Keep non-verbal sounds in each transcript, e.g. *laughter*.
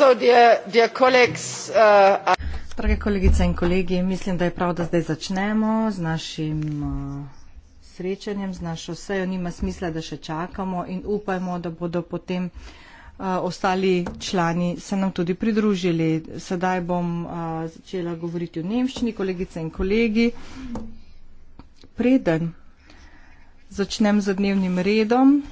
Uh, Drage kolegice in kolegi, mislim, da je prav, da zdaj začnemo z našim uh, srečanjem, z našo sejo. Nima smisla, da še čakamo in upajmo, da bodo potem uh, ostali člani se nam tudi pridružili. Sedaj bom uh, začela govoriti v nemščini, kolegice in kolegi. Preden začnem z dnevnim redom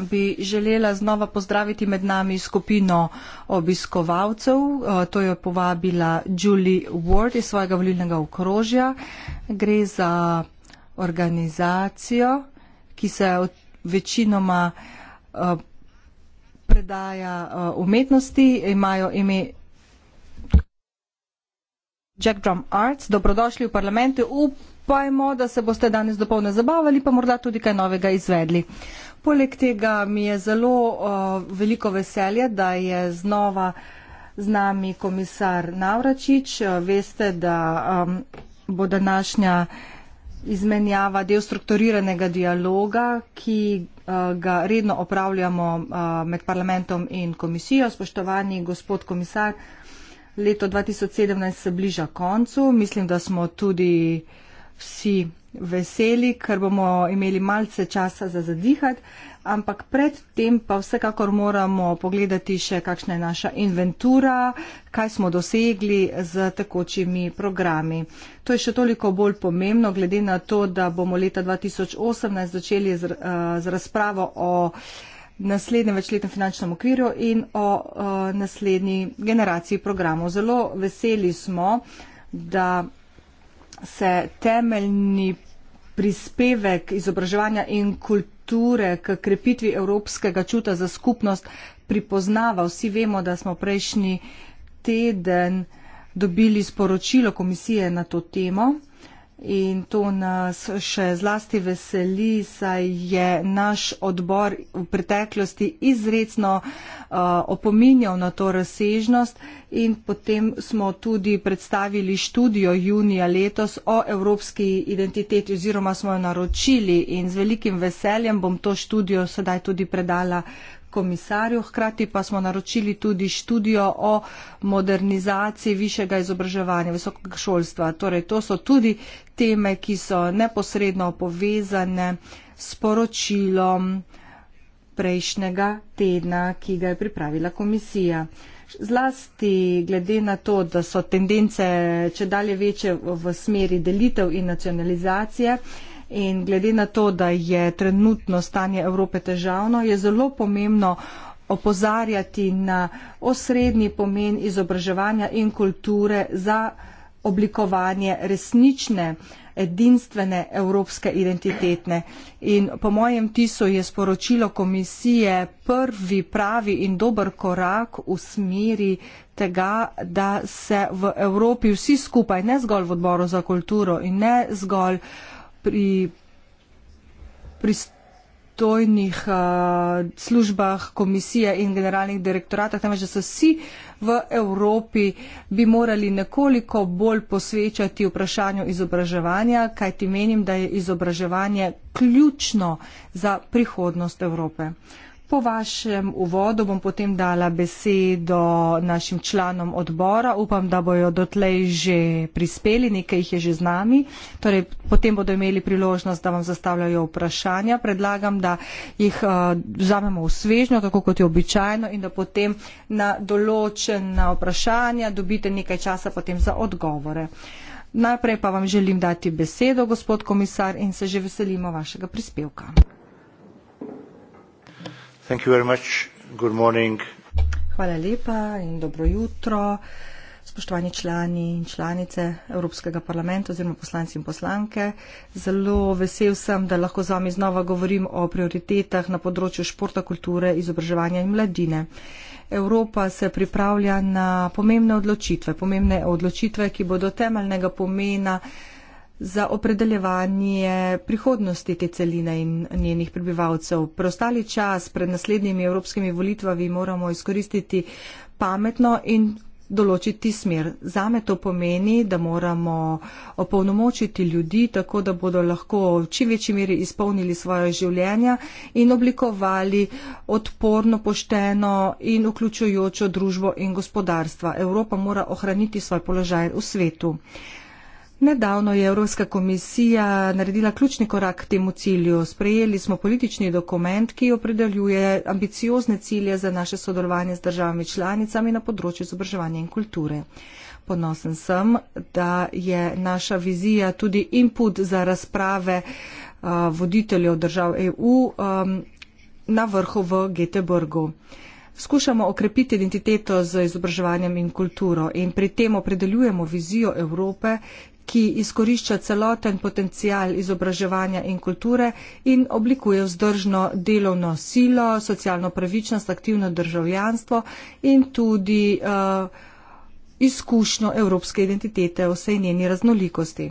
bi želela znova pozdraviti med nami skupino obiskovalcev. Eh, to jo je povabila Julie Ward iz svojega volilnega okrožja. Gre za organizacijo, ki se večinoma eh, predaja eh, umetnosti. Imajo ime Jack Drum Arts. Dobrodošli v parlamente. Upajmo, da se boste danes dopolne zabavali, pa morda tudi kaj novega izvedli poleg tega mi je zelo uh, veliko veselje, da je znova z nami komisar Navračič. Veste, da um, bo današnja izmenjava del strukturiranega dialoga, ki ga redno opravljamo med parlamentom in komisijo. Spoštovani gospod komisar, leto 2017 se bliža koncu. Mislim, da smo tudi uh, vsi veseli, ker bomo imeli malce časa za zadihati, ampak predtem pa vsekakor moramo pogledati še, kakšna je naša inventura, kaj smo dosegli z tekočimi programi. To je še toliko bolj pomembno, glede na to, da bomo leta 2018 začeli z, eh, z razpravo o naslednjem večletnem finančnem okvirju in o, o eh, naslednji generaciji programov. Zelo veseli smo, da se temeljni prispevek izobraževanja in kulture k krepitvi evropskega čuta za skupnost pripoznava. Vsi vemo, da smo prejšnji teden dobili sporočilo komisije na to temo. In to nas še zlasti veseli, saj je naš odbor v preteklosti izredno uh, opominjal na to razsežnost in potem smo tudi predstavili študijo junija letos o evropski identiteti oziroma smo jo naročili in z velikim veseljem bom to študijo sedaj tudi predala komisarju. Hkrati pa smo naročili tudi študijo o modernizaciji višjega izobraževanja, visokega šolstva. Torej, to so tudi teme, ki so neposredno povezane s poročilom prejšnjega tedna, ki ga je pripravila komisija. Zlasti glede na to, da so tendence če dalje večje v smeri delitev in nacionalizacije, In glede na to, da je trenutno stanje Evrope težavno, je zelo pomembno opozarjati na osrednji pomen izobraževanja in kulture za oblikovanje resnične, edinstvene evropske identitetne. In po mojem tisu je sporočilo komisije prvi pravi in dober korak v smeri tega, da se v Evropi vsi skupaj, ne zgolj v odboru za kulturo in ne zgolj pri pristojnih uh, službah komisije in generalnih direktoratah, temveč da so vsi v Evropi bi morali nekoliko bolj posvečati vprašanju izobraževanja, kaj ti menim, da je izobraževanje ključno za prihodnost Evrope. Po vašem uvodu bom potem dala besedo našim članom odbora. Upam, da bojo dotlej že prispeli, nekaj jih je že z nami. Torej, potem bodo imeli priložnost, da vam zastavljajo vprašanja. Predlagam, da jih eh, vzamemo uh, v svežnjo, tako kot je običajno, in da potem na določena vprašanja dobite nekaj časa potem za odgovore. Najprej pa vam želim dati besedo, gospod komisar, in se že veselimo vašega prispevka. Hvala lepa in dobro jutro, spoštovani člani in članice Evropskega parlamenta oziroma poslanci in poslanke. Zelo vesel sem, da lahko z vami znova govorim o prioritetah na področju športa, kulture, izobraževanja in mladine. Evropa se pripravlja na pomembne odločitve, pomembne odločitve, ki bodo temeljnega pomena za opredeljevanje prihodnosti te celine in njenih prebivalcev. Prostali čas pred naslednjimi evropskimi volitvami moramo izkoristiti pametno in določiti smer. Zame to pomeni, da moramo opolnomočiti ljudi tako, da bodo lahko v čim večji meri izpolnili svoje življenja in oblikovali odporno, pošteno in vključujočo družbo in gospodarstva. Evropa mora ohraniti svoj položaj v svetu. Nedavno je Evropska komisija naredila ključni korak k temu cilju. Sprejeli smo politični dokument, ki opredeljuje ambiciozne cilje za naše sodelovanje z državami članicami na področju izobraževanja in kulture. Ponosen sem, da je naša vizija tudi input za razprave uh, voditeljev držav EU um, na vrhu v Göteborgu. Skušamo okrepiti identiteto z izobraževanjem in kulturo in pri tem opredeljujemo vizijo Evrope, ki izkorišča celoten potencial izobraževanja in kulture in oblikuje vzdržno delovno silo, socialno pravičnost, aktivno državljanstvo in tudi eh, izkušnjo evropske identitete v vsej njeni raznolikosti.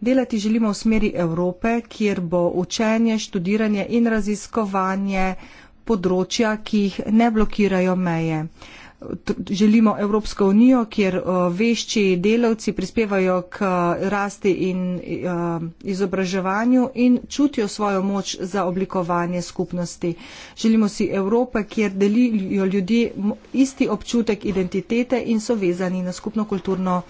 Delati želimo v smeri Evrope, kjer bo učenje, študiranje in raziskovanje področja, ki jih ne blokirajo meje želimo Evropsko unijo, kjer eh, vešči delavci prispevajo k eh, rasti in eh, izobraževanju in čutijo svojo moč za oblikovanje skupnosti. Želimo si Evrope, kjer delijo ljudi isti občutek identitete in so vezani na skupno kulturno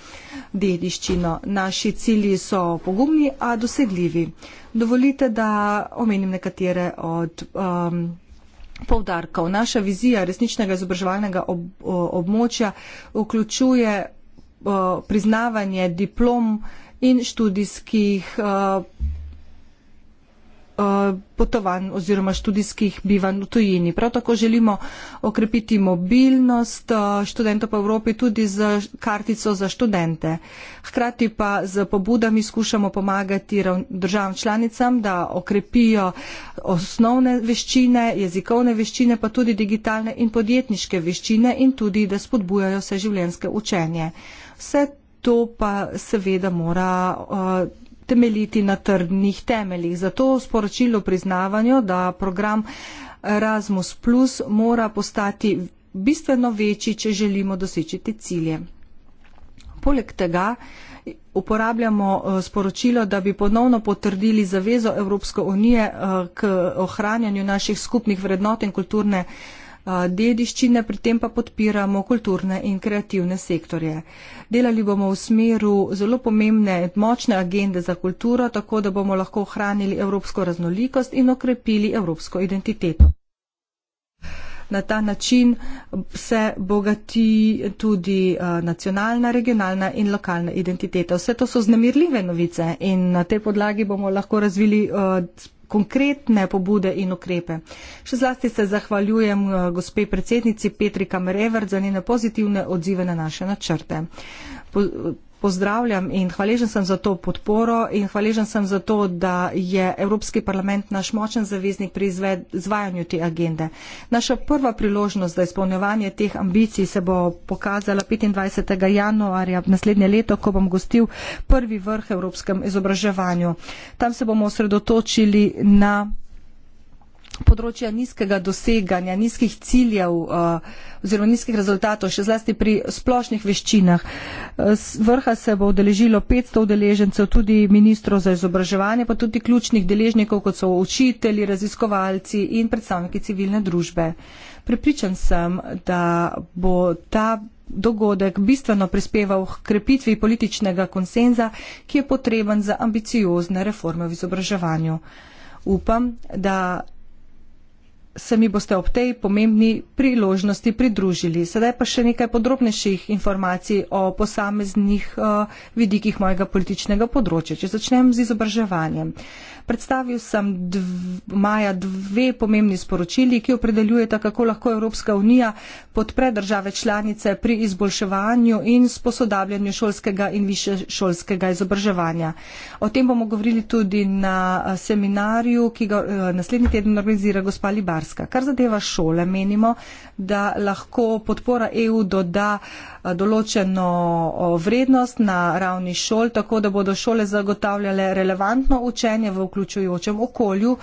dediščino. Naši cilji so pogumni, a dosegljivi. Dovolite, da omenim nekatere od. Um, poudarkov. Naša vizija resničnega izobraževalnega ob, območja vključuje priznavanje diplom in študijskih Eh, potovanj oziroma študijskih bivanj v tujini. Prav tako želimo okrepiti mobilnost eh, študentov po Evropi tudi z kartico za študente. Hkrati pa z pobudami skušamo pomagati državam članicam, da okrepijo osnovne veščine, jezikovne veščine, pa tudi digitalne in podjetniške veščine in tudi, da spodbujajo vse življenjske učenje. Vse to pa seveda mora. Uh, temeljiti na trdnih temeljih. Zato sporočilo priznavanju, da program Erasmus Plus mora postati bistveno večji, če želimo dosečiti cilje. Poleg tega uporabljamo eh, sporočilo, da bi ponovno potrdili zavezo Evropske unije eh, k ohranjanju naših skupnih vrednot in kulturne dediščine, pri tem pa podpiramo kulturne in kreativne sektorje. Delali bomo v smeru zelo pomembne in močne agende za kulturo, tako da bomo lahko ohranili evropsko raznolikost in okrepili evropsko identiteto. Na ta način se bogati tudi nacionalna, regionalna in lokalna identiteta. Vse to so znamirljive novice in na tej podlagi bomo lahko razvili. Uh, konkretne pobude in ukrepe. Še zlasti se zahvaljujem eh, gospe predsednici Petri Kamerevert za njene pozitivne odzive na naše načrte. Po, pozdravljam in hvaležen sem za to podporo in hvaležen sem za to, da je Evropski parlament naš močen zaveznik pri izvajanju te agende. Naša prva priložnost za izpolnjevanje teh ambicij se bo pokazala 25. januarja naslednje leto, ko bom gostil prvi vrh Evropskem izobraževanju. Tam se bomo osredotočili na področja nizkega doseganja, nizkih ciljev uh, oziroma nizkih rezultatov, še zlasti pri splošnih veščinah. Z uh, vrha se bo udeležilo 500 udeležencev, tudi ministro za izobraževanje, pa tudi ključnih deležnikov, kot so učitelji, raziskovalci in predstavniki civilne družbe. Pripričan sem, da bo ta dogodek bistveno prispeval k krepitvi političnega konsenza, ki je potreben za ambiciozne reforme v izobraževanju. Upam, da se mi boste ob tej pomembni priložnosti pridružili. Sedaj pa še nekaj podrobnejših informacij o posameznih eh, vidikih mojega političnega področja. Če začnem z izobraževanjem. Predstavil sem dv, maja dve pomembni sporočili, ki opredeljujeta, kako lahko Evropska unija podpre države članice pri izboljševanju in sposodabljanju šolskega in više šolskega izobraževanja. O tem bomo govorili tudi na eh, seminarju, ki ga eh, naslednji teden organizira gospa Libaš. Madžarska. Kar zadeva šole, menimo, da lahko podpora EU doda eh, določeno vrednost na ravni šol, tako da bodo šole zagotavljale relevantno učenje v vključujočem okolju,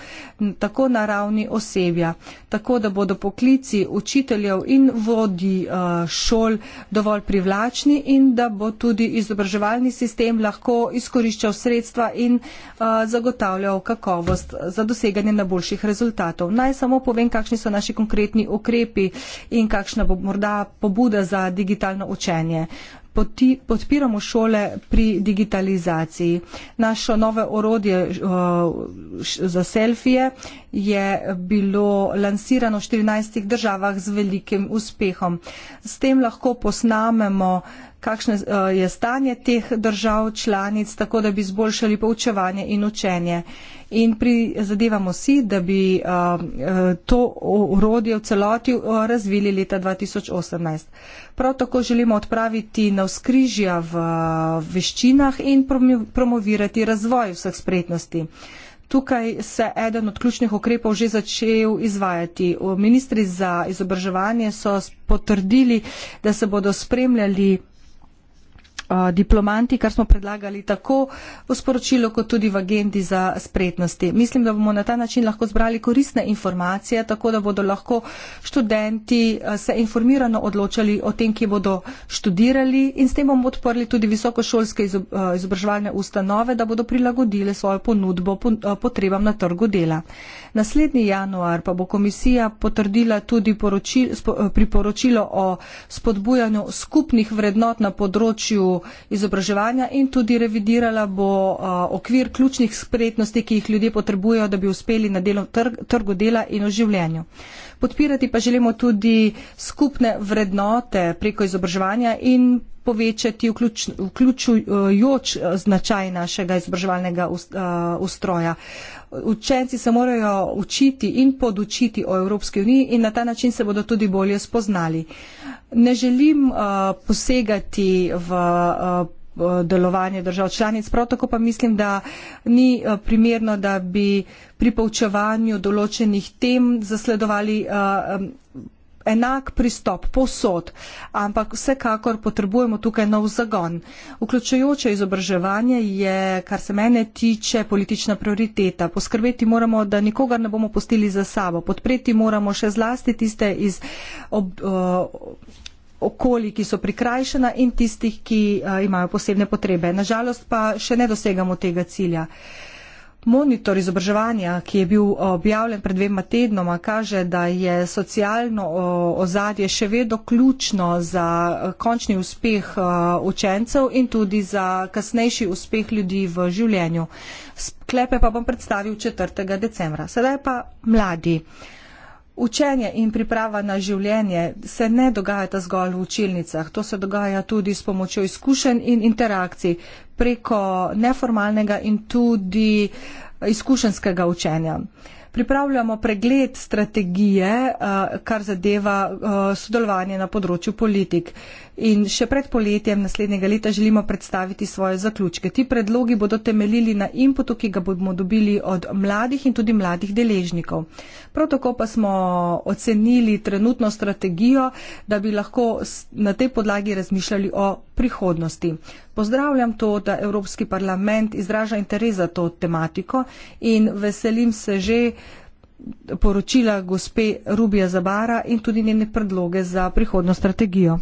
tako na ravni osebja, tako da bodo poklici učiteljev in vodi eh, šol dovolj privlačni in da bo tudi izobraževalni sistem lahko izkoriščal sredstva in eh, zagotavljal kakovost za doseganje najboljših rezultatov. Naj samo povem, kakšni so naši konkretni okrepi in kakšna bo morda pobuda za digitalno učenje. Podpiramo šole pri digitalizaciji. Našo novo orodje uh, za selfije je bilo lansirano v 14 državah z velikim uspehom. S tem lahko posnamemo, kakšno eh, je stanje teh držav članic, tako da bi izboljšali poučevanje in učenje. In prizadevamo si, da bi eh, eh, to urodje v celoti razvili leta 2018. Prav tako želimo odpraviti navskrižja v veščinah in promovirati razvoj vseh spretnosti. Tukaj se eden od ključnih ukrepov že začel izvajati. Ministri za izobraževanje so potrdili, da se bodo spremljali Eh, diplomanti, kar smo predlagali tako v sporočilu, kot tudi v agendi za spretnosti. Mislim, da bomo na ta način lahko zbrali koristne informacije, tako da bodo lahko študenti eh, se informirano odločali o tem, ki bodo študirali in s tem bomo odprli tudi visokošolske eh, izobraževalne ustanove, da bodo prilagodile svojo ponudbo potrebam na trgu dela. Naslednji januar pa bo komisija potrdila tudi poročil, priporočilo o spodbujanju skupnih vrednot na področju izobraževanja in tudi revidirala bo okvir ključnih spretnosti, ki jih ljudje potrebujejo, da bi uspeli na delo, trg, trgu dela in v življenju. Podpirati pa želimo tudi skupne vrednote preko izobraževanja in povečati vključ, vključujoč značaj našega izobraževalnega ustroja. Učenci se morajo učiti in podučiti o Evropski uniji in na ta način se bodo tudi bolje spoznali. Uh, Ne želim uh, posegati v uh, uh, delovanje držav članic, prav tako pa mislim, da ni uh, primerno, da bi pri poučevanju določenih tem zasledovali uh, um, enak pristop posod, ampak vsekakor potrebujemo tukaj nov zagon. Vključujoče izobraževanje je, kar se mene tiče, politična prioriteta. Poskrbeti moramo, da nikogar ne bomo pustili za sabo. Podpreti moramo še zlasti tiste iz. Ob, uh, okoli, ki so prikrajšana in tistih, ki uh, imajo posebne potrebe. Nažalost pa še ne dosegamo tega cilja. Uh, Monitor izobraževanja, ki je bil eh, objavljen pred dvema tednoma, kaže, da je socialno eh, ozadje še vedno ključno za eh, končni uspeh učencev in tudi za kasnejši uspeh ljudi v življenju. Sklepe pa bom predstavil 4. decembra. Sedaj pa mladi. Učenje in priprava na življenje se ne dogajata zgolj v učilnicah, to se dogaja tudi s pomočjo izkušenj in interakcij preko neformalnega in tudi izkušenskega učenja. Pripravljamo pregled strategije, eh, kar zadeva eh, sodelovanje na področju politik in še pred poletjem naslednjega leta želimo predstaviti svoje zaključke. Ti predlogi bodo temeljili na inputu, ki ga bomo dobili od mladih in tudi mladih deležnikov. Prav tako pa smo ocenili trenutno strategijo, da bi lahko na tej podlagi razmišljali o prihodnosti. Pozdravljam to, da Evropski parlament izraža interes za to tematiko in veselim se že poročila gospe Rubija Zabara in tudi njene predloge za prihodno strategijo.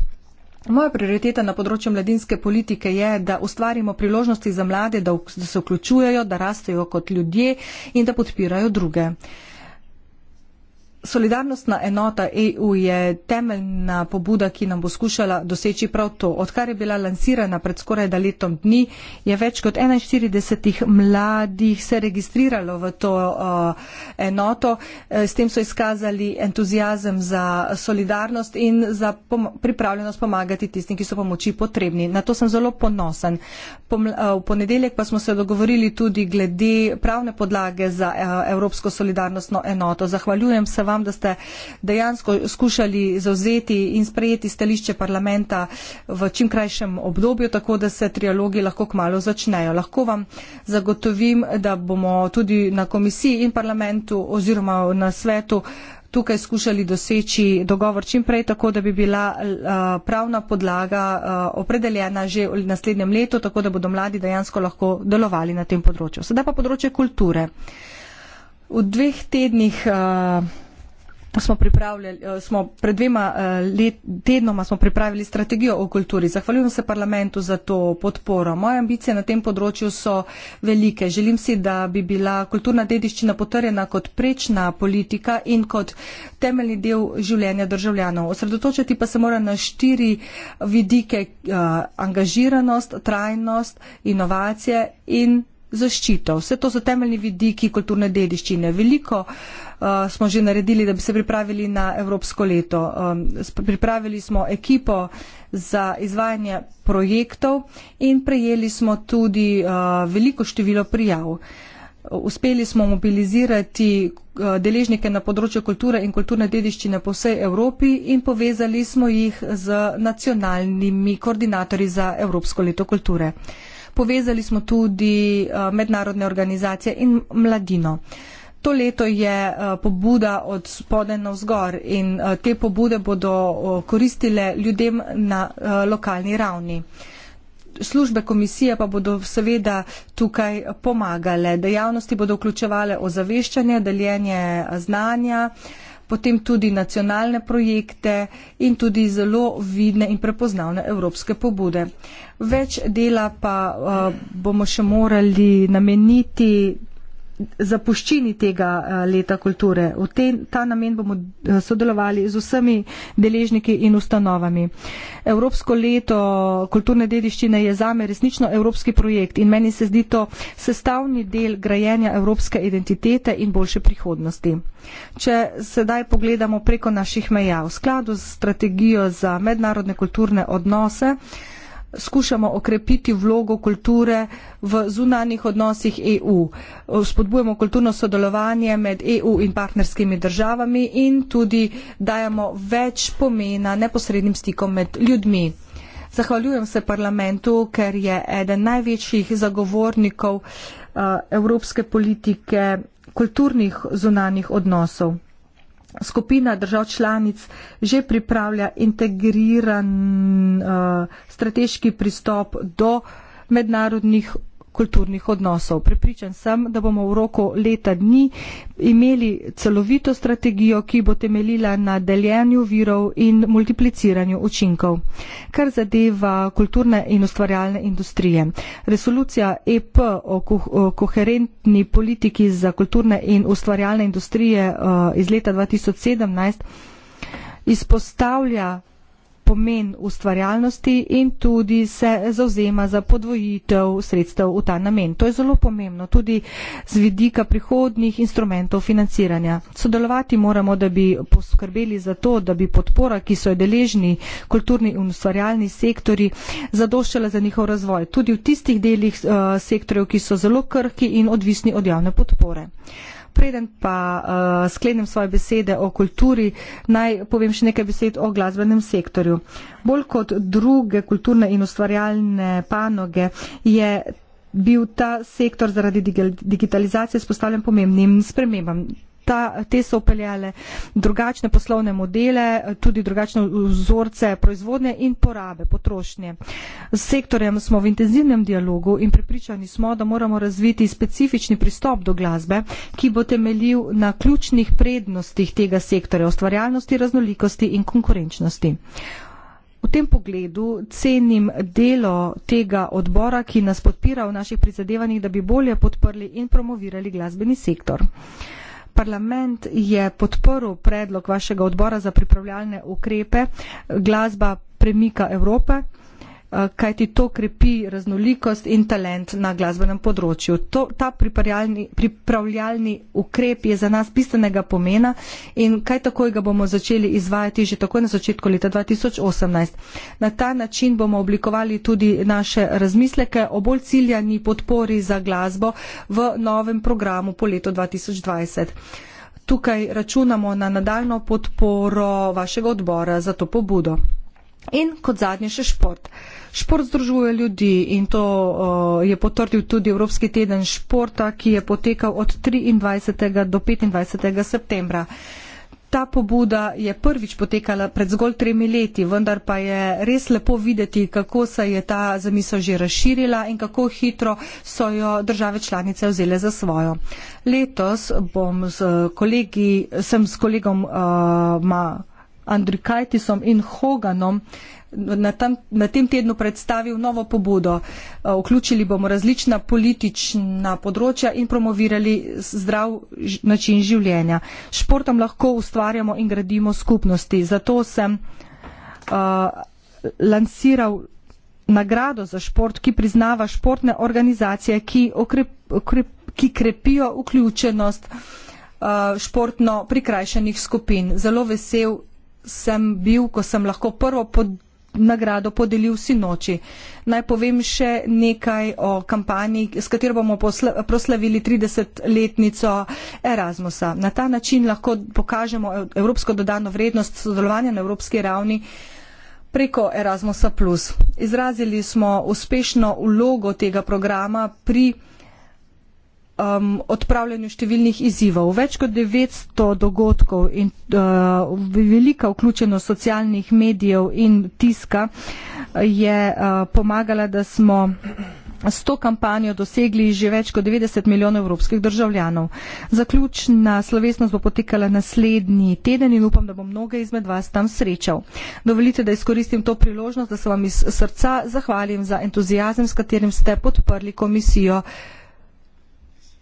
Moja prioriteta na področju mladinske politike je, da ustvarimo priložnosti za mlade, da se vključujejo, da rastejo kot ljudje in da podpirajo druge. Solidarnostna enota EU je temeljna pobuda, ki nam bo skušala doseči prav to. Odkar je bila lansirana pred skoraj da letom dni, je več kot 41 mladih se registriralo v to uh, enoto. E, s tem so izkazali entuzijazem za solidarnost in za pom pripravljenost pomagati tistim, ki so pomoči potrebni. Na to sem zelo ponosen. Pom uh, e, v ponedeljek pa smo se dogovorili tudi glede pravne podlage za uh, Evropsko solidarnostno enoto. Zahvaljujem se vam vam, da ste dejansko skušali zauzeti in sprejeti stališče parlamenta v čim krajšem obdobju, tako da se trialogi lahko kmalo začnejo. Lahko vam zagotovim, da bomo tudi na komisiji in parlamentu oziroma na svetu tukaj skušali doseči dogovor čim prej, tako da bi bila pravna podlaga opredeljena že v naslednjem letu, tako da bodo mladi dejansko lahko delovali na tem področju. Sedaj pa področje kulture. V dveh tednih uh, smo pripravljali, eh, smo pred dvema eh, let, tednoma smo pripravili strategijo o kulturi. Zahvaljujem se parlamentu za to podporo. Moje ambicije na tem področju so velike. Želim si, da bi bila kulturna dediščina potrjena kot prečna politika in kot temeljni del življenja državljanov. Osredotočiti pa se mora na štiri vidike eh, angažiranost, trajnost, inovacije in zaščito. Vse to so temeljni vidiki kulturne dediščine. Veliko uh, smo že naredili, da bi se pripravili na Evropsko leto. Um, pripravili smo ekipo za izvajanje projektov in prejeli smo tudi uh, veliko število prijav. Uspeli smo mobilizirati uh, deležnike na področju kulture in kulturne dediščine po vsej Evropi in povezali smo jih z nacionalnimi koordinatorji za Evropsko leto kulture. Povezali smo tudi eh, mednarodne organizacije in mladino. To leto je eh, pobuda od spode na vzgor in eh, te pobude bodo koristile ljudem na lokalni ravni. Službe komisije pa bodo seveda tukaj pomagale. Dejavnosti bodo vključevale ozaveščanje, deljenje znanja, uh, potem tudi nacionalne projekte in tudi zelo vidne in prepoznavne evropske pobude. Več dela pa uh, bomo še morali nameniti zapuščini tega eh, leta kulture. V te, ta namen bomo eh, sodelovali z vsemi deležniki in ustanovami. Evropsko leto kulturne dediščine je zame resnično evropski projekt in meni se zdi to sestavni del grajenja evropske identitete in boljše prihodnosti. Če sedaj pogledamo preko naših meja v skladu z strategijo za mednarodne kulturne odnose, skušamo okrepiti vlogo kulture v zunanjih odnosih EU. Spodbujamo kulturno sodelovanje med EU in partnerskimi državami in tudi dajemo več pomena neposrednim stikom med ljudmi. Zahvaljujem se parlamentu, ker je eden največjih zagovornikov uh, evropske politike kulturnih zunanjih odnosov skupina držav članic že pripravlja integriran uh, strateški pristop do mednarodnih kulturnih odnosov. Prepričan sem, da bomo v roku leta dni imeli celovito strategijo, ki bo temeljila na deljenju virov in multipliciranju učinkov. Kar zadeva kulturne in ustvarjalne industrije. Resolucija EP o koherentni politiki za kulturne in ustvarjalne industrije eh, iz leta 2017 izpostavlja pomen ustvarjalnosti in tudi se zauzema za podvojitev sredstev v ta namen. To je zelo pomembno tudi z vidika prihodnih instrumentov financiranja. Sodelovati moramo, da bi poskrbeli za to, da bi podpora, ki so jo deležni kulturni in ustvarjalni sektori, zadoščala za njihov razvoj. Tudi v tistih delih uh, sektorjev, ki so zelo krhki in odvisni od javne podpore preden pa uh, sklenem svoje besede o kulturi, naj povem še nekaj besed o glasbenem sektorju. Bolj kot druge kulturne in ustvarjalne panoge je bil ta sektor zaradi digitalizacije spostavljen pomembnim spremembam ta, te so upeljale drugačne poslovne modele, tudi drugačne vzorce proizvodnje in porabe, potrošnje. S sektorjem smo v intenzivnem dialogu in prepričani smo, da moramo razviti specifični pristop do glasbe, ki bo temeljil na ključnih prednostih tega sektorja, ustvarjalnosti, raznolikosti in konkurenčnosti. V tem pogledu cenim delo tega odbora, ki nas podpira v naših prizadevanjih, da bi bolje podprli in promovirali glasbeni sektor. Uh, parlament je podporil predlog vašega odbora za pripravljalne ukrepe glasba premika Evrope. Eh, kaj ti to krepi raznolikost in talent na glasbenem področju. To, ta pripravljalni ukrep je za nas bistvenega pomena in kaj takoj ga bomo začeli izvajati že takoj na začetku leta 2018. Na ta način bomo oblikovali tudi naše razmisleke o bolj ciljani podpori za glasbo v novem programu po letu 2020. Tukaj računamo na nadaljno podporo vašega odbora za to pobudo. In kot zadnje še šport. Šport združuje ljudi in to uh, je potrdil tudi Evropski teden športa, ki je potekal od 23. do 25. septembra. Ta pobuda je prvič potekala pred zgolj tremi leti, vendar pa je res lepo videti, kako se je ta zamisel že razširila in kako hitro so jo države članice vzele za svojo. Letos bom s kolegi, sem s kolegom uh, Ma. Andrikajtisom in Hoganom na, tam, na tem tednu predstavil novo pobudo. Eh, vključili bomo različna politična področja in promovirali zdrav način življenja. Športom lahko ustvarjamo in gradimo skupnosti. Zato sem uh, eh, lansiral nagrado za šport, ki priznava športne organizacije, ki, okrep, okrep, ki krepijo vključenost uh, športno prikrajšanih skupin. Zelo vesel sem bil, ko sem lahko prvo pod, nagrado podelil vsi noči. Naj povem še nekaj o kampanji, s katero bomo posla, proslavili 30-letnico Erasmusa. Na ta način lahko pokažemo evropsko dodano vrednost sodelovanja na evropski ravni preko Erasmusa. Izrazili smo uspešno vlogo tega programa pri um, odpravljanju številnih izzivov. Več kot 900 dogodkov in uh, velika vključenost socialnih medijev in tiska uh, je uh, pomagala, da smo s to kampanjo dosegli že več kot 90 milijonov evropskih državljanov. Zaključna slovesnost bo potekala naslednji teden in upam, da bom mnoge izmed vas tam srečal. Dovolite, da izkoristim to priložnost, da se vam iz srca zahvalim za entuzijazem, s katerim ste podprli komisijo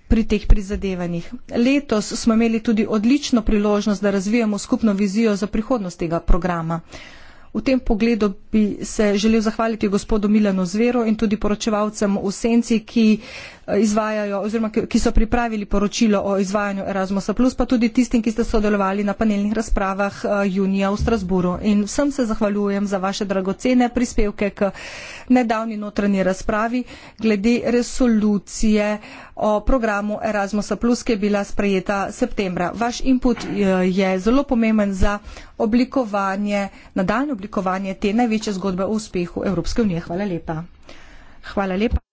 pri teh prizadevanjih. Letos smo imeli tudi odlično priložnost, da razvijamo skupno vizijo za prihodnost tega programa. V tem pogledu bi se želel zahvaliti gospodu Milanu Zveru in tudi poročevalcem v Senci, ki Eh, izvajajo oziroma ki so pripravili poročilo o izvajanju Erasmusa, pa tudi tistim, ki ste sodelovali na panelnih razpravah eh, junija v Strasburu. In vsem se zahvaljujem za vaše dragocene prispevke k nedavni notranji razpravi glede resolucije o programu Erasmusa, ki je bila sprejeta septembra. Vaš input eh, je zelo pomemben za oblikovanje, nadaljno oblikovanje te največje zgodbe o uspehu Evropske unije. Hvala lepa. Hvala lepa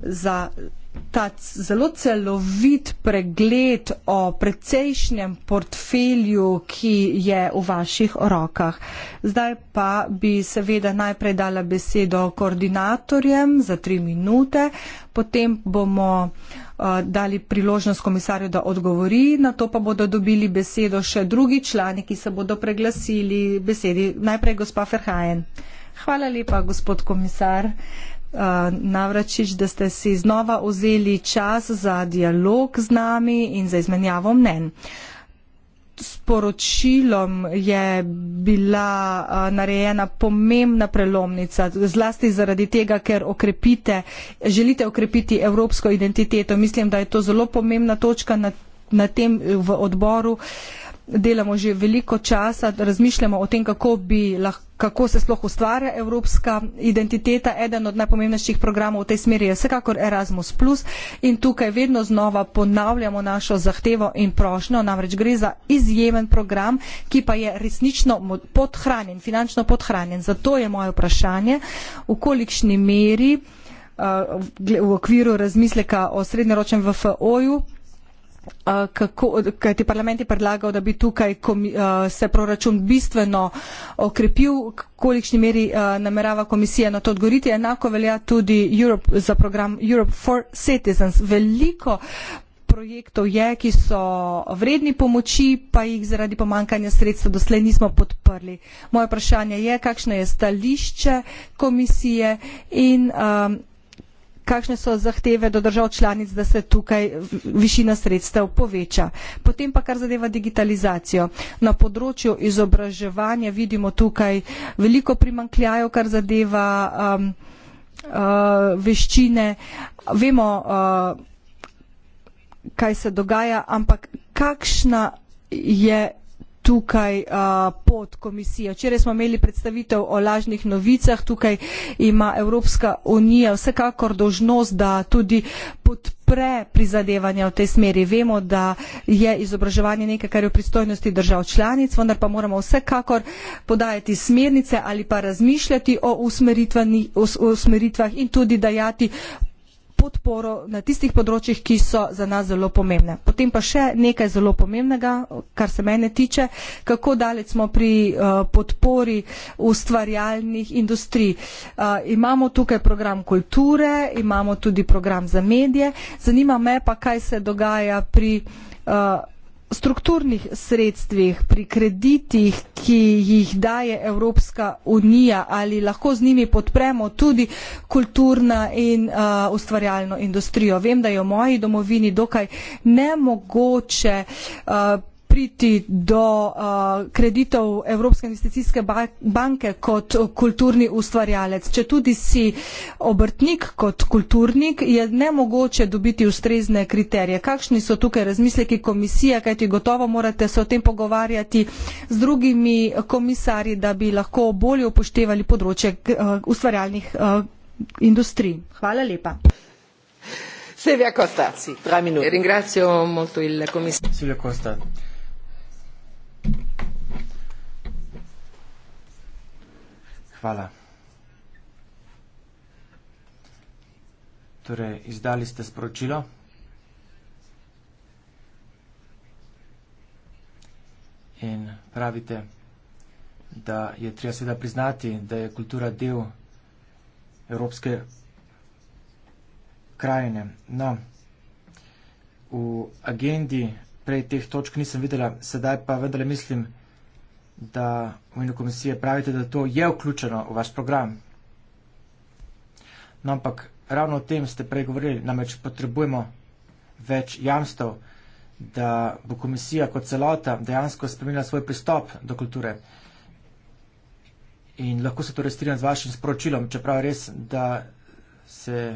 za ta zelo celovit pregled o precejšnjem portfelju, ki je v vaših rokah. Zdaj pa bi seveda najprej dala besedo koordinatorjem za tri minute, potem bomo uh, dali priložnost komisarju, da odgovori, na to pa bodo dobili besedo še drugi člani, ki se bodo preglasili besedi. Najprej gospa Ferhajen. Hvala lepa, gospod komisar. Navračič, da ste si znova vzeli čas za dialog z nami in za izmenjavo mnen. Sporočilom je bila narejena pomembna prelomnica, zlasti zaradi tega, ker okrepite, želite okrepiti evropsko identiteto. Mislim, da je to zelo pomembna točka na, na tem v odboru. Uh, delamo že veliko časa, razmišljamo o tem, kako bi lahko kako se sploh ustvarja evropska identiteta. Eden od najpomembnejših programov v tej smeri je vsekakor Erasmus. In tukaj vedno znova ponavljamo našo zahtevo in prošnjo, namreč gre za izjemen program, ki pa je resnično podhranjen, finančno podhranjen. Zato je moje vprašanje, v kolikšni meri eh, v okviru razmisleka o srednjeročnem VFO-ju kako, kaj ti parlament je predlagal, da bi tukaj se proračun bistveno okrepil, kolikšni meri namerava komisija na to odgovoriti. Enako velja tudi Europe, za program Europe for Citizens. Veliko projektov je, ki so vredni pomoči, pa jih zaradi pomankanja sredstva doslej nismo podprli. Moje vprašanje je, kakšno je stališče komisije in um, kakšne so zahteve do držav članic, da se tukaj višina sredstev poveča. Potem pa kar zadeva digitalizacijo. Na področju izobraževanja vidimo tukaj veliko primankljajo, kar zadeva um, uh, veščine. Vemo, uh, kaj se dogaja, ampak kakšna je tukaj uh, pod komisijo. Včeraj smo imeli predstavitev o lažnih novicah, tukaj ima Evropska unija vsekakor dožnost, da tudi podpira preprizadevanja v tej smeri. Vemo, da je izobraževanje nekaj, kar je v pristojnosti držav članic, vendar pa moramo vsekakor podajati smernice ali pa razmišljati o usmeritvah in tudi dajati podporo na tistih področjih, ki so za nas zelo pomembne. Potem pa še nekaj zelo pomembnega, kar se mene tiče, kako daleč smo pri uh, podpori ustvarjalnih industrij. Uh, imamo tukaj program kulture, imamo tudi program za medije. Zanima me pa, kaj se dogaja pri. Uh, strukturnih sredstvih, pri kreditih, ki jih daje Evropska unija, ali lahko z njimi podpremo tudi kulturno in uh, ustvarjalno industrijo. Vem, da je v moji domovini dokaj nemogoče uh, priti do uh, kreditov Evropske investicijske banke kot kulturni ustvarjalec. Če tudi si obrtnik kot kulturnik, je nemogoče dobiti ustrezne kriterije. Kakšni so tukaj razmisleki komisije, kajti gotovo morate se o tem pogovarjati z drugimi komisarji, da bi lahko bolje upoštevali področje uh, ustvarjalnih uh, industrij. Hvala lepa. Silvia Costa, sì, tre minuti. E ringrazio molto il commissario. Silvia Costa. Hvala. Torej, izdali ste sporočilo. In pravite, da je treba seveda priznati, da je kultura del evropske krajine. No, v agendi prej teh točk nisem videla, sedaj pa vendarle mislim, da da volilne komisije pravite, da to je vključeno v vaš program. No, ampak ravno o tem ste prej govorili, namreč potrebujemo več jamstev, da bo komisija kot celota dejansko spremenila svoj pristop do kulture. In lahko se torej strinjam z vašim sporočilom, čeprav res, da se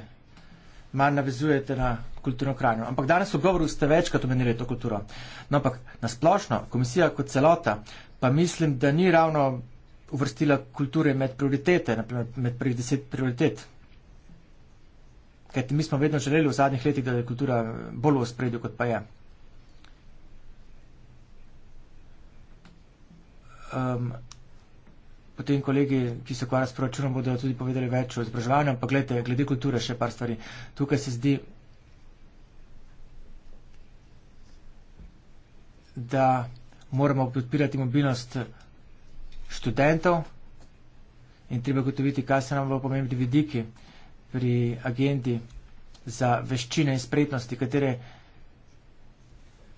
manj navezujete na kulturno krajino. Ampak danes v govoru ste večkrat omenili to kulturo. No, ampak nasplošno, komisija kot celota pa mislim, da ni ravno uvrstila kulture med prioritete, naprimer med prvih deset prioritet. Ker mi smo vedno želeli v zadnjih letih, da je kultura bolj v spredju, kot pa je. Um, potem kolegi, ki se ukvarjajo s proračunom, bodo tudi povedali več o izobraževanju, ampak glede, glede kulture še par stvari. Tukaj se zdi, da moramo podpirati mobilnost študentov in treba gotoviti, kaj se nam bo pomembni vidiki pri agendi za veščine in spretnosti, katere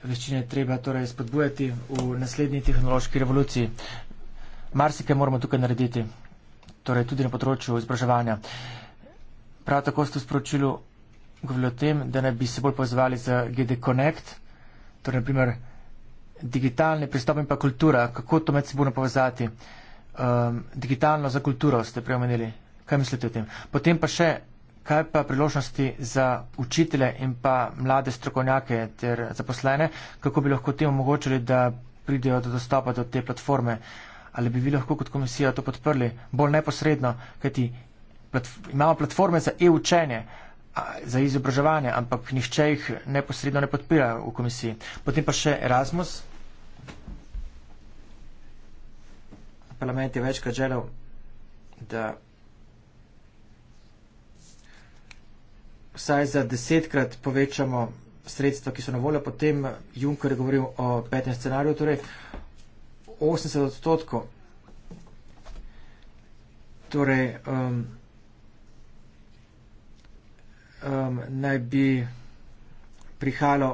veščine treba torej spodbujati v naslednji tehnološki revoluciji. Marsike moramo tukaj narediti, torej tudi na področju izobraževanja. Prav tako ste v sporočilu govorili o tem, da ne bi se bolj povezovali z GD Connect, torej naprimer digitalni pristop in pa kultura, kako to med seboj povezati. Um, digitalno za kulturo ste prej omenili, kaj mislite o tem. Potem pa še, kaj pa priložnosti za učitele in pa mlade strokovnjake ter zaposlene, kako bi lahko tem omogočili, da pridejo do dostopa do te platforme. Ali bi vi lahko kot komisija to podprli bolj neposredno, kajti platf imamo platforme za e-učenje, za izobraževanje, ampak nihče jih neposredno ne podpira v komisiji. Potem pa še Erasmus. Parlament je večkrat želel, da vsaj za desetkrat povečamo sredstva, ki so na voljo. Potem Juncker je govoril o petem scenariju, torej 80 odstotkov. Torej, um, um, naj bi prihajalo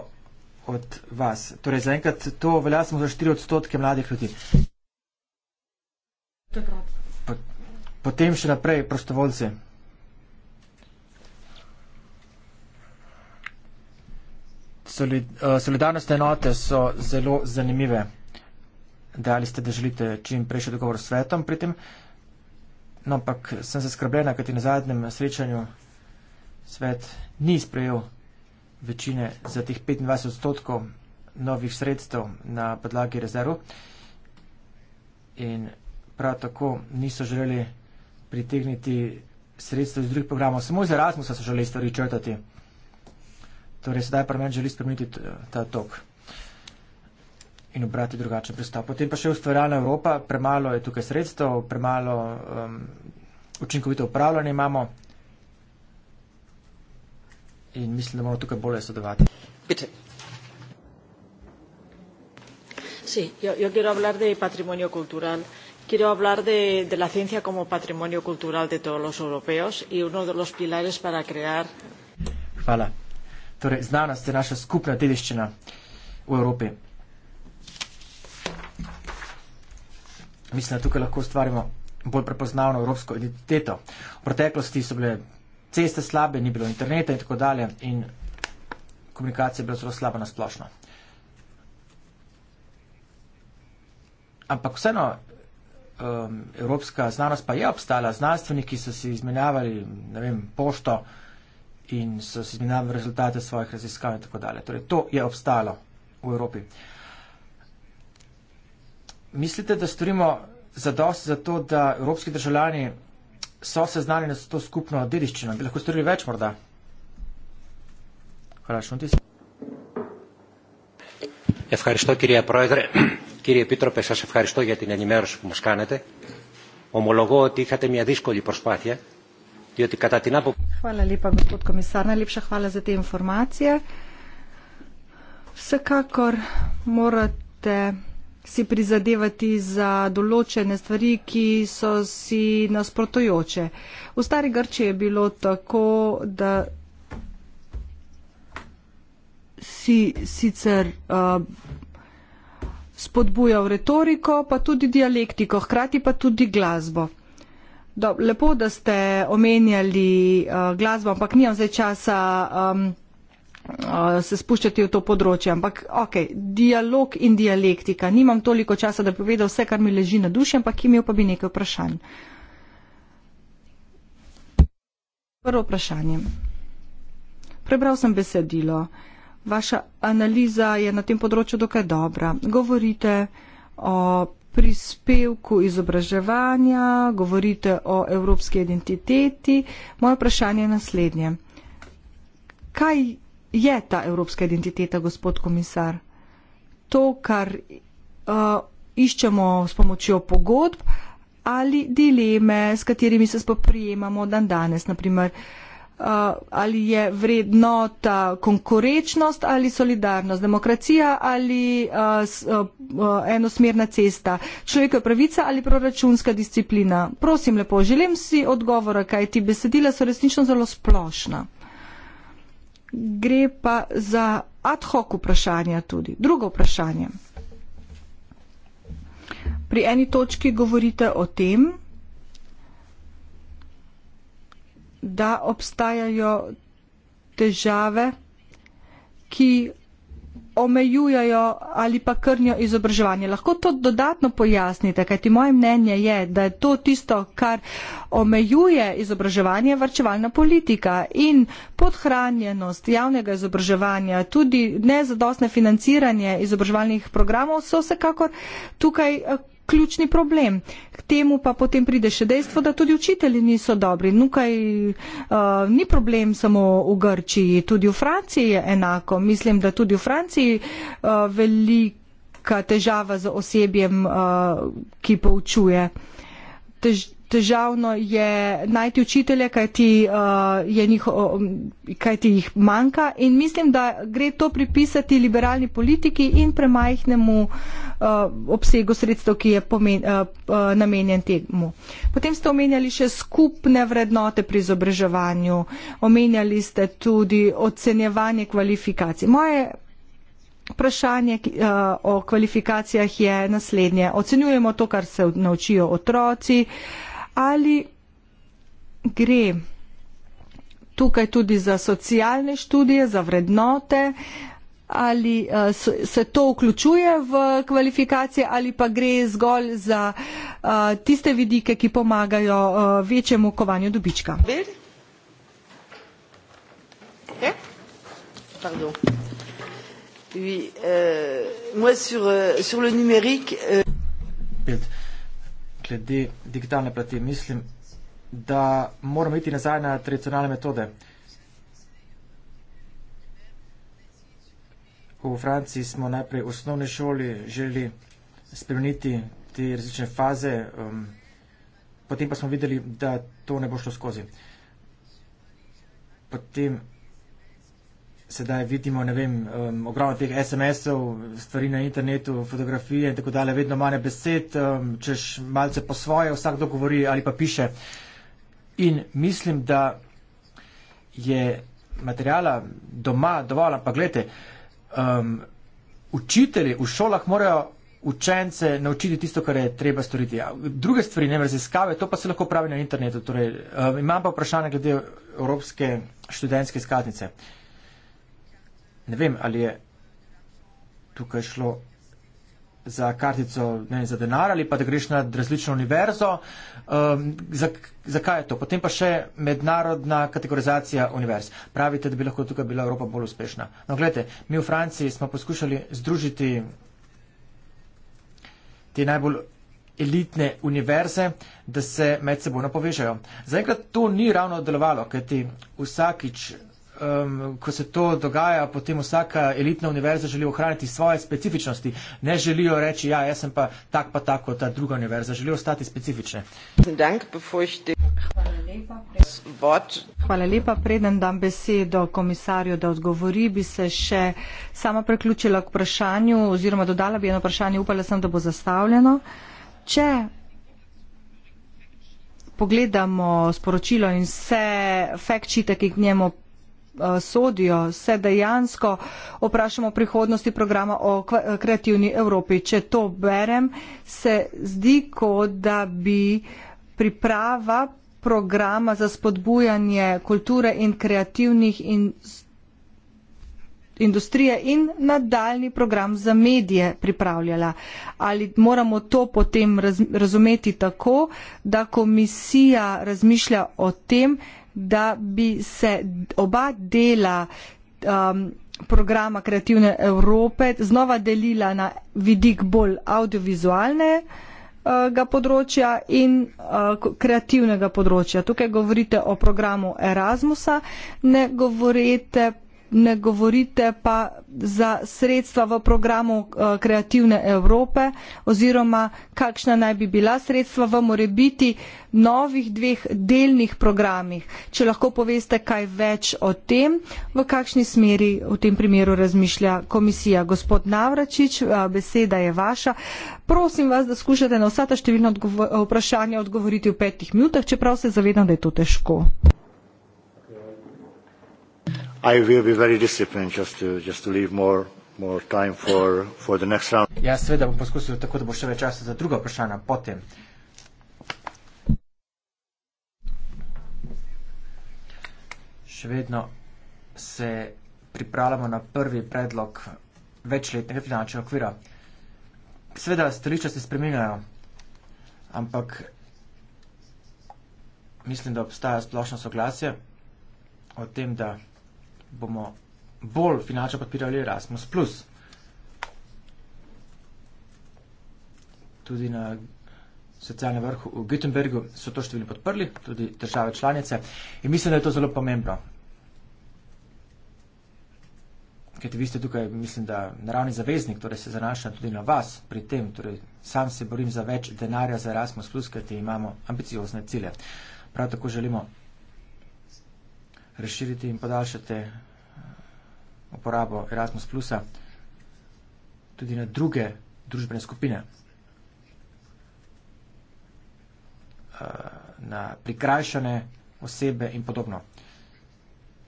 od vas. Torej, zaenkrat to velja samo za 4 odstotke mladih ljudi. Potem še naprej prostovoljce. Solid, uh, eh, solidarnostne enote so zelo zanimive. Dali ste, da želite čim prejši dogovor s svetom pri tem. No, ampak sem se skrbljena, kajti na zadnjem srečanju svet ni sprejel večine za teh 25 odstotkov novih sredstev na podlagi rezerv in prav tako niso želeli pritegniti sredstev iz drugih programov. Samo iz Erasmusa so želeli stvari črtati. Torej, sedaj parlament želi spremeniti ta tok in obrati drugačen pristop. Potem pa še ustvarjalna Evropa, premalo je tukaj sredstev, premalo um, učinkovito upravljanje imamo, in mislim, da moramo tukaj bolje sodelovati. Pite. Sí, yo, yo quiero hablar de patrimonio cultural. Quiero hablar de, de la ciencia como patrimonio cultural de todos los europeos y uno de los pilares para crear. Hvala. Torej, znanost je naša skupna deliščina v Evropi. Mislim, da tukaj lahko ustvarimo bolj prepoznavno evropsko identiteto. V preteklosti so bile ceste slabe, ni bilo interneta in tako dalje in komunikacija je bila zelo slaba nasplošno. Ampak vseeno, um, evropska znanost pa je obstala, znanstveniki so si izmenjavali, ne vem, pošto in so si izmenjavali rezultate svojih raziskav in tako dalje. Torej, to je obstalo v Evropi. Mislite, da storimo zadosti za to, da evropski državljani so seznanjeni s to skupno dediščino. Bi lahko storili več morda? Hvala, Šuntis. Ευχαριστώ κυρία Πρόεδρε. *clears throat* Κύριε Επίτροπε, σας ευχαριστώ για την ενημέρωση που μας κάνετε. Ομολογώ ότι είχατε μια δύσκολη προσπάθεια, διότι κατά την άποψη... Χαλά λίπα, κύριε Κομισάρ. Να λίψα χαλά για την информация. Σε κάκορ μόρατε... Morate si prizadevati za določene stvari, ki so si nasprotujoče. V stari Grči je bilo tako, da si sicer uh, spodbujal retoriko, pa tudi dialektiko, hkrati pa tudi glasbo. Do, lepo, da ste omenjali uh, glasbo, ampak nimam zdaj časa. Um, uh, se spuščati v to področje. Ampak, ok, dialog in dialektika. Nimam toliko časa, da bi povedal vse, kar mi leži na duši, ampak imel pa bi nekaj vprašanj. Prvo vprašanje. Prebral sem besedilo. Vaša analiza je na tem področju dokaj dobra. Govorite o prispevku izobraževanja, govorite o evropski identiteti. Moje vprašanje je naslednje. Kaj je ta evropska identiteta, gospod komisar. To, kar uh, iščemo s pomočjo pogodb ali dileme, s katerimi se spoprijemamo dan danes, naprimer, uh, ali je vrednota konkurečnost ali solidarnost, demokracija ali uh, uh, uh, enosmerna cesta, človeka pravica ali proračunska disciplina. Prosim lepo, želim si odgovora, kaj ti besedila so resnično zelo splošna gre pa za ad hoc vprašanja tudi. Drugo vprašanje. Pri eni točki govorite o tem, da obstajajo težave, ki omejujajo ali pa krnijo izobraževanje. Lahko to dodatno pojasnite, kajti moje mnenje je, da je to tisto, kar omejuje izobraževanje, varčevalna politika in podhranjenost javnega izobraževanja, tudi nezadostne financiranje izobraževalnih programov so vsekakor tukaj eh, ključni problem. K temu pa potem pride še dejstvo, da tudi učitelji niso dobri. Nukaj uh, eh, ni problem samo v Grčiji, tudi v Franciji je enako. Mislim, da tudi v Franciji uh, velika težava z osebjem, uh, ki poučuje. Tež težavno je najti učitelje, kajti, uh, je njiho, um, kajti jih manjka in mislim, da gre to pripisati liberalni politiki in premajhnemu uh, obsegu sredstev, ki je pomen, uh, uh namenjen temu. Potem ste omenjali še skupne vrednote pri izobraževanju, omenjali ste tudi ocenjevanje kvalifikacij. Moje Vprašanje uh, o kvalifikacijah je naslednje. Ocenjujemo to, kar se naučijo otroci, ali gre tukaj tudi za socialne študije, za vrednote, ali eh, se to vključuje v kvalifikacije ali pa gre zgolj za eh, tiste vidike, ki pomagajo eh, večjemu kovanju dobička. Ja? Pardon. Oui, euh, moi sur, euh, sur le numérique. Euh glede digitalne plati. Mislim, da moramo iti nazaj na tradicionalne metode. V Franciji smo najprej v osnovni šoli želeli spremeniti te različne faze, um, potem pa smo videli, da to ne bo šlo skozi. Potem sedaj vidimo, ne vem, um, ogromno teh SMS-ov, stvari na internetu, fotografije in tako dalje, vedno manj besed, um, češ malce po svoje, vsakdo govori ali pa piše. In mislim, da je materijala doma dovolj, ampak gledajte, um, učitelji v šolah morajo učence naučiti tisto, kar je treba storiti. Druge stvari, ne raziskave, to pa se lahko pravi na internetu. Torej, um, imam pa vprašanje glede Evropske študentske skatnice. Uh, ne vem, ali je tukaj šlo za kartico, ne vem, za denar ali pa da greš na različno univerzo. Um, Zakaj za je to? Potem pa še mednarodna kategorizacija univerz. Pravite, da bi lahko tukaj bila Evropa bolj uspešna. No, gledajte, mi v Franciji smo poskušali združiti te najbolj elitne univerze, da se med seboj napovežajo. Zaenkrat to ni ravno delovalo, kajti vsakič um, ko se to dogaja, potem vsaka elitna univerza želi ohraniti svoje specifičnosti. Ne želijo reči, ja, jaz sem pa tak pa tako, ta druga univerza. Želijo ostati specifične. Hvala lepa. Preden dam besedo komisarju, da odgovori, bi se še sama preključila k vprašanju oziroma dodala bi eno vprašanje. Upala sem, da bo zastavljeno. Če pogledamo sporočilo in vse fact-sheete, ki k njemu Eh, sodijo, se dejansko vprašamo o prihodnosti programa o eh, kreativni Evropi. Če to berem, se zdi, kot da bi priprava programa za spodbujanje kulture in kreativnih in industrije in nadaljni program za medije pripravljala. Ali moramo to potem razumeti tako, da komisija razmišlja o tem, da bi se oba dela um, programa Kreativne Evrope znova delila na vidik bolj audiovizualne uh, področja in uh, kreativnega področja. Tukaj govorite o programu Erasmusa, ne govorite ne govorite pa za sredstva v programu eh, Kreativne Evrope oziroma kakšna naj bi bila sredstva v morebiti novih dveh delnih programih. Če lahko poveste kaj več o tem, v kakšni smeri v tem primeru razmišlja komisija. Gospod Navračič, eh, beseda je vaša. Prosim vas, da skušate na vsa ta številna odgovor, vprašanja odgovoriti v petih minutah, čeprav se zavedam, da je to težko. I will be very disciplined just to just to leave more more time for for the next round. Ja seveda bom poskusil tako da bo še več časa za druga vprašanja potem. Še vedno se pripravljamo na prvi predlog večletnega finančnega okvira. Seveda stališča se spreminjajo, ampak mislim, da obstaja splošno soglasje o tem, da bomo bolj finančno podpirali Erasmus. Tudi na socialnem vrhu v Gütenbergu so to številni podprli, tudi države članice. In mislim, da je to zelo pomembno. Ker vi ste tukaj, mislim, da naravni zaveznik, torej se zanaša tudi na vas pri tem, torej sam se borim za več denarja za Erasmus, ker imamo ambiciozne cilje. Prav tako želimo razširiti in podaljšati eh, uporabo Erasmus Plusa tudi na druge družbene skupine. Eh, na prikrajšane osebe in podobno.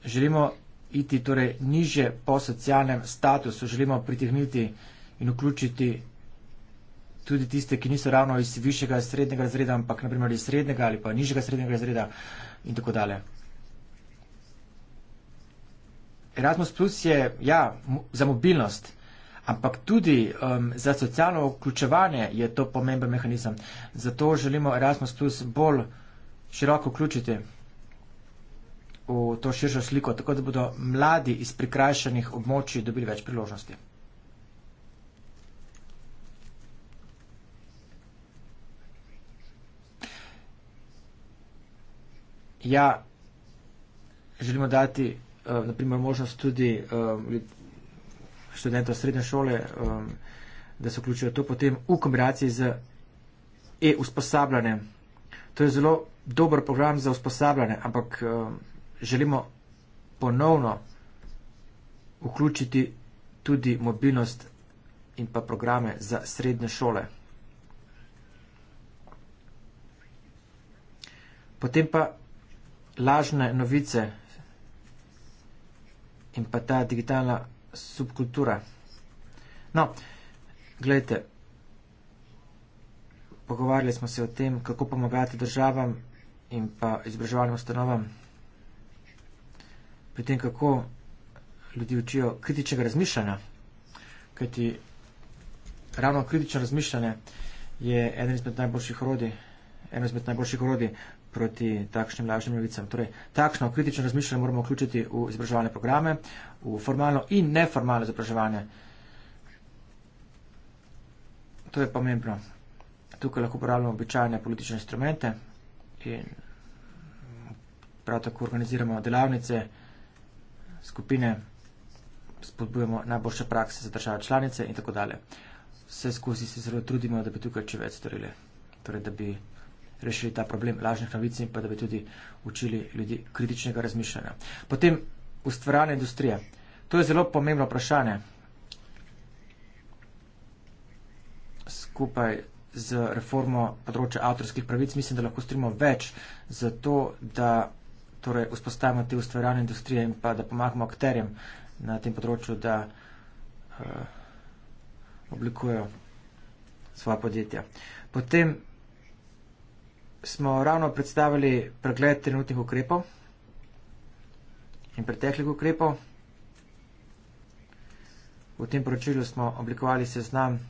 Želimo iti torej niže po socialnem statusu, želimo pritegniti in vključiti tudi tiste, ki niso ravno iz višjega srednjega razreda, ampak naprimer iz srednjega ali pa nižjega srednjega razreda in tako dalje. Erasmus Plus je ja, za mobilnost, ampak tudi um, za socialno vključevanje je to pomemben mehanizem. Zato želimo Erasmus Plus bolj široko vključiti v to širšo sliko, tako da bodo mladi iz prikrajšanih območij dobili več priložnosti. Ja, želimo dati uh, eh, naprimer, možnost tudi uh, študentov srednje šole, um, da se vključijo to potem v kombinaciji z e-usposabljanjem. To je zelo dober program za usposabljanje, ampak um, želimo ponovno vključiti tudi mobilnost in pa programe za srednje šole. Potem pa lažne novice in pa ta digitalna subkultura. No, gledajte, pogovarjali smo se o tem, kako pomagati državam in pa izobraževalnim ustanovam pri tem, kako ljudi učijo kritičnega razmišljanja, kajti ravno kritično razmišljanje je eden izmed najboljših orodij, eden izmed najboljših orodij proti takšnim lažnim novicam. Torej, takšno kritično razmišljanje moramo vključiti v izobraževalne programe, v formalno in neformalno izobraževanje. To je pomembno. Tukaj lahko uporabljamo običajne politične instrumente in prav tako organiziramo delavnice, skupine, spodbujamo najboljše prakse za države članice in tako dalje. Vse skozi se zelo trudimo, da bi tukaj če več storili. Torej, da bi rešili ta problem lažnih novic in pa da bi tudi učili ljudi kritičnega razmišljanja. Potem ustvarjanje industrije. To je zelo pomembno vprašanje. Skupaj z reformo področja avtorskih pravic mislim, da lahko strimo več za to, da torej, vzpostavimo te ustvarjanje industrije in pa da pomagamo akterjem na tem področju, da uh, oblikujejo svoje podjetja. Potem smo ravno predstavili pregled trenutnih ukrepov in preteklih ukrepov. V tem poročilu smo oblikovali seznam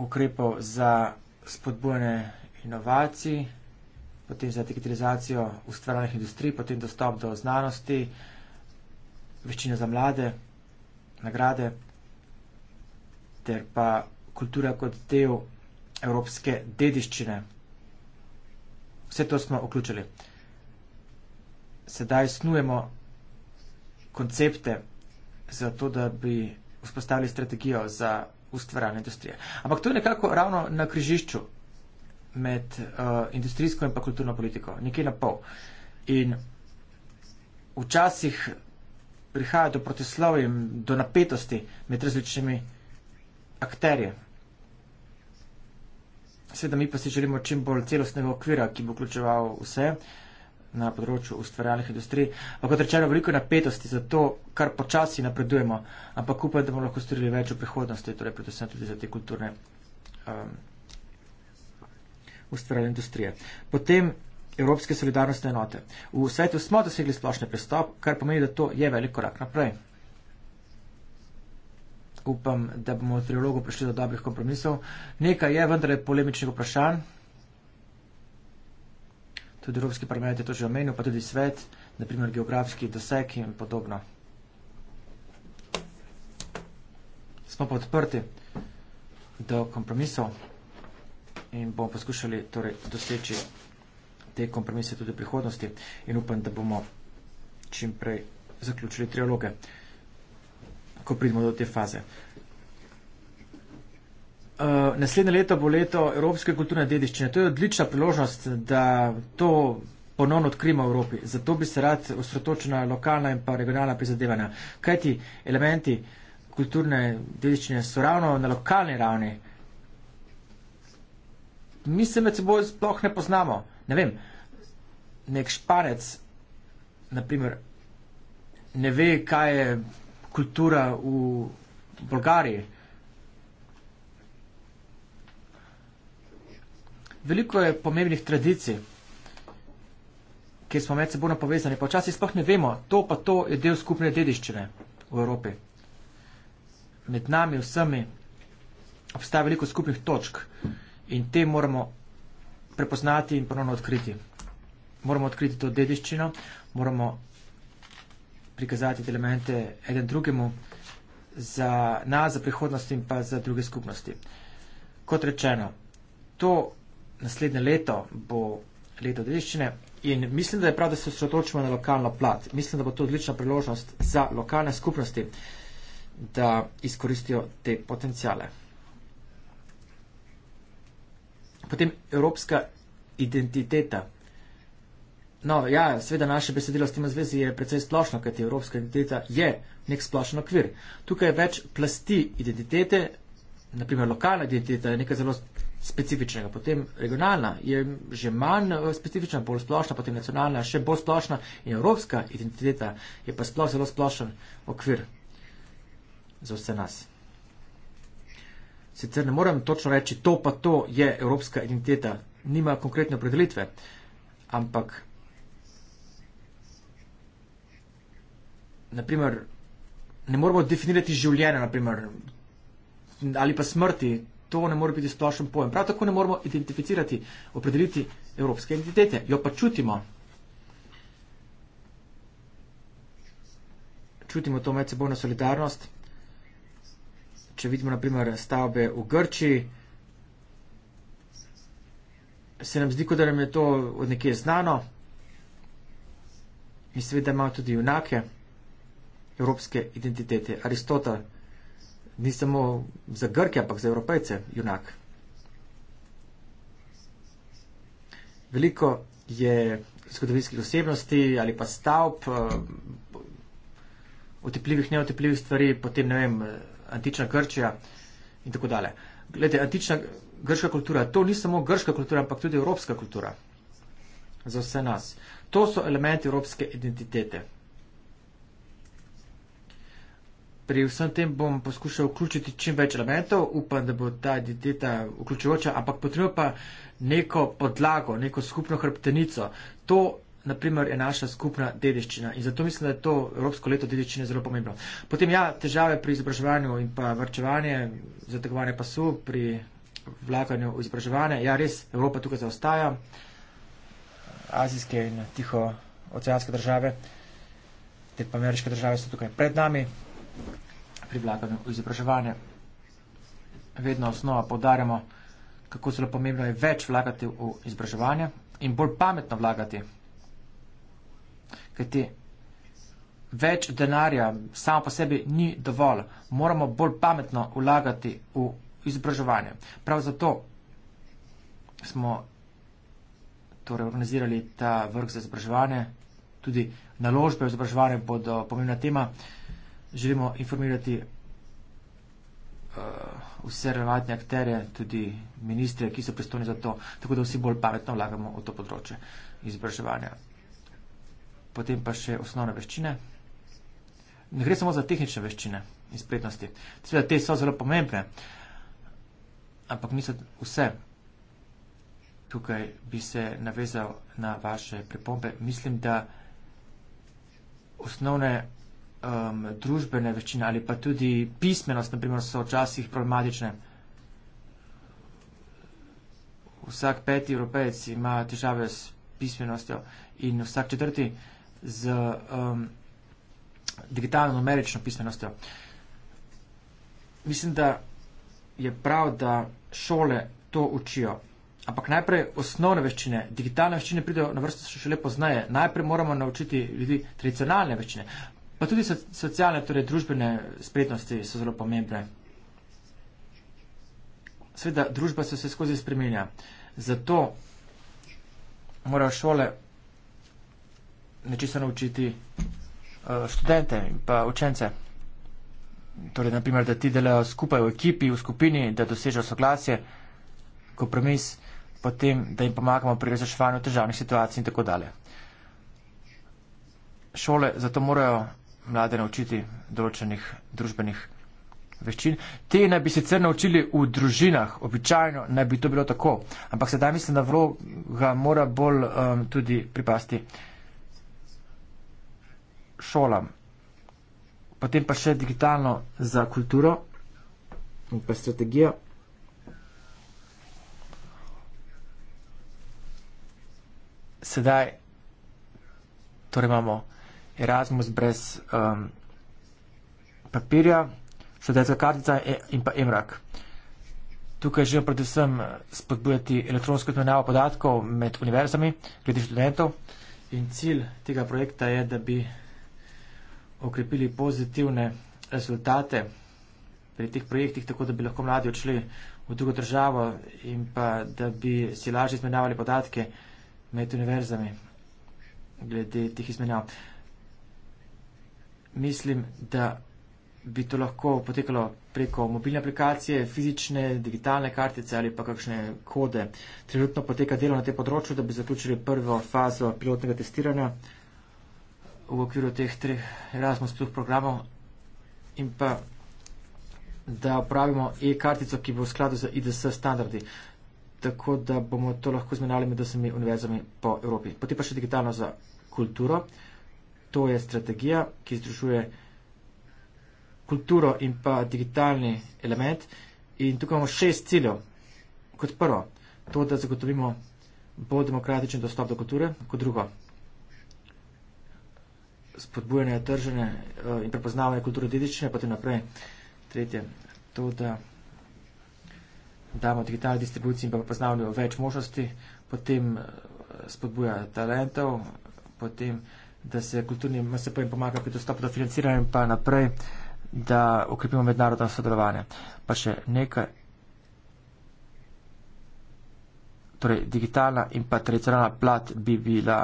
ukrepov za spodbujanje inovacij, potem za digitalizacijo ustvarjalnih industrij, potem dostop do znanosti, veščine za mlade, nagrade ter pa kultura kot del evropske dediščine. Vse to smo vključili. Sedaj snujemo koncepte za to, da bi vzpostavili strategijo za ustvarjalne industrije. Ampak to je nekako ravno na križišču med uh, industrijsko in pa kulturno politiko, nekje na pol. In včasih prihaja do proteslovi, do napetosti med različnimi akterji. Sveda mi pa si želimo čim bolj celostnega okvira, ki bo vključeval vse na področju ustvarjalnih industrij. Ampak kot rečeno, veliko napetosti za to, kar počasi napredujemo, ampak upam, da bomo lahko storili več v prihodnosti, torej predvsem tudi za te kulturne um, ustvarjalne industrije. Potem Evropske solidarnostne enote. V svetu smo dosegli splošni pristop, kar pomeni, da to je velik korak naprej upam, da bomo v trilogu prišli do dobrih kompromisov. Nekaj je vendar je polemičnih vprašanj. Tudi Evropski parlament je to že omenil, pa tudi svet, naprimer geografski doseg in podobno. Smo pa odprti do kompromisov in bomo poskušali torej, doseči te kompromise tudi v prihodnosti in upam, da bomo čim prej zaključili trialoge ko pridemo do te faze. Uh, naslednje leto bo leto Evropske kulturne dediščine. To je odlična priložnost, da to ponovno odkrimo v Evropi. Zato bi se rad osredotočil na lokalna in pa regionalna prizadevanja. Kaj ti elementi kulturne dediščine so ravno na lokalni ravni? Mi se med seboj sploh ne poznamo. Ne vem, nek španec, naprimer, ne ve, kaj je kultura v Bolgariji. Veliko je pomembnih tradicij, ki smo med seboj povezani, pa včasih sploh ne vemo, to pa to je del skupne dediščine v Evropi. Med nami vsemi obstaja veliko skupnih točk in te moramo prepoznati in ponovno odkriti. Moramo odkriti to dediščino, moramo prikazati elemente eden drugemu za nas, za prihodnost in pa za druge skupnosti. Kot rečeno, to naslednje leto bo leto dediščine in mislim, da je prav, da se osredotočimo na lokalno plat. Mislim, da bo to odlična priložnost za lokalne skupnosti, da izkoristijo te potencijale. Potem evropska identiteta. No, ja, seveda naše besedilo s tem v zvezi je precej splošno, kajti evropska identiteta je nek splošen okvir. Tukaj je več plasti identitete, naprimer lokalna identiteta je nekaj zelo specifičnega, potem regionalna je že manj eh, specifična, bolj splošna, potem nacionalna še bolj splošna in evropska identiteta je pa sploh zelo splošen okvir za vse nas. Sicer ne morem točno reči, to pa to je evropska identiteta, nima konkretne opredelitve, ampak. naprimer, ne moremo definirati življenja, naprimer, ali pa smrti, to ne more biti splošen pojem. Prav tako ne moremo identificirati, opredeliti evropske identitete, jo pa čutimo. Čutimo to medsebojno solidarnost. Če vidimo, naprimer, stavbe v Grči, se nam zdi, kot da nam je to od nekje znano. In seveda imajo tudi junake evropske identitete. Aristotel ni samo za Grke, ampak za evropejce junak. Veliko je zgodovinskih osebnosti ali pa stavb, eh, otepljivih, neotepljivih stvari, potem ne vem, eh, antična Grčija in tako dalje. Glede, antična grška kultura, to ni samo grška kultura, ampak tudi evropska kultura za vse nas. To so elementi evropske identitete. pri vsem tem bom poskušal vključiti čim več elementov, upam, da bo ta identiteta vključujoča, ampak potrebujem pa neko podlago, neko skupno hrbtenico. To, naprimer, je naša skupna dediščina in zato mislim, da je to Evropsko leto dediščine zelo pomembno. Potem ja, težave pri izobraževanju in pa vrčevanje, zategovanje pasu pri vlaganju v izobraževanje. Ja, res, Evropa tukaj zaostaja, azijske in tiho oceanske države. Te pa ameriške države so tukaj pred nami, pri vlaganju v izobraževanje. Vedno osnova podarjamo, kako zelo pomembno je več vlagati v izobraževanje in bolj pametno vlagati. Kajti več denarja samo po sebi ni dovolj. Moramo bolj pametno vlagati v izobraževanje. Prav zato smo torej organizirali ta vrh za izobraževanje. Tudi naložbe v izobraževanje bodo pomembna tema. Uh, želimo informirati uh, vse relevantne akterje, tudi ministre, ki so pristojni za to, tako da vsi bolj pametno vlagamo v to področje izobraževanja. Potem pa še osnovne veščine. Ne gre samo za tehnične veščine in spretnosti. Seveda, te so zelo pomembne, ampak niso vse. Tukaj bi se navezal na vaše pripombe. Mislim, da osnovne um, družbene veščine ali pa tudi pismenost, naprimer, so včasih problematične. Vsak peti evropejec ima težave s pismenostjo in vsak četrti z um, digitalno numerično pismenostjo. Mislim, da je prav, da šole to učijo. Ampak najprej osnovne veščine, digitalne veščine pridejo na vrsto še lepo znaje. Najprej moramo naučiti ljudi tradicionalne veščine. Pa tudi so, socialne, torej družbene spretnosti so zelo pomembne. Sveda, družba se vse skozi spremenja. Zato morajo šole nečisto naučiti eh, študente in pa učence. Torej, naprimer, da ti delajo skupaj v ekipi, v skupini, da dosežejo soglasje, kompromis, potem, da jim pomagamo pri razreševanju težavnih situacij in tako dalje. Šole zato morajo mlade naučiti določenih družbenih veščin. Te naj bi sicer naučili v družinah, običajno naj bi to bilo tako, ampak sedaj mislim, da vloga mora bolj um, tudi pripasti šolam. Potem pa še digitalno za kulturo in pa strategijo. Sedaj torej imamo Erasmus brez um, papirja, sedajska kartica e, in pa Emrak. Tukaj želim predvsem spodbujati elektronsko izmenjavo podatkov med univerzami, glede študentov. In cilj tega projekta je, da bi okrepili pozitivne rezultate pri teh projektih, tako da bi lahko mladi odšli v drugo državo in pa da bi si lažje izmenjavali podatke med univerzami glede teh izmenjav mislim, da bi to lahko potekalo preko mobilne aplikacije, fizične, digitalne kartice ali pa kakšne kode. Trenutno poteka delo na tem področju, da bi zaključili prvo fazo pilotnega testiranja v okviru teh treh Erasmus Plus programov in pa da upravimo e-kartico, ki bo v skladu z IDS standardi, tako da bomo to lahko izmenjali med vsemi univerzami po Evropi. Potem pa še digitalno za kulturo. Uh, to je strategija, ki združuje kulturo in pa digitalni element. In tukaj imamo šest ciljev. Kot prvo, to, da zagotovimo bolj demokratičen dostop do kulture, kot drugo, spodbujanje tržene eh, in prepoznavanje kulture dedične, potem naprej. Tretje, to, da damo digitalni distribuciji in pa prepoznavanju več možnosti, potem eh, spodbuja talentov, potem uh, da se kulturnim MSP-jem pomaga pri dostopu do financiranja in pa naprej, da ukrepimo mednarodno sodelovanje. Pa še nekaj. Torej, digitalna in pa tradicionalna plat bi, bila,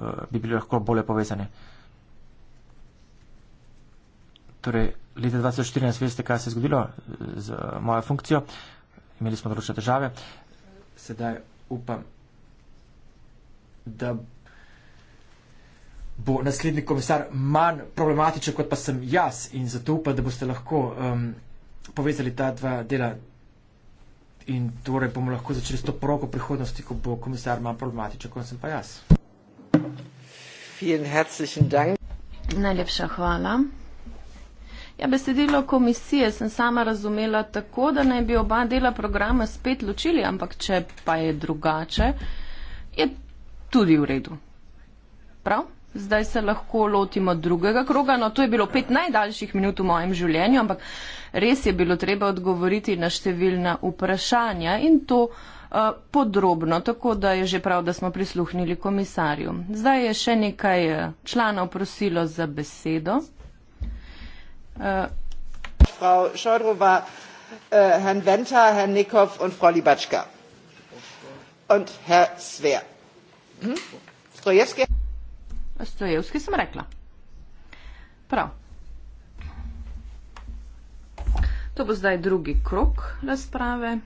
eh, bi bili lahko bolje povezani. Torej, leta 2014, veste, kaj se je zgodilo eh, z eh, mojo funkcijo, imeli smo določene težave. Sedaj upam, da bo naslednji komisar manj problematičen, kot pa sem jaz. In zato upam, da boste lahko um, povezali ta dva dela in torej bomo lahko začeli s to poroko prihodnosti, ko bo komisar manj problematičen, kot sem pa jaz. Najlepša hvala. Ja, besedilo komisije sem sama razumela tako, da naj bi oba dela programa spet ločili, ampak če pa je drugače, je tudi v redu. Prav? Zdaj se lahko lotimo drugega kroga. No, to je bilo pet najdaljših minut v mojem življenju, ampak res je bilo treba odgovoriti na številna vprašanja in to uh, podrobno, tako da je že prav, da smo prisluhnili komisarju. Zdaj je še nekaj eh, članov prosilo za besedo. Uh, Frau Šorova, uh, Herr Venta, Herr Nikov in Frau Libačka. In Herr Sver. Hm? Strojevski sem rekla. Prav. To bo zdaj drugi krok razprave.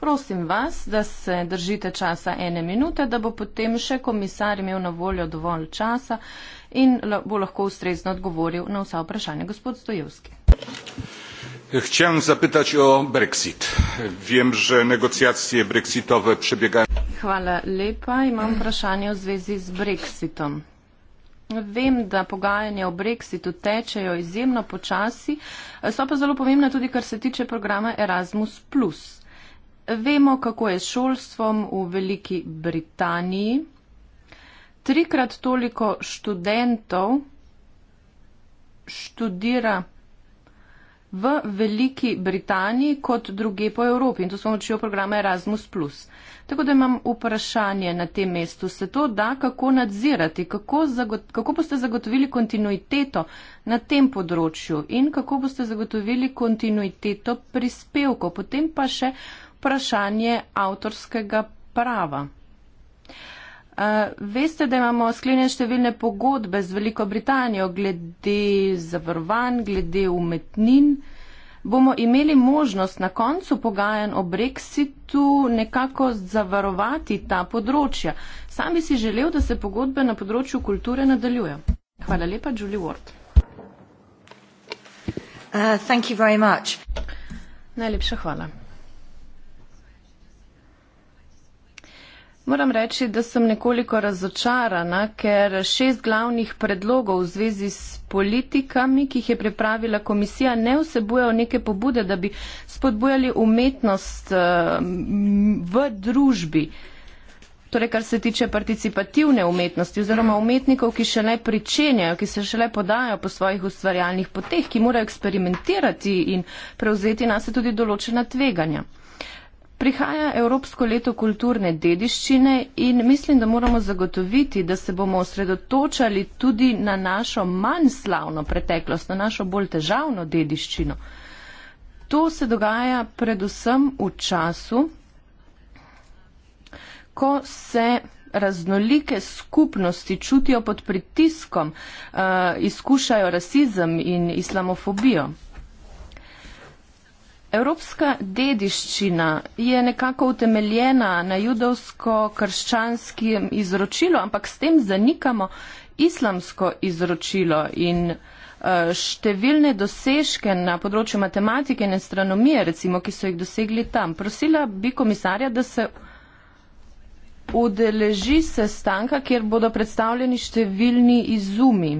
Prosim vas, da se držite časa ene minute, da bo potem še komisar imel na voljo dovolj časa in bo lahko ustrezno odgovoril na vsa vprašanja. Gospod Stojevski. Chciałem zapytać o Brexit. Wiem, że negocjacje brexitowe przebiegają. Hvala lepa. Imam vprašanje v zvezi z Brexitom. Vem, da pogajanja o Brexitu tečejo izjemno počasi, so pa zelo pomembna tudi, kar se tiče programa Erasmus. Vemo, kako je s šolstvom v Veliki Britaniji. Trikrat toliko študentov študira v Veliki Britaniji kot druge po Evropi in to s pomočjo programa Erasmus. Tako da imam vprašanje na tem mestu. Se to da kako nadzirati, kako, zagot, kako boste zagotovili kontinuiteto na tem področju in kako boste zagotovili kontinuiteto prispevkov? Potem pa še vprašanje avtorskega prava. Eh, veste, da imamo sklenjene številne pogodbe z Veliko Britanijo glede zavrvanj, glede umetnin. Bomo imeli možnost na koncu pogajanj o Brexitu nekako zavarovati ta področja. Sam bi si želel, da se pogodbe na področju kulture nadaljujejo. Hvala lepa, Julie Ward. Uh, Najlepša hvala. Moram reči, da sem nekoliko razočarana, ker šest glavnih predlogov v zvezi s politikami, ki jih je pripravila komisija, ne vsebujejo neke pobude, da bi spodbujali umetnost eh, v družbi. Torej, kar se tiče participativne umetnosti oziroma umetnikov, ki še le pričenjajo, ki se še le podajo po svojih ustvarjalnih poteh, ki morajo eksperimentirati in prevzeti nas tudi določena tveganja. Prihaja Evropsko leto kulturne dediščine in mislim, da moramo zagotoviti, da se bomo osredotočali tudi na našo manj slavno preteklost, na našo bolj težavno dediščino. To se dogaja predvsem v času, ko se raznolike skupnosti čutijo pod pritiskom, uh, izkušajo rasizem in islamofobijo. Evropska dediščina je nekako utemeljena na judovsko-krščanskem izročilu, ampak s tem zanikamo islamsko izročilo in eh, številne dosežke na področju matematike in astronomije, recimo, ki so jih dosegli tam. Prosila bi komisarja, da se udeleži sestanka, kjer bodo predstavljeni številni izumi.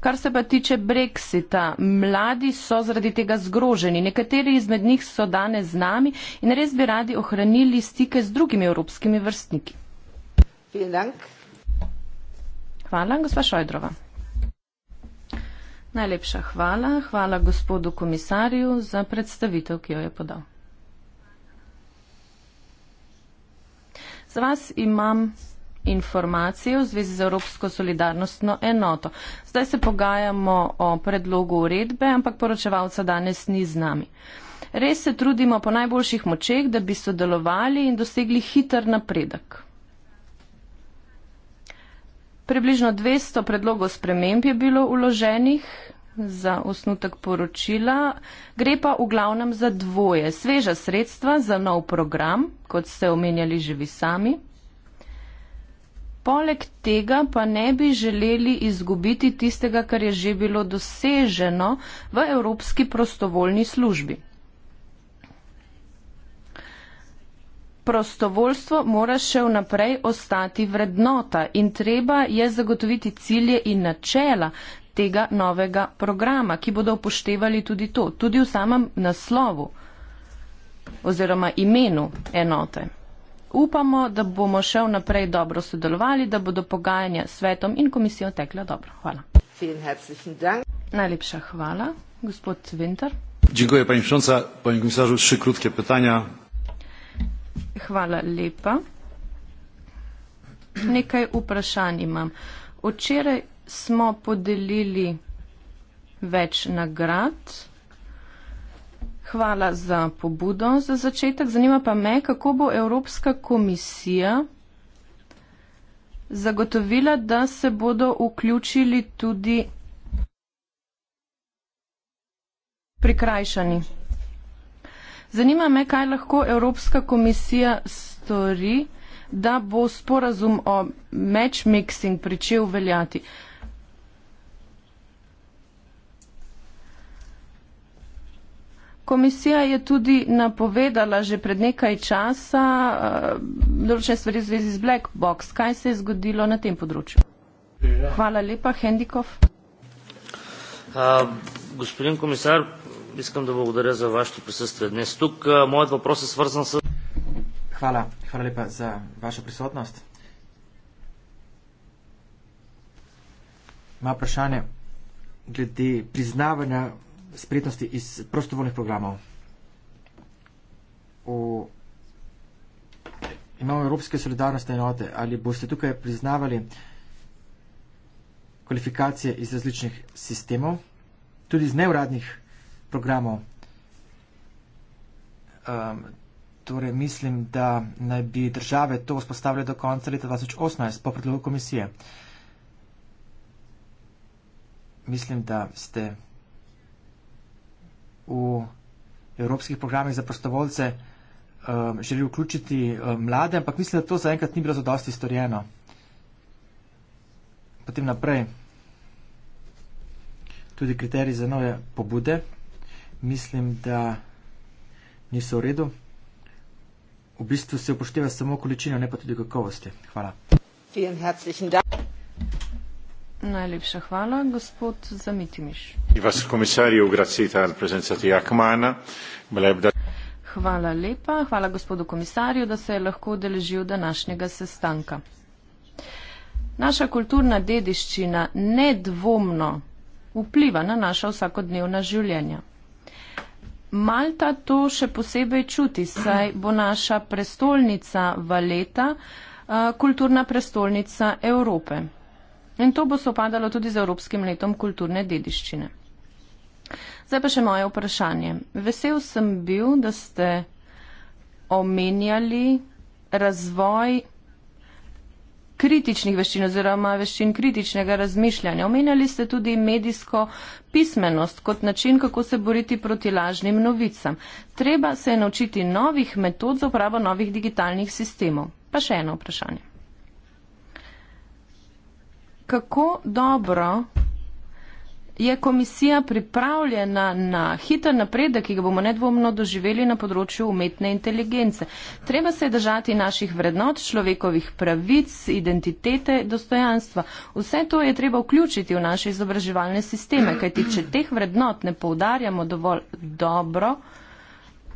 Kar se pa tiče Brexita, mladi so zaradi tega zgroženi. Nekateri izmed njih so danes z nami in res bi radi ohranili stike z drugimi evropskimi vrstniki. Hvala, gospa Šojdrova. Najlepša hvala. Hvala gospodu komisarju za predstavitev, ki jo je podal. Za vas imam informacije v zvezi z Evropsko solidarnostno enoto. Zdaj se pogajamo o predlogu uredbe, ampak poročevalca danes ni z nami. Res se trudimo po najboljših močeh, da bi sodelovali in dosegli hiter napredek. Približno 200 predlogov sprememb je bilo uloženih za osnutek poročila. Gre pa v glavnem za dvoje. Sveža sredstva za nov program, kot ste omenjali že vi sami, Poleg tega pa ne bi želeli izgubiti tistega, kar je že bilo doseženo v Evropski prostovoljni službi. Prostovoljstvo mora še vnaprej ostati vrednota in treba je zagotoviti cilje in načela tega novega programa, ki bodo upoštevali tudi to, tudi v samem naslovu oziroma imenu enote upamo, da bomo še vnaprej dobro sodelovali, da bodo pogajanja s svetom in komisijo tekla dobro. Hvala. Najlepša hvala, gospod Vinter. Dziękuję, pani przewodnicząca. Panie komisarzu, trzy krótkie pytania. Hvala lepa. Nekaj vprašanj imam. Včeraj smo podelili več nagrad. Hvala za pobudo za začetek. Zanima pa me, kako bo Evropska komisija zagotovila, da se bodo vključili tudi prikrajšani. Zanima me, kaj lahko Evropska komisija stori, da bo sporazum o matchmixing pričel veljati. Uh, Komisija je tudi napovedala že pred nekaj časa eh, določene stvari v zvezi z Black Box. Kaj se je zgodilo na tem področju? Ja. Hvala lepa, Hendikov. A, um, gospodin komisar, iskam, da bogodarja za vaše prisustvo danes tukaj. Eh, moj vprašanje je svrzan s. Hvala, hvala lepa za vašo prisotnost. Ima vprašanje glede priznavanja spretnosti iz prostovoljnih programov. O, imamo Evropske solidarnostne enote. Ali boste tukaj priznavali kvalifikacije iz različnih sistemov, tudi iz neuradnih programov? Um, torej, mislim, da naj bi države to vzpostavile do konca leta 2018 po predlogu komisije. Mislim, da ste v evropskih programih za prostovoljce um, želi vključiti um, mlade, ampak mislim, da to zaenkrat ni bilo zadosti storjeno. Potem naprej. Tudi kriteriji za nove pobude. Mislim, da niso v redu. V bistvu se upošteva samo količina, ne pa tudi kakovosti. Hvala. Vielen herzlichen Dank. Najlepša hvala. Gospod Zamitimiš. Hvala lepa. Hvala gospodu komisarju, da se je lahko odeležil današnjega sestanka. Naša kulturna dediščina nedvomno vpliva na naša vsakodnevna življenja. Malta to še posebej čuti, saj bo naša prestolnica Valeta kulturna prestolnica Evrope in to bo sopadalo tudi z Evropskim letom kulturne dediščine. Zdaj pa še moje vprašanje. Vesel sem bil, da ste omenjali razvoj kritičnih veščin oziroma veščin kritičnega razmišljanja. Omenjali ste tudi medijsko pismenost kot način, kako se boriti proti lažnim novicam. Treba se je naučiti novih metod za upravo novih digitalnih sistemov. Pa še eno vprašanje kako dobro je komisija pripravljena na hiter napredek, ki ga bomo nedvomno doživeli na področju umetne inteligence. Treba se je držati naših vrednot, človekovih pravic, identitete, dostojanstva. Vse to je treba vključiti v naše izobraževalne sisteme, kajti če teh vrednot ne poudarjamo dovolj dobro,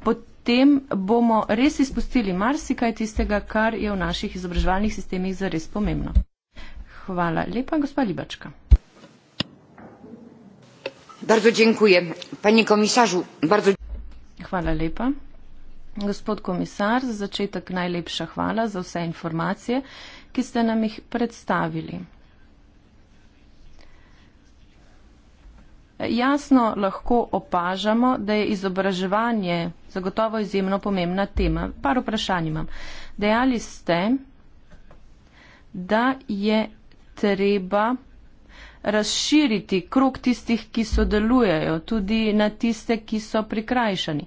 potem bomo res izpustili marsikaj tistega, kar je v naših izobraževalnih sistemih zares pomembno pričakovala. Lepa gospa Libačka. Bardzo dziękuję. Panie komisarzu, bardzo... Hvala lepa. Gospod komisar, za začetek najlepša hvala za vse informacije, ki ste nam jih predstavili. Jasno lahko opažamo, da je izobraževanje zagotovo izjemno pomembna tema. Par vprašanj imam. Dejali ste, da je treba razširiti krog tistih, ki sodelujejo, tudi na tiste, ki so prikrajšani.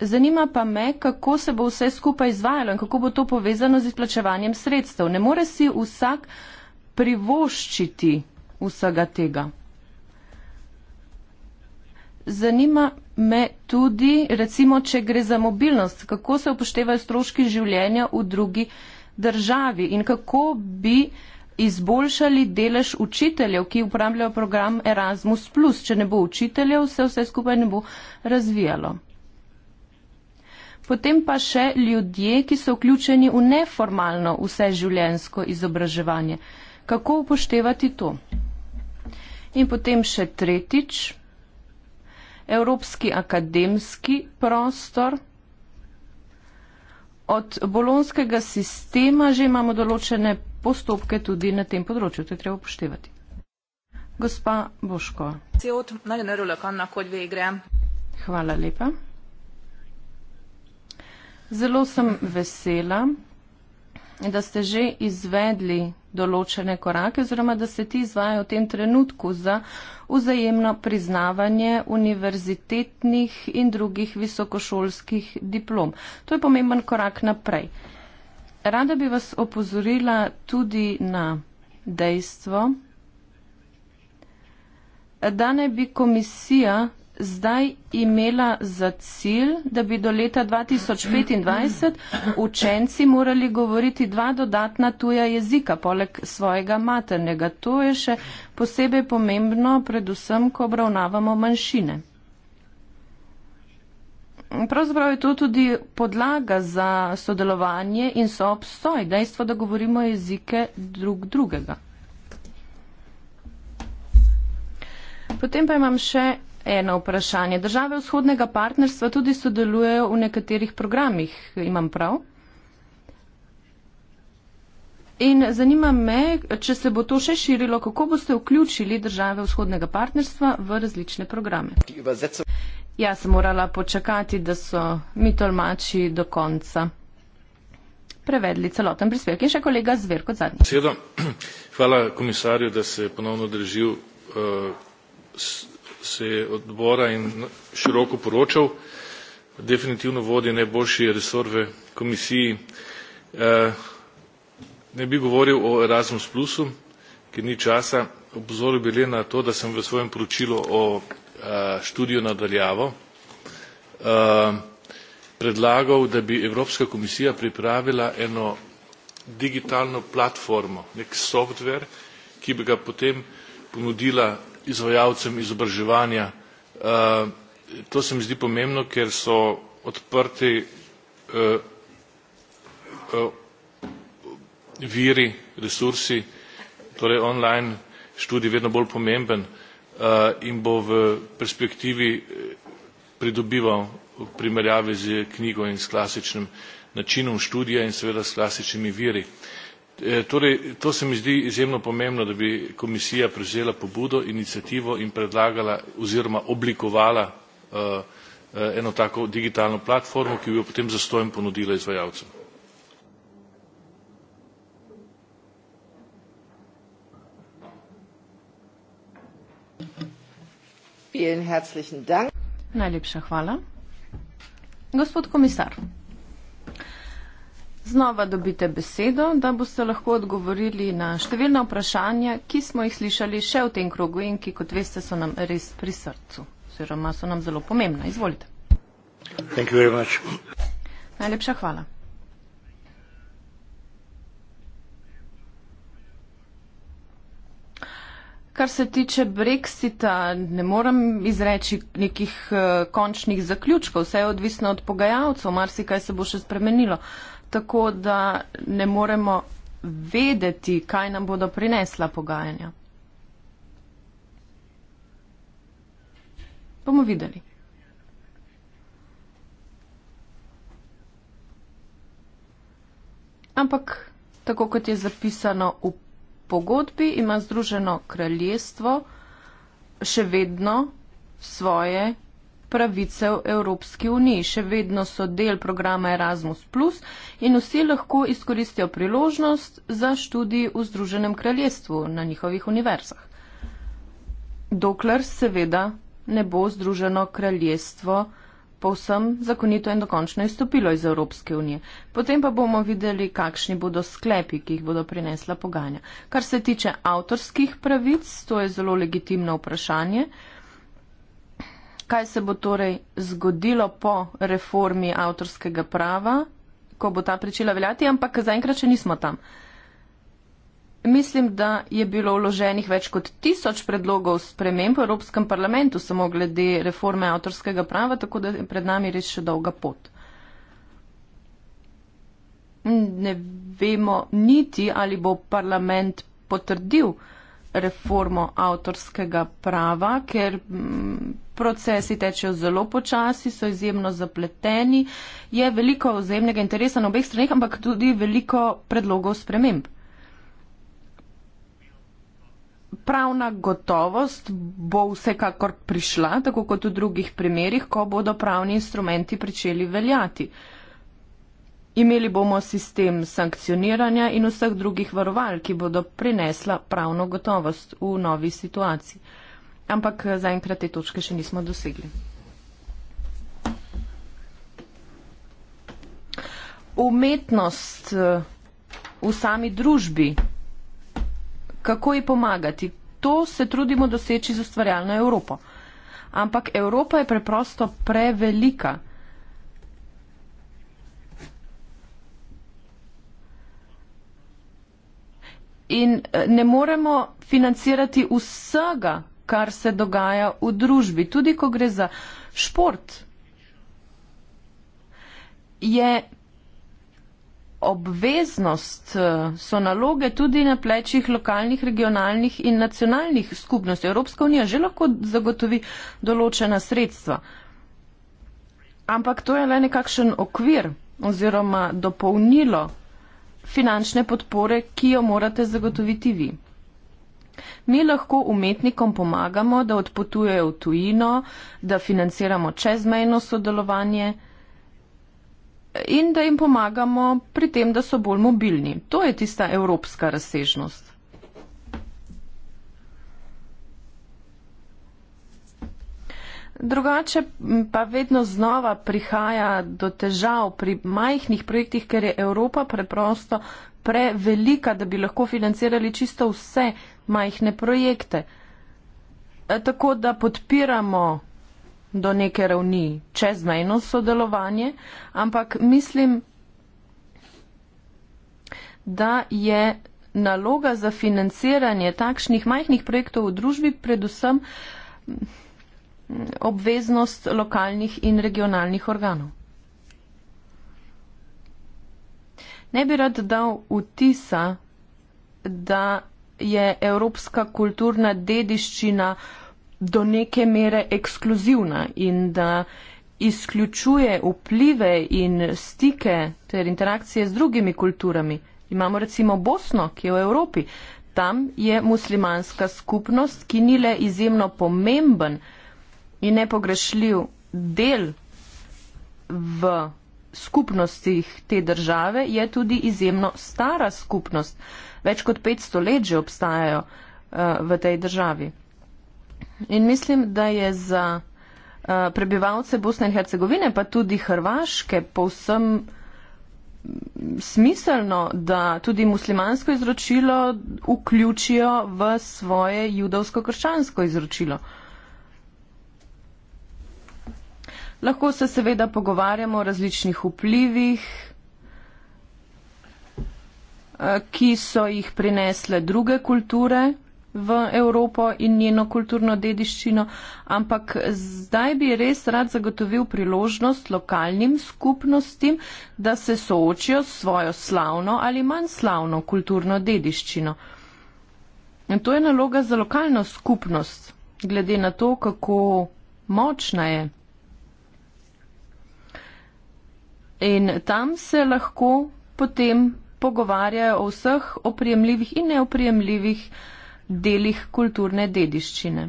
Zanima pa me, kako se bo vse skupaj izvajalo in kako bo to povezano z izplačevanjem sredstev. Ne more si vsak privoščiti vsega tega. Zanima me tudi, recimo, če gre za mobilnost, kako se upoštevajo stroški življenja v drugi državi državi in kako bi izboljšali delež učiteljev, ki uporabljajo program Erasmus. Če ne bo učiteljev, se vse skupaj ne bo razvijalo. Potem pa še ljudje, ki so vključeni v neformalno vseživljensko izobraževanje. Kako upoštevati to? In potem še tretjič, evropski akademski prostor od bolonskega sistema že imamo določene postopke tudi na tem področju. To je treba upoštevati. Gospa Boško. Hvala lepa. Zelo sem vesela, da ste že izvedli določene korake oziroma da se ti izvajajo v tem trenutku za vzajemno priznavanje univerzitetnih in drugih visokošolskih diplom. To je pomemben korak naprej. Rada bi vas opozorila tudi na dejstvo, da naj bi komisija zdaj imela za cilj, da bi do leta 2025 učenci morali govoriti dva dodatna tuja jezika, poleg svojega maternega. To je še posebej pomembno, predvsem, ko obravnavamo manjšine. Pravzaprav je to tudi podlaga za sodelovanje in so obstoj, dejstvo, da govorimo jezike drug drugega. Potem pa imam še eno vprašanje. Države vzhodnega partnerstva tudi sodelujejo v nekaterih programih, imam prav. In zanima me, če se bo to še širilo, kako boste vključili države vzhodnega partnerstva v različne programe. Ja, sem morala počakati, da so mi tolmači do konca prevedli celoten prispevek. In še kolega Zver kot zadnji. *clears throat* Hvala komisarju, da se je ponovno držil uh, eh, seje odbora in široko poročal. Definitivno vodi najboljši resor v komisiji. Eh, ne bi govoril o Erasmus Plusu, ki ni časa. Obzoril bi le na to, da sem v svojem poročilu o eh, študiju nadaljavo eh, predlagal, da bi Evropska komisija pripravila eno digitalno platformo, nek software, ki bi ga potem ponudila izvajalcem izobraževanja. Eh, to se mi zdi pomembno, ker so odprti eh, eh, viri, resursi, torej online študij vedno bolj pomemben in bo v perspektivi pridobival v primerjavi z knjigo in s klasičnim načinom študija in seveda s klasičnimi viri. Eh, torej to se mi zdi izjemno pomembno da bi komisija prevzela pobudo iniciativo in predlagala oziroma oblikovala eh, eh, eno tako digitalno platformo ki bi jo potem zastonj ponudila izvajalcem. najlepša hvala gospod komisar Znova dobite besedo, da boste lahko odgovorili na številna vprašanja, ki smo jih slišali še v tem krogu in ki, kot veste, so nam res pri srcu oziroma so nam zelo pomembna. Izvolite. Najlepša hvala. Kar se tiče Brexita, ne morem izreči nekih uh, končnih zaključkov, vse je odvisno od pogajalcev, marsikaj se bo še spremenilo tako, da ne moremo vedeti, kaj nam bodo prinesla pogajanja. Bomo videli. Ampak, tako kot je zapisano v pogodbi, ima Združeno kraljestvo še vedno svoje pravice v Evropski uniji. Še vedno so del programa Erasmus, in vsi lahko izkoristijo priložnost za študij v Združenem kraljestvu na njihovih univerzah. Dokler seveda ne bo Združeno kraljestvo povsem zakonito in dokončno izstopilo iz Evropske unije. Potem pa bomo videli, kakšni bodo sklepi, ki jih bodo prinesla pogajanja. Kar se tiče avtorskih pravic, to je zelo legitimno vprašanje. Uh, kaj se bo torej zgodilo po reformi avtorskega prava, ko bo ta pričela veljati, ampak zaenkrat še nismo tam. Mislim, da je bilo vloženih več kot tisoč predlogov sprememb v Evropskem parlamentu samo glede reforme avtorskega prava, tako da je pred nami res še dolga pot. Ne vemo niti, ali bo parlament potrdil reformo avtorskega prava, ker mm, procesi tečejo zelo počasi, so izjemno zapleteni, je veliko vzajemnega interesa na obeh stranih, ampak tudi veliko predlogov sprememb. Pravna gotovost bo vsekakor prišla, tako kot v drugih primerjih, ko bodo pravni instrumenti pričeli veljati. Imeli bomo sistem sankcioniranja in vseh drugih varoval, ki bodo prinesla pravno gotovost v novi situaciji ampak eh, zaenkrat te točke še nismo dosegli. Umetnost eh, v sami družbi, kako ji pomagati, to se trudimo doseči z ustvarjalno Evropo. Ampak Evropa je preprosto prevelika. In eh, ne moremo financirati vsega, kar se dogaja v družbi, tudi ko gre za šport, je obveznost, eh, so naloge tudi na plečih lokalnih, regionalnih in nacionalnih skupnosti. Evropska unija že lahko zagotovi določena sredstva. Ampak to je le nekakšen okvir oziroma dopolnilo finančne podpore, ki jo morate zagotoviti vi. Mi lahko umetnikom pomagamo, da odpotujejo v tujino, da financiramo čezmejno sodelovanje in da jim pomagamo pri tem, da so bolj mobilni. To je tista evropska razsežnost. Drugače pa vedno znova prihaja do težav pri majhnih projektih, ker je Evropa preprosto prevelika, da bi lahko financirali čisto vse majhne projekte. E, tako da podpiramo do neke ravni čezmejno sodelovanje, ampak mislim, da je naloga za financiranje takšnih majhnih projektov v družbi predvsem obveznost lokalnih in regionalnih organov. Ne bi rad dal vtisa, da je evropska kulturna dediščina do neke mere ekskluzivna in da izključuje vplive in stike ter interakcije z drugimi kulturami. Imamo recimo Bosno, ki je v Evropi. Tam je muslimanska skupnost, ki ni le izjemno pomemben, in nepogrešljiv del v skupnostih te države, je tudi izjemno stara skupnost. Več kot 500 let že obstajajo uh, v tej državi. In mislim, da je za uh, prebivalce Bosne in Hercegovine, pa tudi Hrvaške, povsem mm, smiselno, da tudi muslimansko izročilo vključijo v svoje judovsko-krščansko izročilo. Uh, Lahko se seveda pogovarjamo o različnih vplivih, eh, ki so jih prinesle druge kulture v Evropo in njeno kulturno dediščino, ampak zdaj bi res rad zagotovil priložnost lokalnim skupnostim, da se soočijo s svojo slavno ali manj slavno kulturno dediščino. In to je naloga za lokalno skupnost, glede na to, kako močna je. In tam se lahko potem pogovarjajo o vseh opremljivih in neopremljivih delih kulturne dediščine.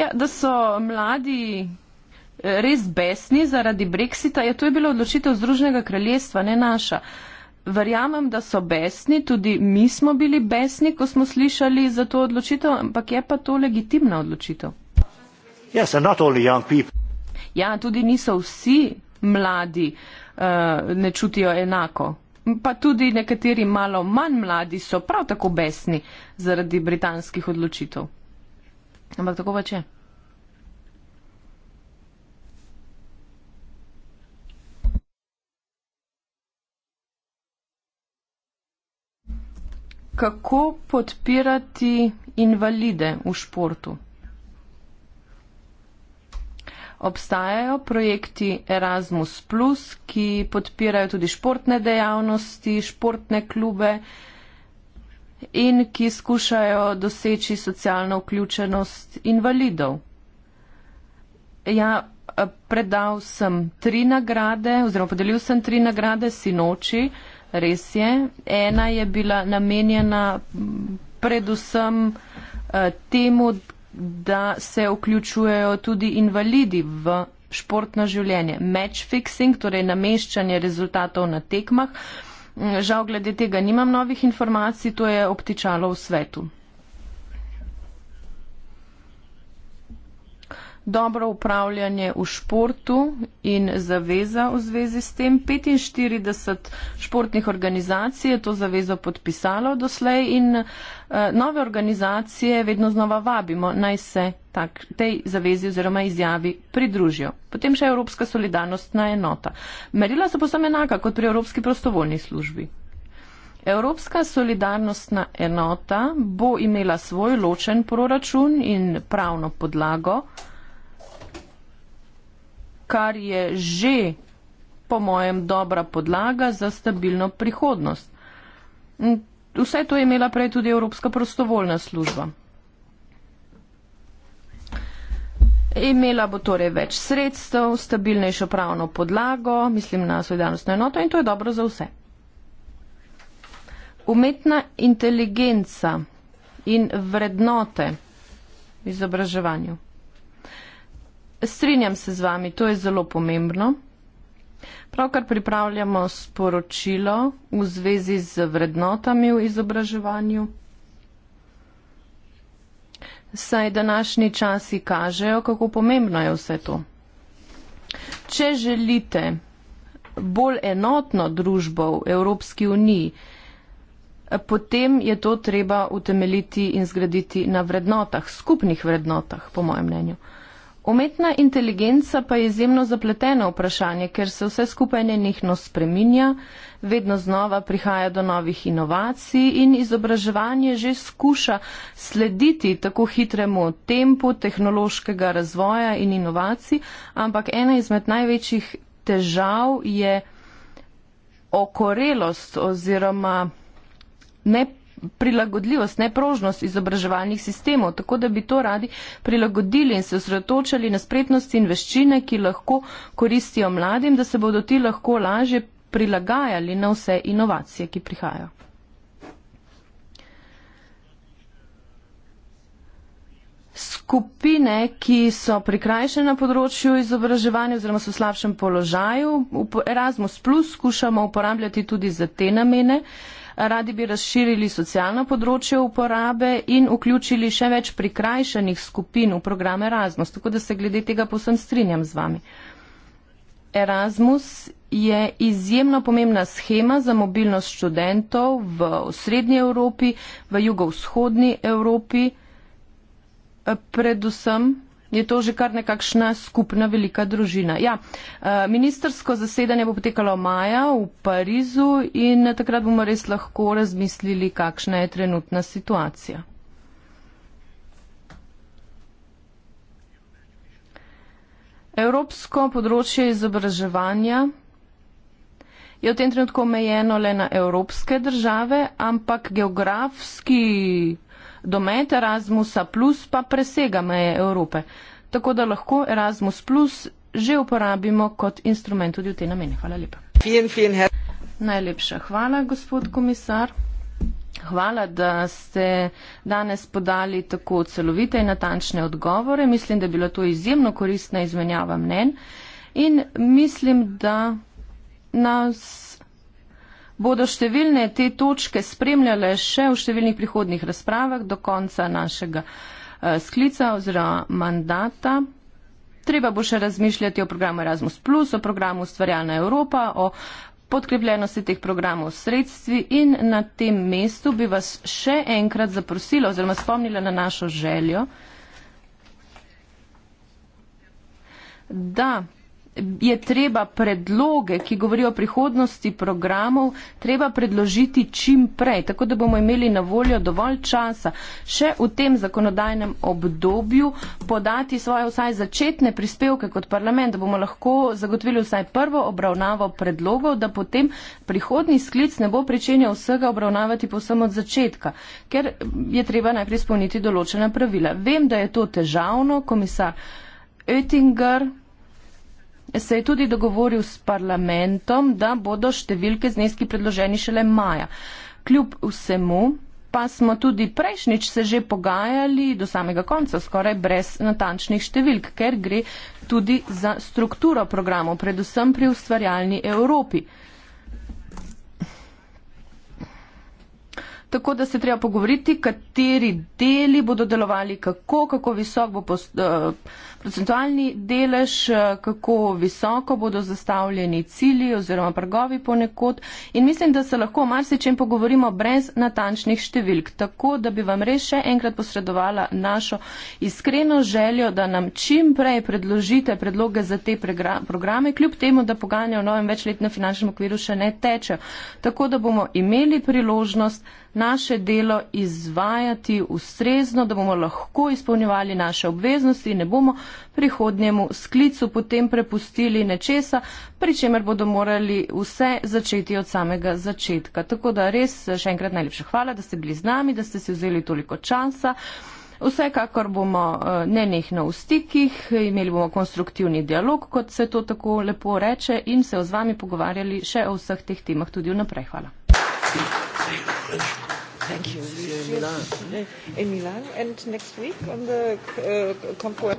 Ja, da so mladi eh, res besni zaradi Brexita, je ja, to je bila odločitev Združnega kraljestva, ne naša. Verjamem, da so besni, tudi mi smo bili besni, ko smo slišali za to odločitev, ampak je pa to legitimna odločitev. Yes, ja, tudi niso vsi mladi uh, ne čutijo enako. Pa tudi nekateri malo manj mladi so prav tako besni zaradi britanskih odločitev. Ampak tako pa če. Kako podpirati invalide v športu? obstajajo projekti Erasmus, ki podpirajo tudi športne dejavnosti, športne klube in ki skušajo doseči socialno vključenost invalidov. Ja, predal sem tri nagrade oziroma podelil sem tri nagrade sinoči, res je. Ena je bila namenjena predvsem eh, temu, da se vključujejo tudi invalidi v športno življenje. Match fixing, torej nameščanje rezultatov na tekmah. Žal glede tega nimam novih informacij, to je obtičalo v svetu. dobro upravljanje v športu in zaveza v zvezi s tem. 45 športnih organizacij je to zavezo podpisalo doslej in eh, nove organizacije vedno znova vabimo, naj se tak, tej zavezi oziroma izjavi pridružijo. Potem še Evropska solidarnostna enota. Merila so posebej enaka kot pri Evropski prostovoljni službi. Evropska solidarnostna enota bo imela svoj ločen proračun in pravno podlago, kar je že po mojem dobra podlaga za stabilno prihodnost. Vse to je imela prej tudi Evropska prostovoljna služba. Imela bo torej več sredstev, stabilnejšo pravno podlago, mislim na solidarnostno enoto in to je dobro za vse. Umetna inteligenca in vrednote v izobraževanju. Strinjam se z vami, to je zelo pomembno. Pravkar pripravljamo sporočilo v zvezi z vrednotami v izobraževanju. Saj današnji časi kažejo, kako pomembno je vse to. Če želite bolj enotno družbo v Evropski uniji, potem je to treba utemeliti in zgraditi na vrednotah, skupnih vrednotah, po mojem mnenju. Umetna inteligenca pa je izjemno zapleteno vprašanje, ker se vse skupaj nenehno spreminja, vedno znova prihaja do novih inovacij in izobraževanje že skuša slediti tako hitremu tempu tehnološkega razvoja in inovacij, ampak ena izmed največjih težav je okorelost oziroma. Ne prilagodljivost, neprožnost izobraževalnih sistemov, tako da bi to radi prilagodili in se osredotočali na spretnosti in veščine, ki lahko koristijo mladim, da se bodo ti lahko lažje prilagajali na vse inovacije, ki prihajajo. Skupine, ki so prikrajšene na področju izobraževanja oziroma so v slabšem položaju, Erasmus Plus skušamo uporabljati tudi za te namene. Uh, Radi bi razširili socialno področje uporabe in vključili še več prikrajšanih skupin v programe Erasmus. Tako da se glede tega posem strinjam z vami. Erasmus je izjemno pomembna schema za mobilnost študentov v srednji Evropi, v jugovzhodni Evropi, predvsem je to že kar nekakšna skupna velika družina. Ja, eh, ministersko zasedanje bo potekalo maja v Parizu in takrat bomo res lahko razmislili, kakšna je trenutna situacija. Evropsko področje izobraževanja je v tem trenutku omejeno le na evropske države, ampak geografski domet Erasmusa plus pa presega meje Evrope. Tako da lahko Erasmus plus že uporabimo kot instrument tudi v te namene. Hvala lepa. Fien, fien, Najlepša hvala, gospod komisar. Hvala, da ste danes podali tako celovite in natančne odgovore. Mislim, da je bila to izjemno koristna izmenjava mnen in mislim, da nas bodo številne te točke spremljale še v številnih prihodnih razpravah do konca našega eh, sklica oziroma mandata. Treba bo še razmišljati o programu Erasmus, o programu Stvarjalna Evropa, o podkrepljenosti teh programov sredstvi in na tem mestu bi vas še enkrat zaprosila oziroma spomnila na našo željo, da je treba predloge, ki govorijo o prihodnosti programov, treba predložiti čim prej, tako da bomo imeli na voljo dovolj časa še v tem zakonodajnem obdobju podati svoje vsaj začetne prispevke kot parlament, da bomo lahko zagotovili vsaj prvo obravnavo predlogov, da potem prihodni sklic ne bo pričenjal vsega obravnavati povsem od začetka, ker je treba najprej spolniti določena pravila. Vem, da je to težavno, komisar Oettinger, se je tudi dogovoril s parlamentom, da bodo številke zneski predloženi šele maja. Kljub vsemu pa smo tudi prejšnjič se že pogajali do samega konca, skoraj brez natančnih številk, ker gre tudi za strukturo programov, predvsem pri ustvarjalni Evropi. Tako da se treba pogovoriti, kateri deli bodo delovali, kako, kako visok bo eh, procentualni delež, eh, kako visoko bodo zastavljeni cilji oziroma prgovi ponekod. In mislim, da se lahko marsičem pogovorimo brez natančnih številk. Tako da bi vam res še enkrat posredovala našo iskreno željo, da nam čim prej predložite predloge za te programe, kljub temu, da pogajanja o novem večletnem finančnem okviru še ne tečejo. Tako da bomo imeli priložnost naše delo izvajati ustrezno, da bomo lahko izpolnjevali naše obveznosti in ne bomo prihodnjemu sklicu potem prepustili nečesa, pri čemer bodo morali vse začeti od samega začetka. Tako da res še enkrat najlepša hvala, da ste bili z nami, da ste si vzeli toliko časa. Vsekakor bomo eh, nenehno v stikih, imeli bomo konstruktivni dialog, kot se to tako lepo reče, in se o z vami pogovarjali še o vseh teh temah tudi vnaprej. Hvala. Thank you. Thank you. Yes. Yes. Yes. Yes. Yes.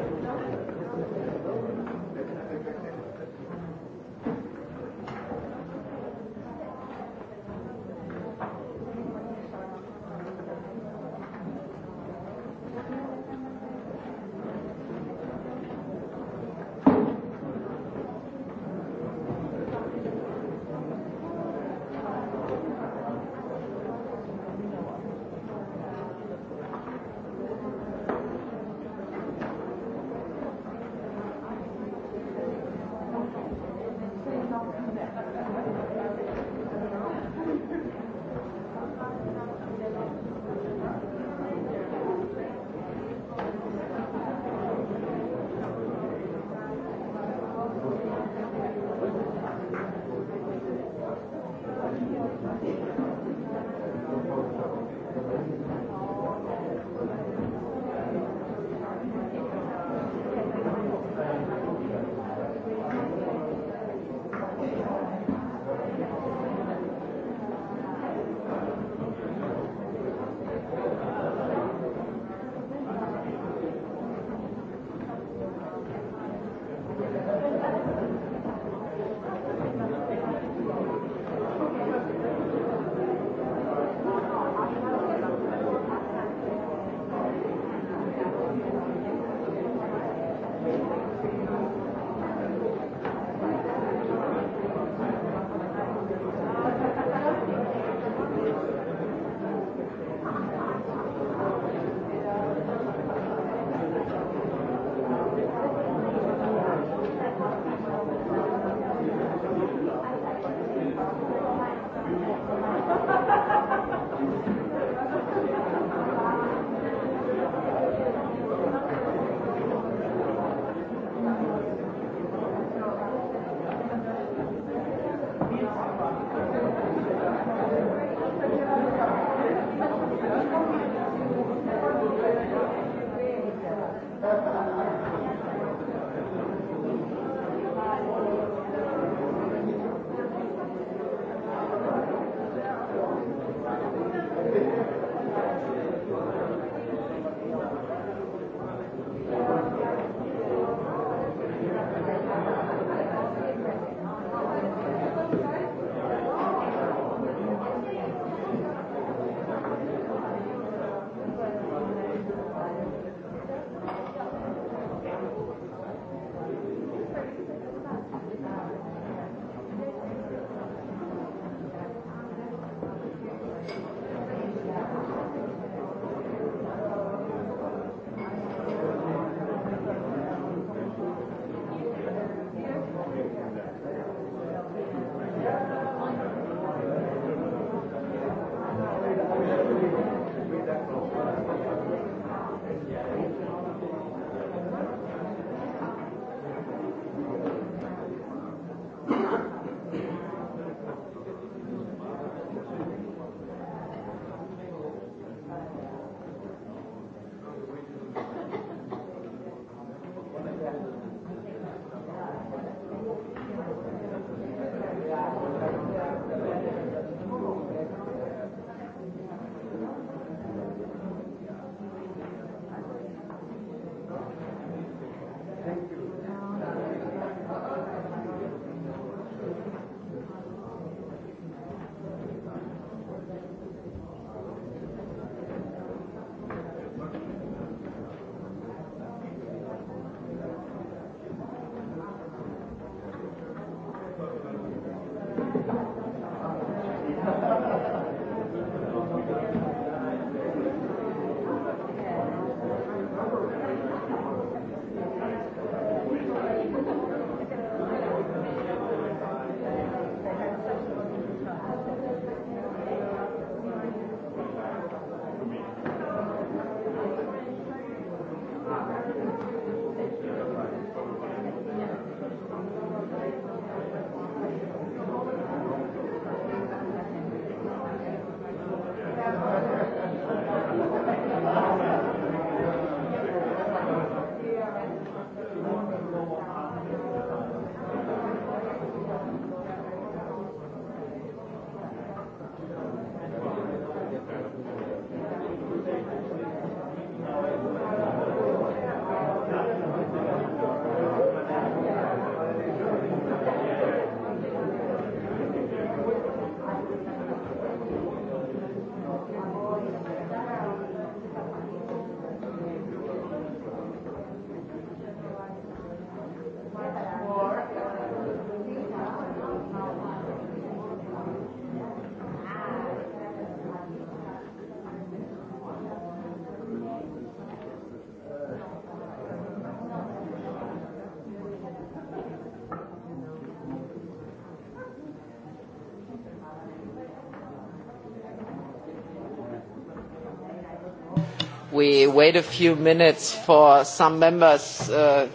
we wait a few minutes for some members uh,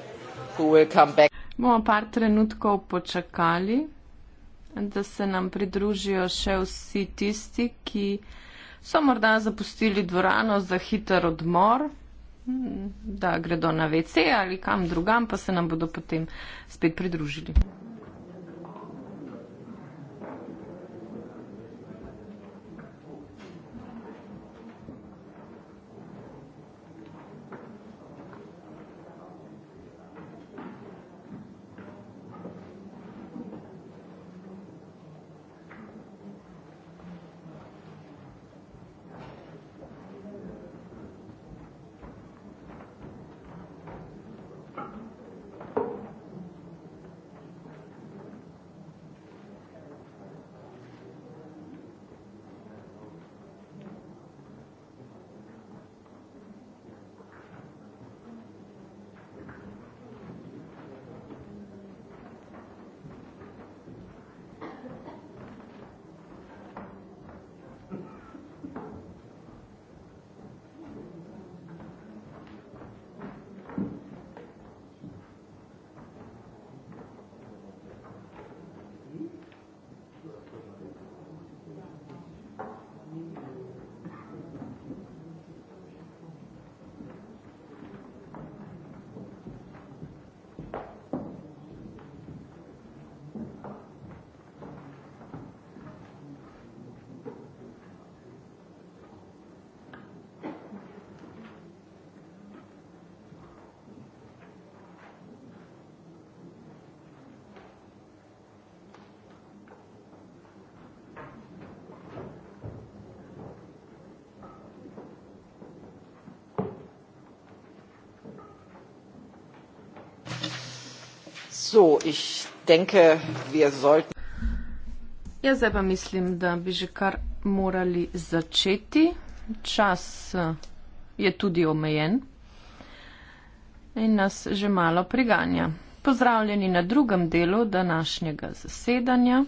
who will come back. Bomo par trenutkov počakali, da se nam pridružijo še vsi tisti, ki so morda zapustili dvorano za hiter odmor, da gredo na WC ali kam drugam, pa se nam bodo potem spet pridružili. So, ich denke, wir sollten. Jaz pa mislim, da bi že kar morali začeti. Čas eh, je tudi omejen in nas že malo priganja. Pozdravljeni na drugem delu današnjega zasedanja.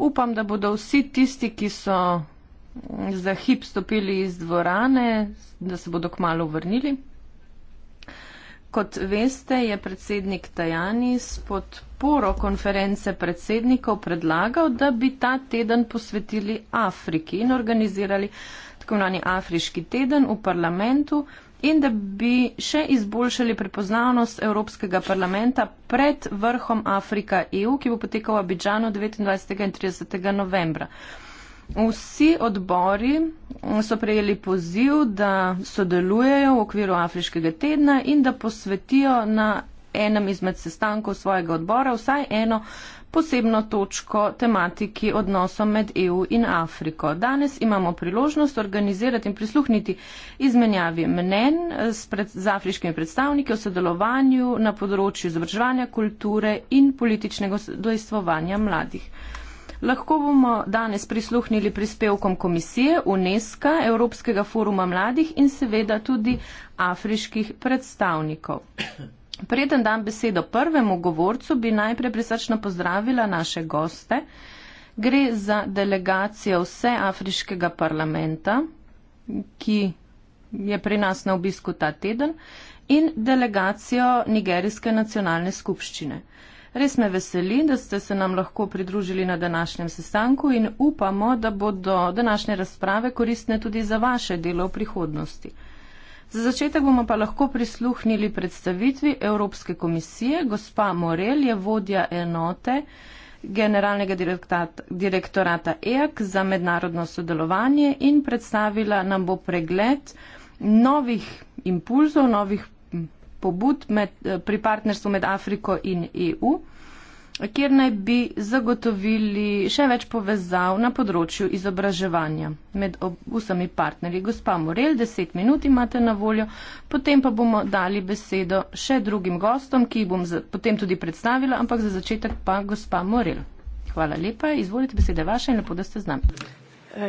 Upam, da bodo vsi tisti, ki so za hip stopili iz dvorane, da se bodo kmalo vrnili. Kot veste, je predsednik Tajani s podporo konference predsednikov predlagal, da bi ta teden posvetili Afriki in organizirali tako imenovani Afriški teden v parlamentu in da bi še izboljšali prepoznavnost Evropskega parlamenta pred vrhom Afrika EU, ki bo potekal v Abidžanu 29. in 30. novembra. Vsi odbori so prejeli poziv, da sodelujejo v okviru Afriškega tedna in da posvetijo na enem izmed sestankov svojega odbora vsaj eno posebno točko tematiki odnosov med EU in Afriko. Danes imamo priložnost organizirati in prisluhniti izmenjavi mnen z, pred, z afriškimi predstavniki o sodelovanju na področju izobraževanja, kulture in političnega dojstvovanja mladih. Lahko bomo danes prisluhnili prispevkom komisije UNESCO, Evropskega foruma mladih in seveda tudi afriških predstavnikov. Preden dam besedo prvemu govorcu, bi najprej prisrčno pozdravila naše goste. Gre za delegacijo vse afriškega parlamenta, ki je pri nas na obisku ta teden, in delegacijo nigerijske nacionalne skupščine. Uh, Res me veseli, da ste se nam lahko pridružili na današnjem sestanku in upamo, da bodo današnje razprave koristne tudi za vaše delo v prihodnosti. Za začetek bomo pa lahko prisluhnili predstavitvi Evropske komisije. Gospa Morel je vodja enote generalnega direktorata EAK za mednarodno sodelovanje in predstavila nam bo pregled novih impulzov, novih pobud med, eh, pri partnerstvu med Afriko in EU, kjer naj bi zagotovili še več povezav na področju izobraževanja med vsemi partnerji. Gospa Morel, deset minut imate na voljo, potem pa bomo dali besedo še drugim gostom, ki jih bom potem tudi predstavila, ampak za začetek pa gospa Morel. Hvala lepa, izvolite besede vaše in lepo, da ste z nami. Uh,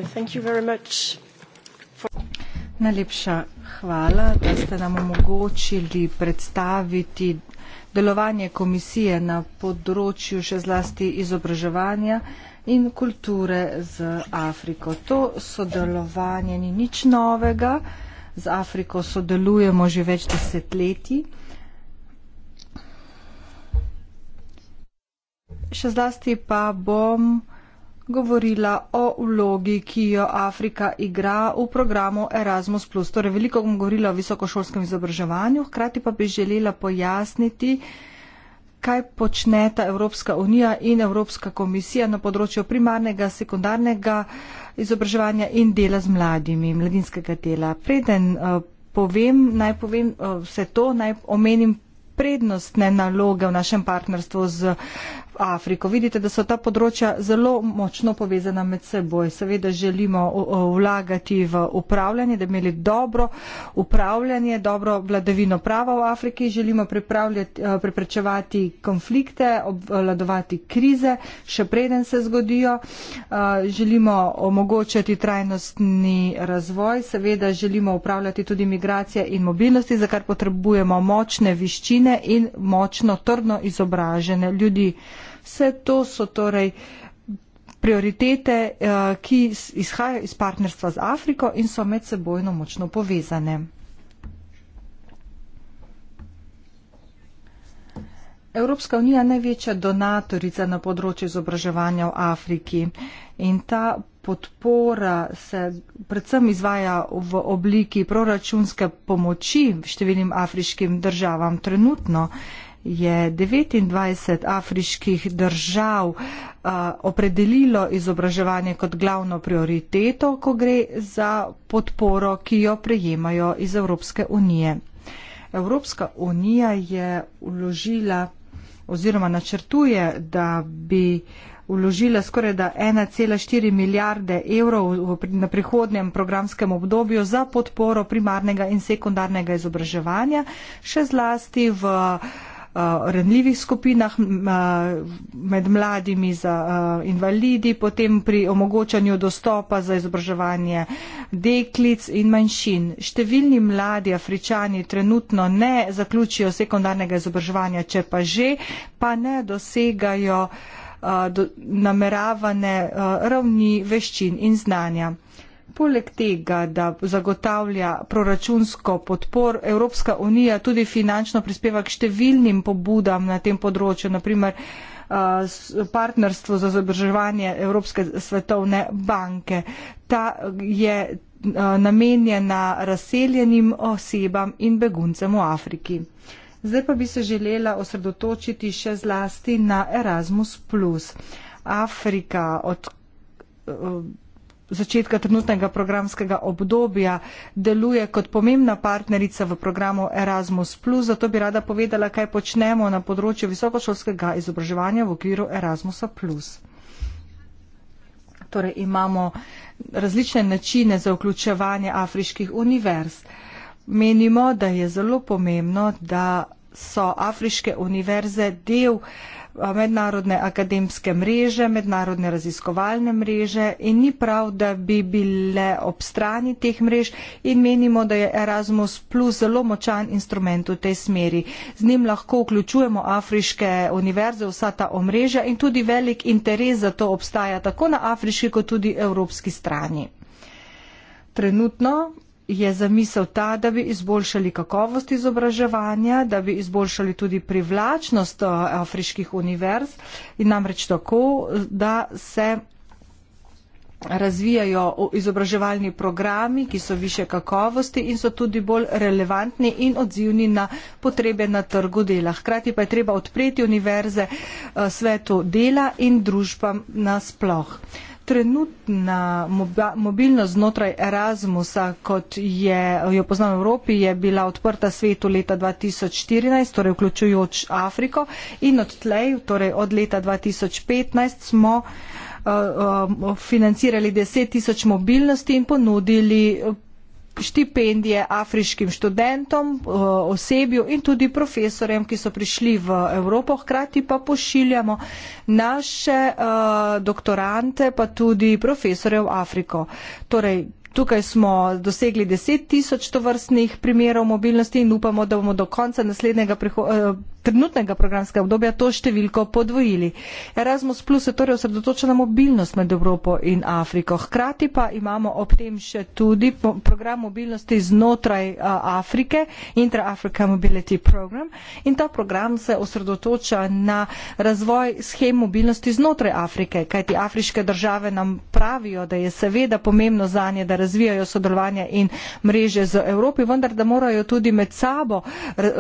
Najlepša hvala, da ste nam omogočili predstaviti delovanje komisije na področju še zlasti izobraževanja in kulture z Afriko. To sodelovanje ni nič novega, z Afriko sodelujemo že več desetletij. Še zlasti pa bom govorila o vlogi, ki jo Afrika igra v programu Erasmus. Torej, veliko bom govorila o visokošolskem izobraževanju, hkrati pa bi želela pojasniti, kaj počne ta Evropska unija in Evropska komisija na področju primarnega, sekundarnega izobraževanja in dela z mladimi, mladinskega dela. Preden eh, povem, naj povem eh, vse to, naj omenim prednostne naloge v našem partnerstvu z Afriko. Vidite, da so ta področja zelo močno povezana med seboj. Seveda želimo vlagati v upravljanje, da imeli dobro upravljanje, dobro vladavino prava v Afriki. Želimo eh, preprečevati konflikte, obvladovati krize, še preden se zgodijo. Eh, želimo omogočati trajnostni razvoj. Seveda želimo upravljati tudi migracije in mobilnosti, za kar potrebujemo močne viščine in močno, trdno izobražene ljudi. Vse to so torej prioritete, eh, ki izhajajo iz partnerstva z Afriko in so medsebojno močno povezane. Evropska unija je največja donatorica na področju izobraževanja v Afriki in ta podpora se predvsem izvaja v obliki proračunske pomoči številnim afriškim državam trenutno je 29 afriških držav uh, opredelilo izobraževanje kot glavno prioriteto, ko gre za podporo, ki jo prejemajo iz Evropske unije. Evropska unija je uložila oziroma načrtuje, da bi uložila skoraj da 1,4 milijarde evrov na prihodnem programskem obdobju za podporo primarnega in sekundarnega izobraževanja, še zlasti v uh, Eh, ranljivih skupinah, eh, med mladimi za eh, invalidi, potem pri omogočanju dostopa za izobraževanje deklic in manjšin. Številni mladi afričani trenutno ne zaključijo sekundarnega izobraževanja, če pa že, pa ne dosegajo nameravane ravni veščin in znanja. Poleg tega, da zagotavlja proračunsko podpor, Evropska unija tudi finančno prispeva k številnim pobudam na tem področju, naprimer uh, partnerstvo za zadrževanje Evropske svetovne banke. Ta je uh, namenjena razseljenim osebam in beguncem v Afriki. Zdaj pa bi se želela osredotočiti še zlasti na Erasmus. Afrika, od, uh, začetka trenutnega programskega obdobja deluje kot pomembna partnerica v programu Erasmus, zato bi rada povedala, kaj počnemo na področju visokošolskega izobraževanja v okviru Erasmusa. Torej imamo različne načine za vključevanje afriških univerz. Menimo, da je zelo pomembno, da so afriške univerze del mednarodne akademske mreže, mednarodne raziskovalne mreže in ni prav, da bi bile ob strani teh mrež in menimo, da je Erasmus Plus zelo močan instrument v tej smeri. Z njim lahko vključujemo afriške univerze, vsa ta omrežja in tudi velik interes za to obstaja tako na afriški kot tudi evropski strani. Trenutno je zamisel ta, da bi izboljšali kakovost izobraževanja, da bi izboljšali tudi privlačnost eh, afriških univerz in namreč tako, da se razvijajo izobraževalni programi, ki so više kakovosti in so tudi bolj relevantni in odzivni na potrebe na trgu dela. Hkrati pa je treba odpreti univerze eh, svetu dela in družbam nasploh trenutna moba, mobilnost znotraj Erasmusa, kot je, jo poznamo v Evropi, je bila odprta svetu leta 2014, torej vključujoč Afriko in od tlej, torej od leta 2015 smo uh, uh, financirali 10 tisoč mobilnosti in ponudili. Uh, štipendije afriškim študentom, eh, osebju in tudi profesorjem, ki so prišli v Evropo. Hkrati pa pošiljamo naše eh, doktorante, pa tudi profesore v Afriko. Torej, Tukaj smo dosegli 10 tisoč tovrstnih primerov mobilnosti in upamo, da bomo do konca naslednjega eh, trenutnega programskega obdobja to številko podvojili. Erasmus Plus je torej osredotočen na mobilnost med Evropo in Afriko. Hkrati pa imamo ob tem še tudi program mobilnosti znotraj eh, Afrike, Intra-Africa Mobility Program. In ta program se osredotoča na razvoj schem mobilnosti znotraj Afrike, kajti afriške države nam pravijo, da je seveda pomembno zanje, da razvijajo sodelovanje in mreže z Evropi, vendar da morajo tudi med sabo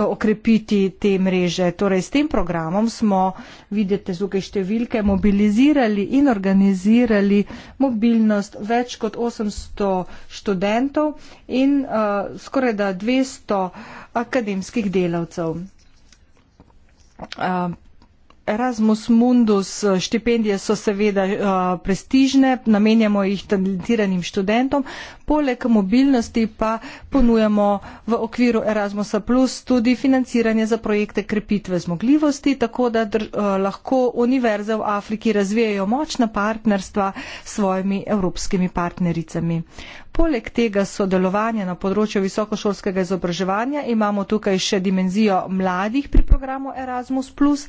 okrepiti te mreže. Torej, s tem programom smo, vidite tukaj številke, mobilizirali in organizirali mobilnost več kot 800 študentov in uh, skoraj da 200 akademskih delavcev. Um, Erasmus Mundus eh, štipendije so seveda eh, prestižne, namenjamo jih talentiranim študentom, poleg mobilnosti pa ponujamo v okviru Erasmusa Plus tudi financiranje za projekte krepitve zmogljivosti, tako da drž, uh, eh, lahko univerze v Afriki razvijajo močna partnerstva s svojimi evropskimi partnericami. Poleg tega sodelovanja na področju visokošolskega izobraževanja imamo tukaj še dimenzijo mladih pri programu Erasmus Plus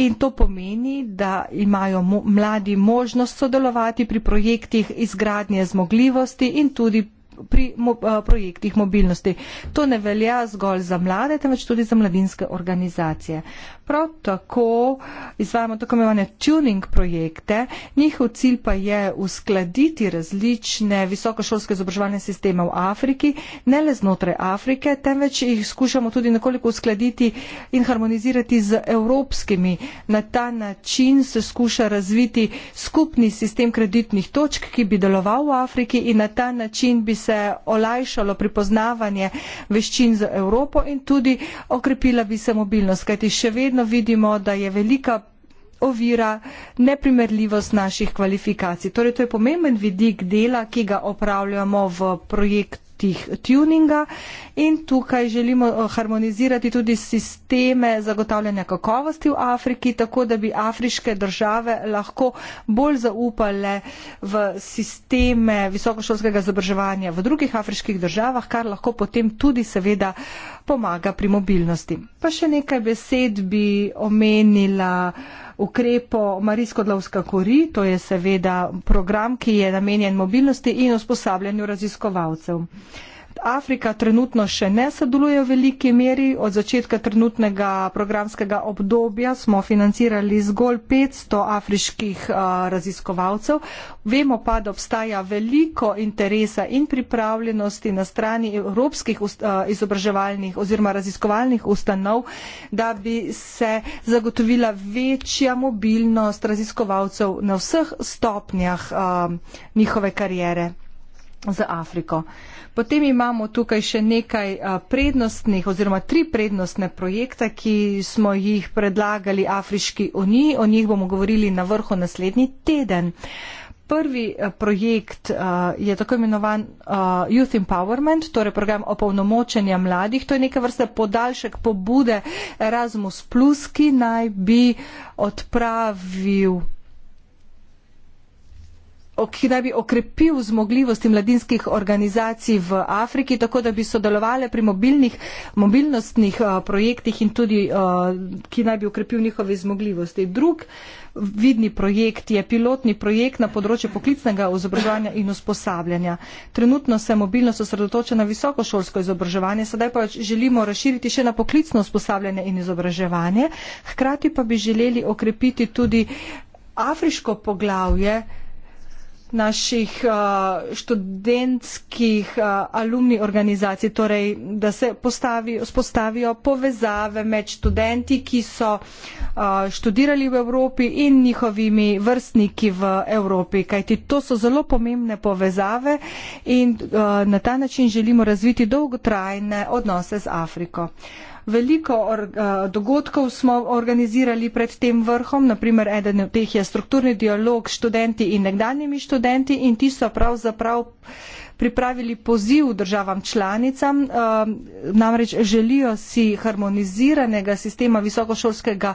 in to pomeni, da imajo mladi možnost sodelovati pri projektih izgradnje zmogljivosti in tudi pri eh, projektih mobilnosti. To ne velja zgolj za mlade, temveč tudi za mladinske organizacije. Prav tako izvajamo tako imenovane tuning projekte. Njihov cilj pa je uskladiti različne visokošolske izobraževalne sisteme v Afriki, ne le znotraj Afrike, temveč jih skušamo tudi nekoliko uskladiti in harmonizirati z evropskimi. Na ta način se skuša razviti skupni sistem kreditnih točk, ki bi deloval v Afriki in na ta način bi se olajšalo pripoznavanje veščin za Evropo in tudi okrepila bi se mobilnost vedno vidimo, da je velika ovira neprimerljivost naših kvalifikacij. Torej, to je pomemben vidik dela, ki ga opravljamo v projektih tuninga in tukaj želimo eh, harmonizirati tudi sisteme zagotavljanja kakovosti v Afriki, tako da bi afriške države lahko bolj zaupale v sisteme visokošolskega izobraževanja v drugih afriških državah, kar lahko potem tudi seveda pomaga pri mobilnosti. Pa še nekaj besed bi omenila ukrepo Marijsko-Dlavska kori, to je seveda program, ki je namenjen mobilnosti in usposabljanju raziskovalcev. Afrika trenutno še ne sodeluje v veliki meri. Od začetka trenutnega programskega obdobja smo financirali zgolj 500 afriških eh, raziskovalcev. Vemo pa, da obstaja veliko interesa in pripravljenosti na strani evropskih eh, izobraževalnih oziroma raziskovalnih ustanov, da bi se zagotovila večja mobilnost raziskovalcev na vseh stopnjah eh, njihove karijere za Afriko. Potem imamo tukaj še nekaj prednostnih oziroma tri prednostne projekte, ki smo jih predlagali Afriški uniji. O njih bomo govorili na vrhu naslednji teden. Prvi projekt uh, je tako imenovan uh, Youth Empowerment, torej program opolnomočenja mladih. To je neka vrsta podaljšek pobude Erasmus, ki naj bi odpravil ki naj bi okrepil zmogljivosti mladinskih organizacij v Afriki, tako da bi sodelovali pri mobilnih, mobilnostnih eh, projektih in tudi, eh, ki naj bi okrepil njihove zmogljivosti. Drug vidni projekt je pilotni projekt na področju poklicnega izobraževanja in usposabljanja. Trenutno se mobilnost osredotoča na visokošolsko izobraževanje, sedaj pa želimo razširiti še na poklicno usposabljanje in izobraževanje, hkrati pa bi želeli okrepiti tudi afriško poglavje, naših uh, študentskih uh, alumni organizacij, torej da se postavi, spostavijo povezave med študenti, ki so uh, študirali v Evropi in njihovimi vrstniki v Evropi. Kajti to so zelo pomembne povezave in uh, na ta način želimo razviti dolgotrajne odnose z Afriko. Uh, Veliko eh, dogodkov smo organizirali pred tem vrhom, naprimer eden od teh je strukturni dialog s študenti in nekdanjimi študenti in ti so pravzaprav pripravili poziv državam članicam, eh, namreč želijo si harmoniziranega sistema visokošolskega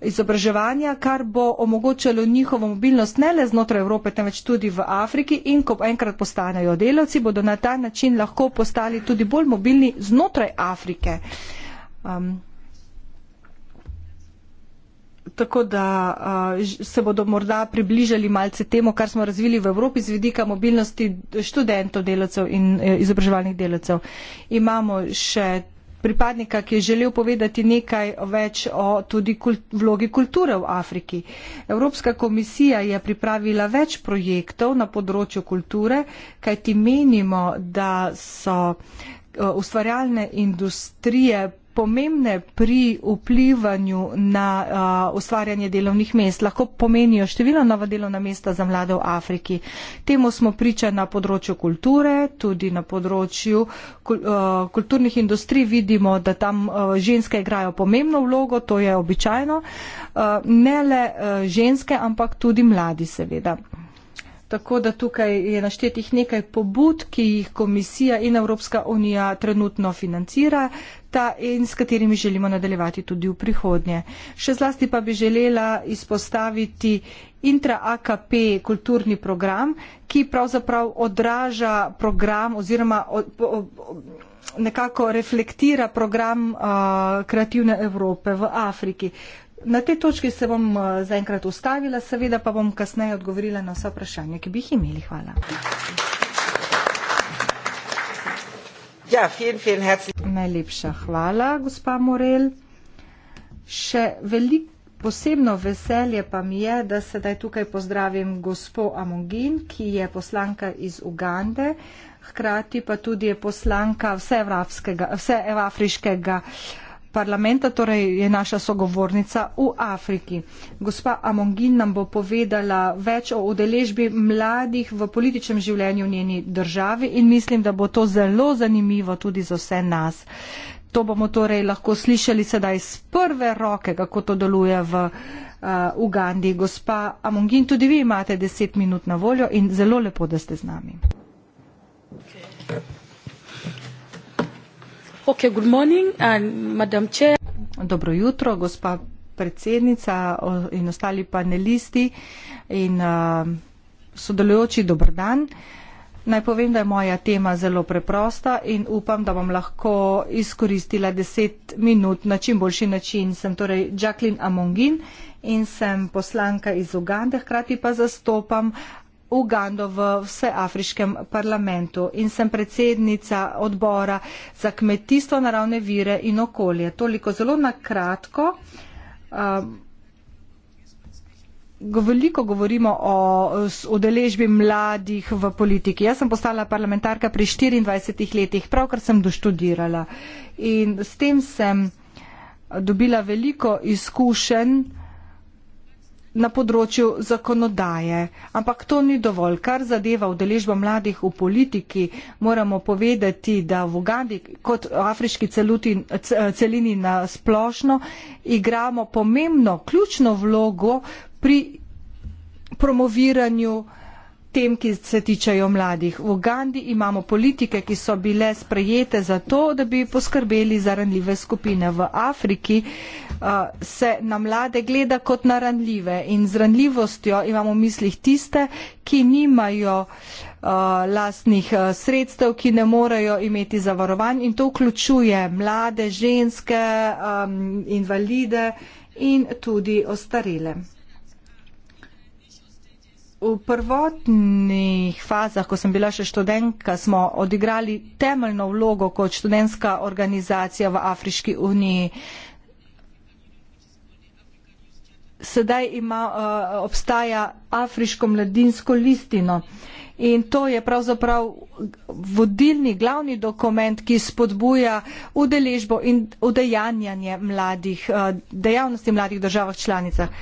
izobraževanja, kar bo omogočalo njihovo mobilnost ne le znotraj Evrope, temveč tudi v Afriki in ko enkrat postanejo delavci, bodo na ta način lahko postali tudi bolj mobilni znotraj Afrike. Um, tako da uh, se bodo morda približali malce temu, kar smo razvili v Evropi z vidika mobilnosti študentov, delavcev in eh, izobraževalnih delavcev. Imamo še pripadnika, ki je želel povedati nekaj več o tudi kult, vlogi kulture v Afriki. Evropska komisija je pripravila več projektov na področju kulture, kajti menimo, da so uh, ustvarjalne industrije pomembne pri vplivanju na uh, ustvarjanje delovnih mest. Lahko pomenijo število nova delovna mesta za mlade v Afriki. Temu smo priča na področju kulture, tudi na področju kul, uh, kulturnih industrij vidimo, da tam uh, ženske igrajo pomembno vlogo, to je običajno. Uh, ne le uh, ženske, ampak tudi mladi seveda. Tako da tukaj je naštetih nekaj pobud, ki jih komisija in Evropska unija trenutno financira, projekta in s katerimi želimo nadaljevati tudi v prihodnje. Še zlasti pa bi želela izpostaviti intra-AKP kulturni program, ki pravzaprav odraža program oziroma nekako reflektira program kreativne Evrope v Afriki. Na te točki se bom zaenkrat ustavila, seveda pa bom kasneje odgovorila na vsa vprašanja, ki bi jih imeli. Hvala. Ja, vielen, vielen herzlichen Dank. Najlepša hvala, gospa Morel. Še veliko posebno veselje pa mi je, da sedaj tukaj pozdravim gospo Amogin, ki je poslanka iz Ugande, hkrati pa tudi je poslanka vseevropskega, vseevafriškega parlamenta, torej je naša sogovornica v Afriki. Gospa Amongin nam bo povedala več o udeležbi mladih v političnem življenju v njeni državi in mislim, da bo to zelo zanimivo tudi za vse nas. To bomo torej lahko slišali sedaj iz prve roke, kako to deluje v uh, Ugandi. Gospa Amongin, tudi vi imate deset minut na voljo in zelo lepo, da ste z nami. Okay, good morning, uh, madam chair. Dobro jutro, gospa predsednica in ostali panelisti in uh, sodelujoči, dober dan. Naj povem, da je moja tema zelo preprosta in upam, da bom lahko izkoristila deset minut na čim boljši način. Sem torej Jacqueline Amongin in sem poslanka iz Ugande, hkrati pa zastopam uh, Ugando v vseafriškem parlamentu in sem predsednica odbora za kmetijstvo, naravne vire in okolje. Toliko zelo nakratko. Ehm, veliko govorimo o udeležbi mladih v politiki. Jaz sem postala parlamentarka pri 24 letih, pravkar sem doštudirala in s tem sem dobila veliko izkušenj na področju zakonodaje. Ampak to ni dovolj. Kar zadeva udeležbo mladih v politiki, moramo povedati, da v Ugandi kot v afriški celuti, celini na splošno igramo pomembno, ključno vlogo pri promoviranju uh, tem, ki se tičejo mladih. V Ugandi imamo politike, ki so bile sprejete za to, da bi poskrbeli za ranljive skupine. V Afriki uh, se na mlade gleda kot na ranljive in z ranljivostjo imamo v mislih tiste, ki nimajo uh, lastnih uh, sredstev, ki ne morejo imeti zavarovanj in to vključuje mlade, ženske, um, invalide in tudi ostarele. V prvotnih fazah, ko sem bila še študentka, smo odigrali temeljno vlogo kot študentska organizacija v Afriški uniji. Sedaj ima, eh, obstaja Afriško mladinsko listino in to je pravzaprav vodilni, glavni dokument, ki spodbuja udeležbo in udejanjanje mladih, eh, dejavnosti mladih državah članicah.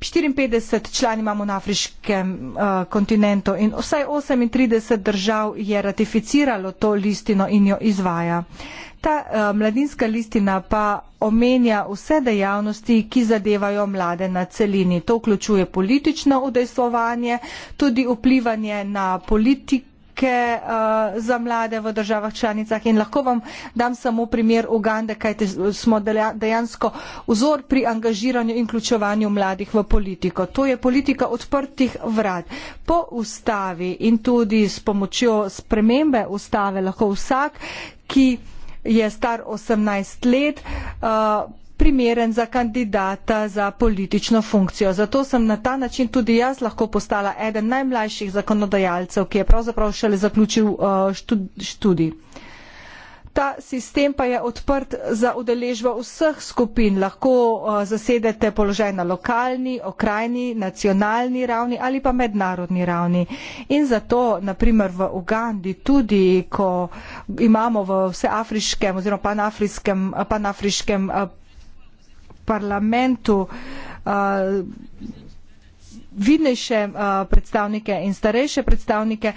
54 člani imamo na afriškem uh, kontinentu in vsaj 38 držav je ratificiralo to listino in jo izvaja. Ta uh, mladinska listina pa omenja vse dejavnosti, ki zadevajo mlade na celini. To vključuje politično udejstvovanje, tudi vplivanje na politiko razlike uh, eh, za mlade v državah članicah in lahko vam dam samo primer Ugande, kajte smo dejansko vzor pri angažiranju in vključevanju mladih v politiko. To je politika odprtih vrat. Po ustavi in tudi s pomočjo spremembe ustave lahko vsak, ki je star 18 let, uh, primeren za kandidata za politično funkcijo. Zato sem na ta način tudi jaz lahko postala eden najmlajših zakonodajalcev, ki je pravzaprav šele zaključil uh, študij. Ta sistem pa je odprt za udeležbo vseh skupin. Lahko uh, zasedete položaj na lokalni, okrajni, nacionalni ravni ali pa mednarodni ravni. In zato, naprimer v Ugandi, tudi ko imamo v vseafriškem oziroma panafriškem, panafriškem uh, parlamentu uh, vidnejše uh, predstavnike in starejše predstavnike.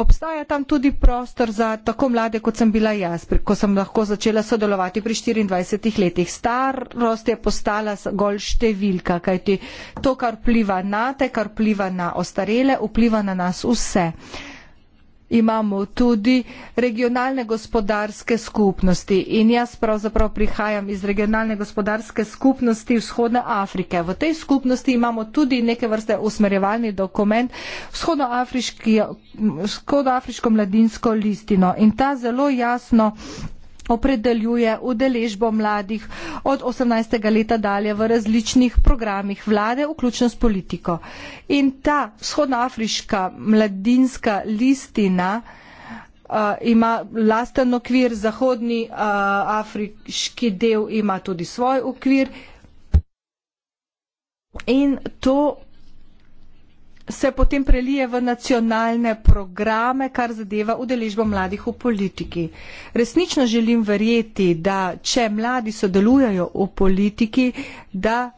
Obstaja tam tudi prostor za tako mlade, kot sem bila jaz, ko sem lahko začela sodelovati pri 24 letih. Starost je postala zgolj številka, kajti to, kar pliva na te, kar pliva na ostarele, vpliva na nas vse. Uh, imamo tudi regionalne gospodarske skupnosti in jaz pravzaprav prihajam iz regionalne gospodarske skupnosti vzhodne Afrike. V tej skupnosti imamo tudi neke vrste usmerjevalni dokument vzhodnoafriško mladinsko listino in ta zelo jasno opredeljuje udeležbo mladih od 18. leta dalje v različnih programih vlade, vključno s politiko. In ta vzhodnoafriška mladinska listina Uh, ima lasten okvir, zahodni uh, afriški del ima tudi svoj okvir. In to se potem prelije v nacionalne programe, kar zadeva udeležbo mladih v politiki. Resnično želim verjeti, da če mladi sodelujajo v politiki, da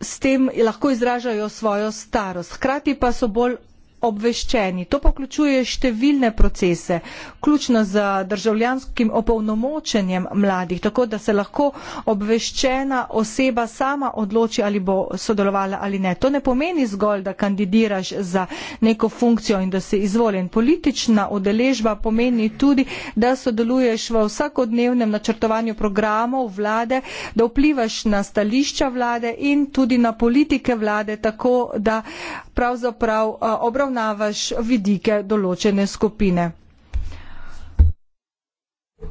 s tem lahko izražajo svojo starost. Hkrati pa so bolj obveščeni. To poključuje številne procese, ključno z državljanskim opolnomočenjem mladih, tako da se lahko obveščena oseba sama odloči, ali bo sodelovala ali ne. To ne pomeni zgolj, da kandidiraš za neko funkcijo in da si izvoljen. Politična udeležba pomeni tudi, da sodeluješ v vsakodnevnem načrtovanju programov vlade, da vplivaš na stališča vlade in tudi na politike vlade, tako da pravzaprav eh, obravnavaš obravnavaš vidike določene skupine.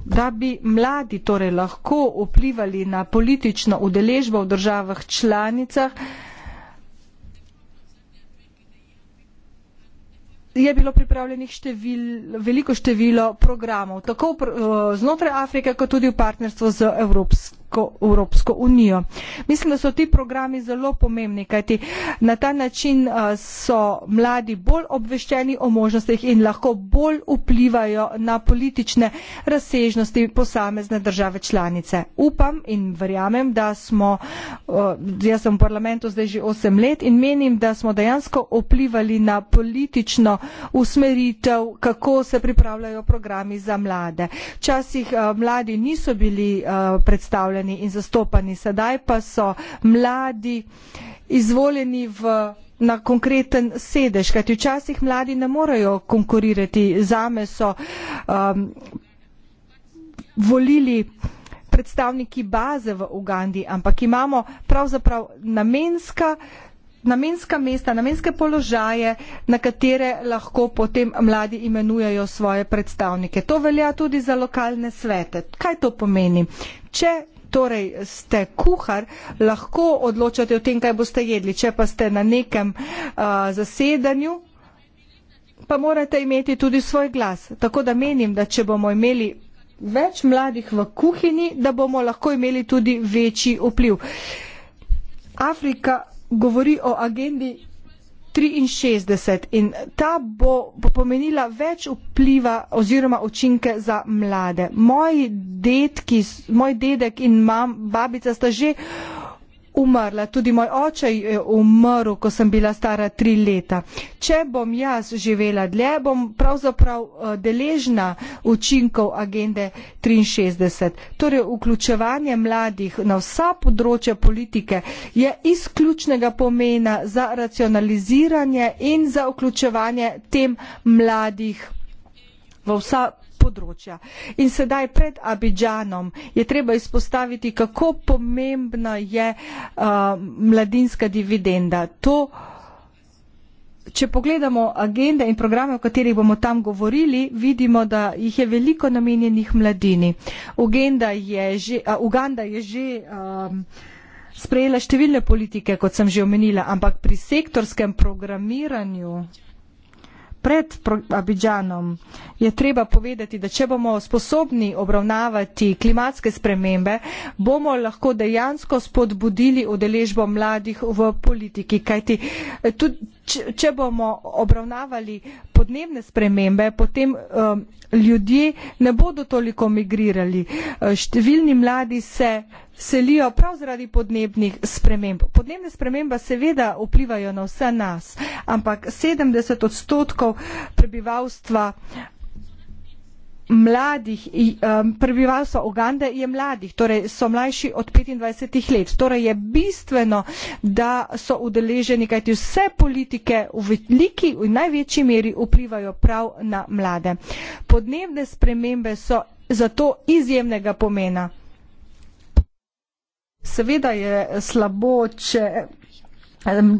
Da bi mladi torej lahko vplivali na politično udeležbo v državah članicah, je bilo pripravljenih števil, veliko število programov, tako pr, eh, znotraj Afrike, kot tudi v partnerstvu z Evropsko Evropsko, Evropsko unijo. Mislim, da so ti programi zelo pomembni, kajti na ta način eh, so mladi bolj obveščeni o možnostih in lahko bolj vplivajo na politične razsežnosti posamezne države članice. Upam in verjamem, da smo, eh, jaz sem v parlamentu zdaj že 8 let in menim, da smo dejansko vplivali na politično usmeritev, kako se pripravljajo programi za mlade. Včasih eh, mladi niso bili predstavljeni predstavljeni in zastopani. Sedaj pa so mladi izvoljeni v na konkreten sedež, kajti včasih mladi ne morejo konkurirati. Zame so um, volili predstavniki baze v Ugandi, ampak imamo pravzaprav namenska, namenska mesta, namenske položaje, na katere lahko potem mladi imenujejo svoje predstavnike. To velja tudi za lokalne svete. Kaj to pomeni? Če torej ste kuhar, lahko odločate o tem, kaj boste jedli. Če pa ste na nekem uh, zasedanju, pa morate imeti tudi svoj glas. Tako da menim, da če bomo imeli več mladih v kuhinji, da bomo lahko imeli tudi večji vpliv. Afrika govori o agendi 63 in ta bo, bo pomenila več vpliva oziroma učinke za mlade. Moji detki, moj dedek in mam, babica sta že umrla. Tudi moj oče je umrl, ko sem bila stara tri leta. Če bom jaz živela dlje, bom pravzaprav eh, deležna učinkov agende 63. Torej, vključevanje mladih na vsa področja politike je izključnega pomena za racionaliziranje in za vključevanje tem mladih v vsa področja. In sedaj pred Abidžanom je treba izpostaviti, kako pomembna je uh, mladinska dividenda. To, če pogledamo agende in programe, o katerih bomo tam govorili, vidimo, da jih je veliko namenjenih mladini. Uganda je že. Uh, um, Uganda je že uh, sprejela številne politike, kot sem že omenila, ampak pri sektorskem programiranju pred Abidžanom je treba povedati, da če bomo sposobni obravnavati klimatske spremembe, bomo lahko dejansko spodbudili odeležbo mladih v politiki. Kajti, eh, tudi, če bomo obravnavali podnebne spremembe, potem um, ljudje ne bodo toliko migrirali. Eh, številni mladi se selijo prav zaradi podnebnih sprememb. Podnebne spremembe seveda vplivajo na vse nas, ampak 70 odstotkov prebivalstva mladih, prebivalstvo Ugande je mladih, torej so mlajši od 25 let. Torej je bistveno, da so udeleženi, kajti vse politike v veliki in največji meri vplivajo prav na mlade. Podnebne spremembe so zato izjemnega pomena. Seveda je slabo, če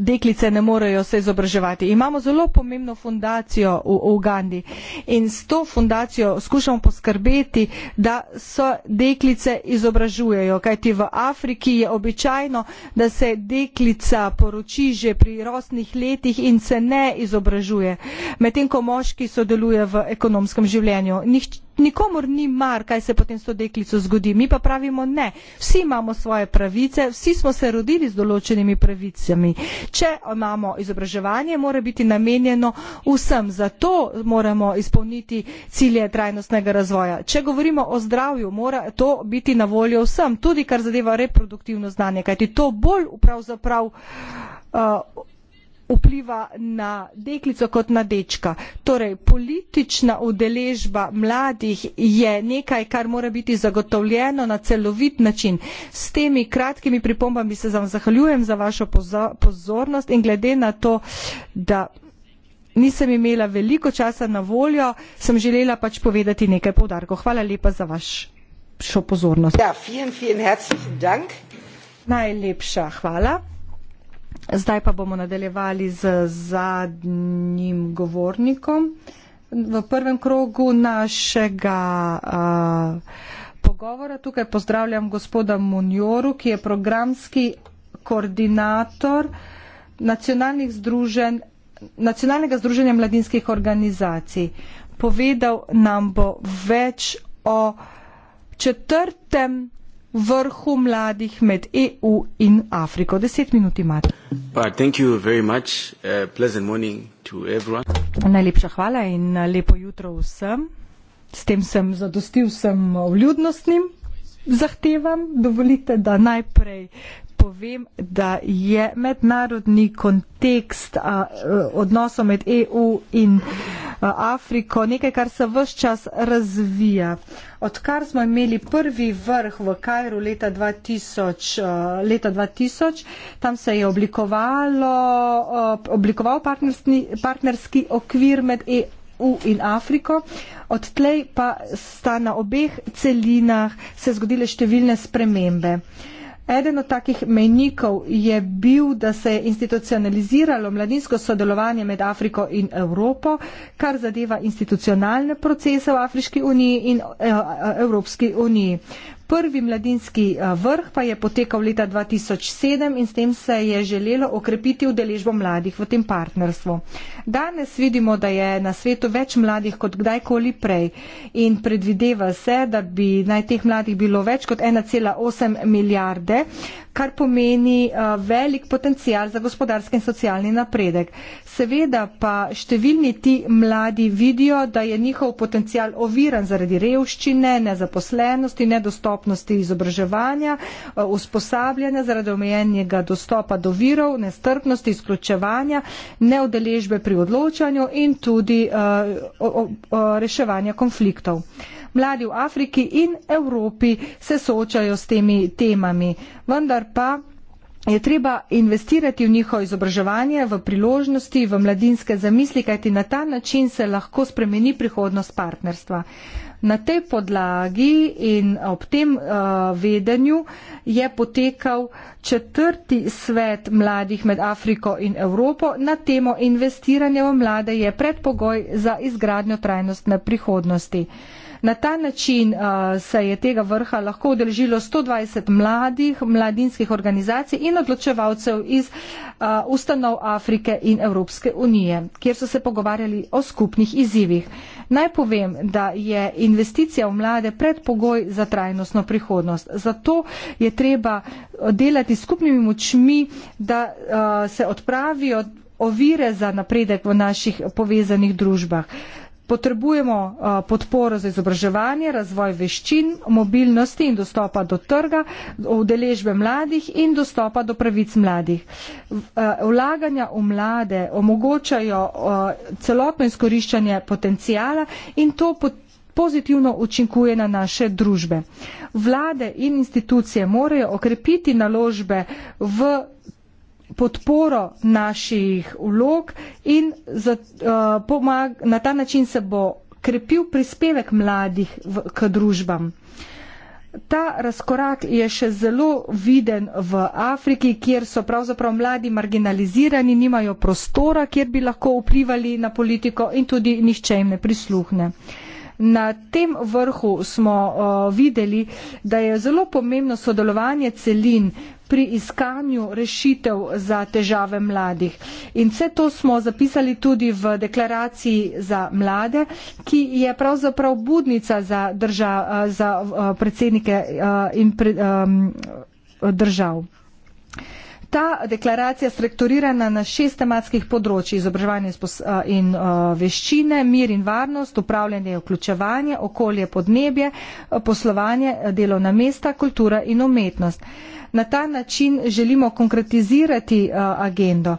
deklice ne morejo se izobraževati. Imamo zelo pomembno fundacijo v Ugandi in s to fundacijo skušamo poskrbeti, da se deklice izobražujejo, kajti v Afriki je običajno, da se deklica poroči že pri rosnih letih in se ne izobražuje, medtem ko moški sodeluje v ekonomskem življenju. Nihče Nikomor ni mar, kaj se potem s to deklico zgodi, mi pa pravimo ne. Vsi imamo svoje pravice, vsi smo se rodili z določenimi pravicami. Če imamo izobraževanje, mora biti namenjeno vsem. Zato moramo izpolniti cilje trajnostnega razvoja. Če govorimo o zdravju, mora to biti na voljo vsem, tudi kar zadeva reproduktivno znanje, kajti to bolj pravzaprav. Uh, vpliva na deklico kot na dečka. Torej, politična udeležba mladih je nekaj, kar mora biti zagotovljeno na celovit način. S temi kratkimi pripombami se vam zahvaljujem za vašo pozornost in glede na to, da nisem imela veliko časa na voljo, sem želela pač povedati nekaj povdarkov. Hvala lepa za vašo pozornost. Ja, vielen, vielen herzlichen Dank. Najlepša hvala. Zdaj pa bomo nadaljevali z zadnjim govornikom v prvem krogu našega uh, pogovora. Tukaj pozdravljam gospoda Munjoru, ki je programski koordinator nacionalnih združen, nacionalnega združenja mladinskih organizacij. Povedal nam bo več o četrtem vrhu mladih med EU in Afriko. Deset minut imate. Uh, Najlepša hvala in uh, lepo jutro vsem. S tem sem zadostil vsem vljudnostnim zahtevam. Dovolite, da najprej povem, da je mednarodni kontekst a, a, e, odnosov med EU in a, Afriko nekaj, kar se vse čas razvija. Odkar smo imeli prvi vrh v Kajru leta 2000, a, e, leta 2000 tam se je a, e, oblikoval partnerski, partnerski okvir med EU. U in Afriko. Od tlej pa sta na obeh celinah se zgodile številne spremembe. Uh, Eden od takih mejnikov je bil, da se je institucionaliziralo mladinsko sodelovanje med Afriko in Evropo, kar zadeva institucionalne procese v Afriški uniji in eh, Evropski uniji. Prvi mladinski eh, vrh pa je potekal leta 2007 in s tem se je želelo okrepiti udeležbo mladih v tem partnerstvu. Danes vidimo, da je na svetu več mladih kot kdajkoli prej in predvideva se, da bi naj teh mladih bilo več kot 1,8 milijarde, kar pomeni eh, velik potencial za gospodarski in socialni napredek. Seveda pa številni ti mladi vidijo, da je njihov potencial oviran zaradi revščine, nezaposlenosti, nedostopnosti izobraževanja, eh, usposabljanja zaradi omejenjega dostopa do virov, nestrpnosti, izključevanja, neodeležbe pri odločanju in tudi eh, reševanja konfliktov mladi v Afriki in Evropi se soočajo s temi temami. Vendar pa je treba investirati v njihovo izobraževanje, v priložnosti, v mladinske zamisli, kajti na ta način se lahko spremeni prihodnost partnerstva. Na tej podlagi in ob tem uh, vedenju je potekal četrti svet mladih med Afriko in Evropo na temo investiranja v mlade je predpogoj za izgradnjo trajnostne prihodnosti. Na ta način uh, se je tega vrha lahko udeležilo 120 mladih, mladinskih organizacij in odločevalcev iz uh, ustanov Afrike in Evropske unije, kjer so se pogovarjali o skupnih izzivih. Naj povem, da je investicija v mlade predpogoj za trajnostno prihodnost. Zato je treba uh, delati skupnimi močmi, da uh, se odpravijo ovire za napredek v naših povezanih družbah. Potrebujemo eh, podporo za izobraževanje, razvoj veščin, mobilnosti in dostopa do trga, udeležbe mladih in dostopa do pravic mladih. Eh, vlaganja v mlade omogočajo eh, celotno izkoriščanje potencijala in to pozitivno učinkuje na naše družbe. Vlade in institucije morajo okrepiti naložbe v podporo naših vlog in za, uh, pomag, na ta način se bo krepil prispevek mladih v, k družbam. Ta razkorak je še zelo viden v Afriki, kjer so pravzaprav mladi marginalizirani, nimajo prostora, kjer bi lahko vplivali na politiko in tudi nihče jim ne prisluhne. Na tem vrhu smo uh, videli, da je zelo pomembno sodelovanje celin pri iskanju rešitev za težave mladih. In vse to smo zapisali tudi v deklaraciji za mlade, ki je pravzaprav budnica za, drža, za eh, predsednike eh, in pre, um, eh, držav. Ta deklaracija strukturirana na šest tematskih področji izobraževanja eh, in eh, veščine, mir in varnost, upravljanje in vključevanje, okolje, podnebje, eh, poslovanje, delovna mesta, kultura in umetnost. Na ta način želimo konkretizirati agendo.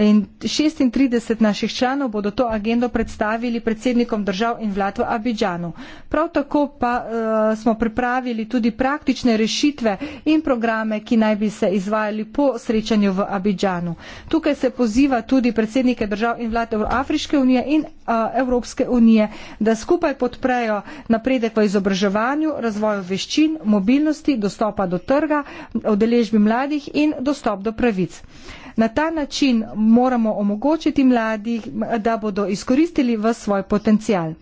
In 36 naših članov bodo to agendo predstavili predsednikom držav in vlad v Abidžanu. Prav tako pa uh, smo pripravili tudi praktične rešitve in programe, ki naj bi se izvajali po srečanju v Abidžanu. Tukaj se poziva tudi predsednike držav in vlade Afriške unije in uh, Evropske unije, da skupaj podprejo napredek v izobraževanju, razvoju veščin, mobilnosti, dostopa do trga, odeležbi mladih in dostop do pravic. Na ta način moramo omogočiti mladih, da bodo izkoristili v svoj potencial.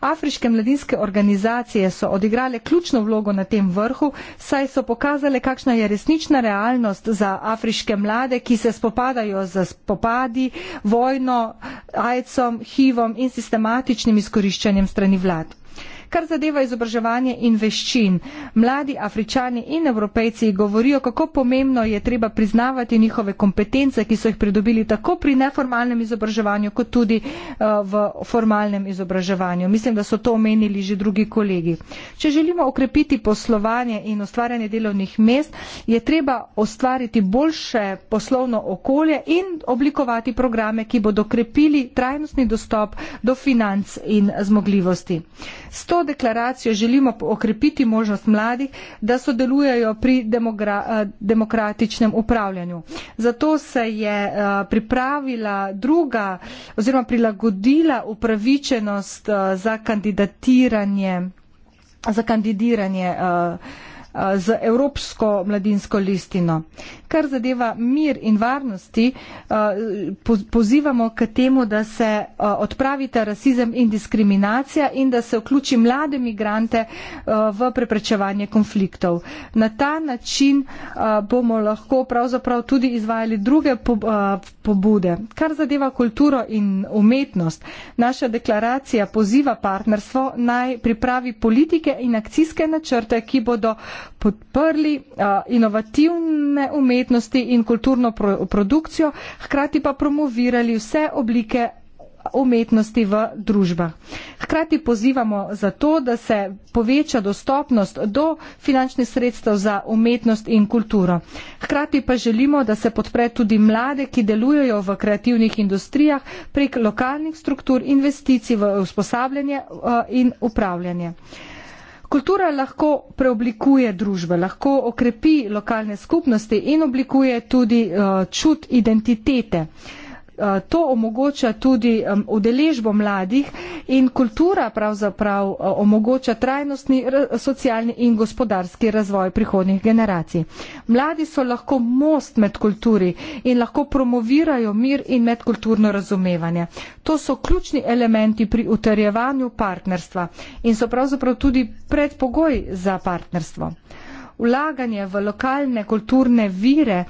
Afriške mladinske organizacije so odigrale ključno vlogo na tem vrhu, saj so pokazale, kakšna je resnična realnost za afriške mlade, ki se spopadajo z spopadi, vojno, ajcom, hivom in sistematičnim izkoriščanjem strani vlad. Kar zadeva izobraževanje in veščin, mladi afričani in evropejci govorijo, kako pomembno je treba priznavati njihove kompetence, ki so jih pridobili tako pri neformalnem izobraževanju, kot tudi uh, v formalnem izobraževanju. Mislim, da so to omenili že drugi kolegi. Če želimo okrepiti poslovanje in ustvarjanje delovnih mest, je treba ustvariti boljše poslovno okolje in oblikovati programe, ki bodo okrepili trajnostni dostop do financ in zmogljivosti. S to to deklaracijo želimo okrepiti možnost mladih, da sodelujejo pri demokratičnem upravljanju. Zato se je eh, pripravila druga oziroma prilagodila upravičenost eh, za kandidatiranje, za kandidiranje eh, z Evropsko mladinsko listino kar zadeva mir in varnosti, eh, pozivamo k temu, da se eh, odpravita rasizem in diskriminacija in da se vključi mlade migrante eh, v preprečevanje konfliktov. Na ta način bomo lahko pravzaprav tudi izvajali druge pobude. Kar zadeva kulturo in umetnost, naša deklaracija poziva partnerstvo naj pripravi politike in akcijske načrte, ki bodo podprli inovativne umetnosti umetnosti in kulturno produkcijo, hkrati pa promovirali vse oblike umetnosti v družbah. Hkrati pozivamo za to, da se poveča dostopnost do finančnih sredstev za umetnost in kulturo. Hkrati pa želimo, da se podpre tudi mlade, ki delujejo v kreativnih industrijah prek lokalnih struktur investicij v usposabljanje eh, in upravljanje. Kultura lahko preoblikuje družbe, lahko okrepi lokalne skupnosti in oblikuje tudi uh, čut identitete. Uh, Eh, to omogoča tudi udeležbo mladih in kultura pravzaprav eh, omogoča trajnostni socialni in gospodarski razvoj prihodnih generacij. Mladi so lahko most med kulturi in lahko promovirajo mir in medkulturno razumevanje. To so ključni elementi pri utrjevanju partnerstva in so pravzaprav tudi predpogoj za partnerstvo. Vlaganje v lokalne kulturne vire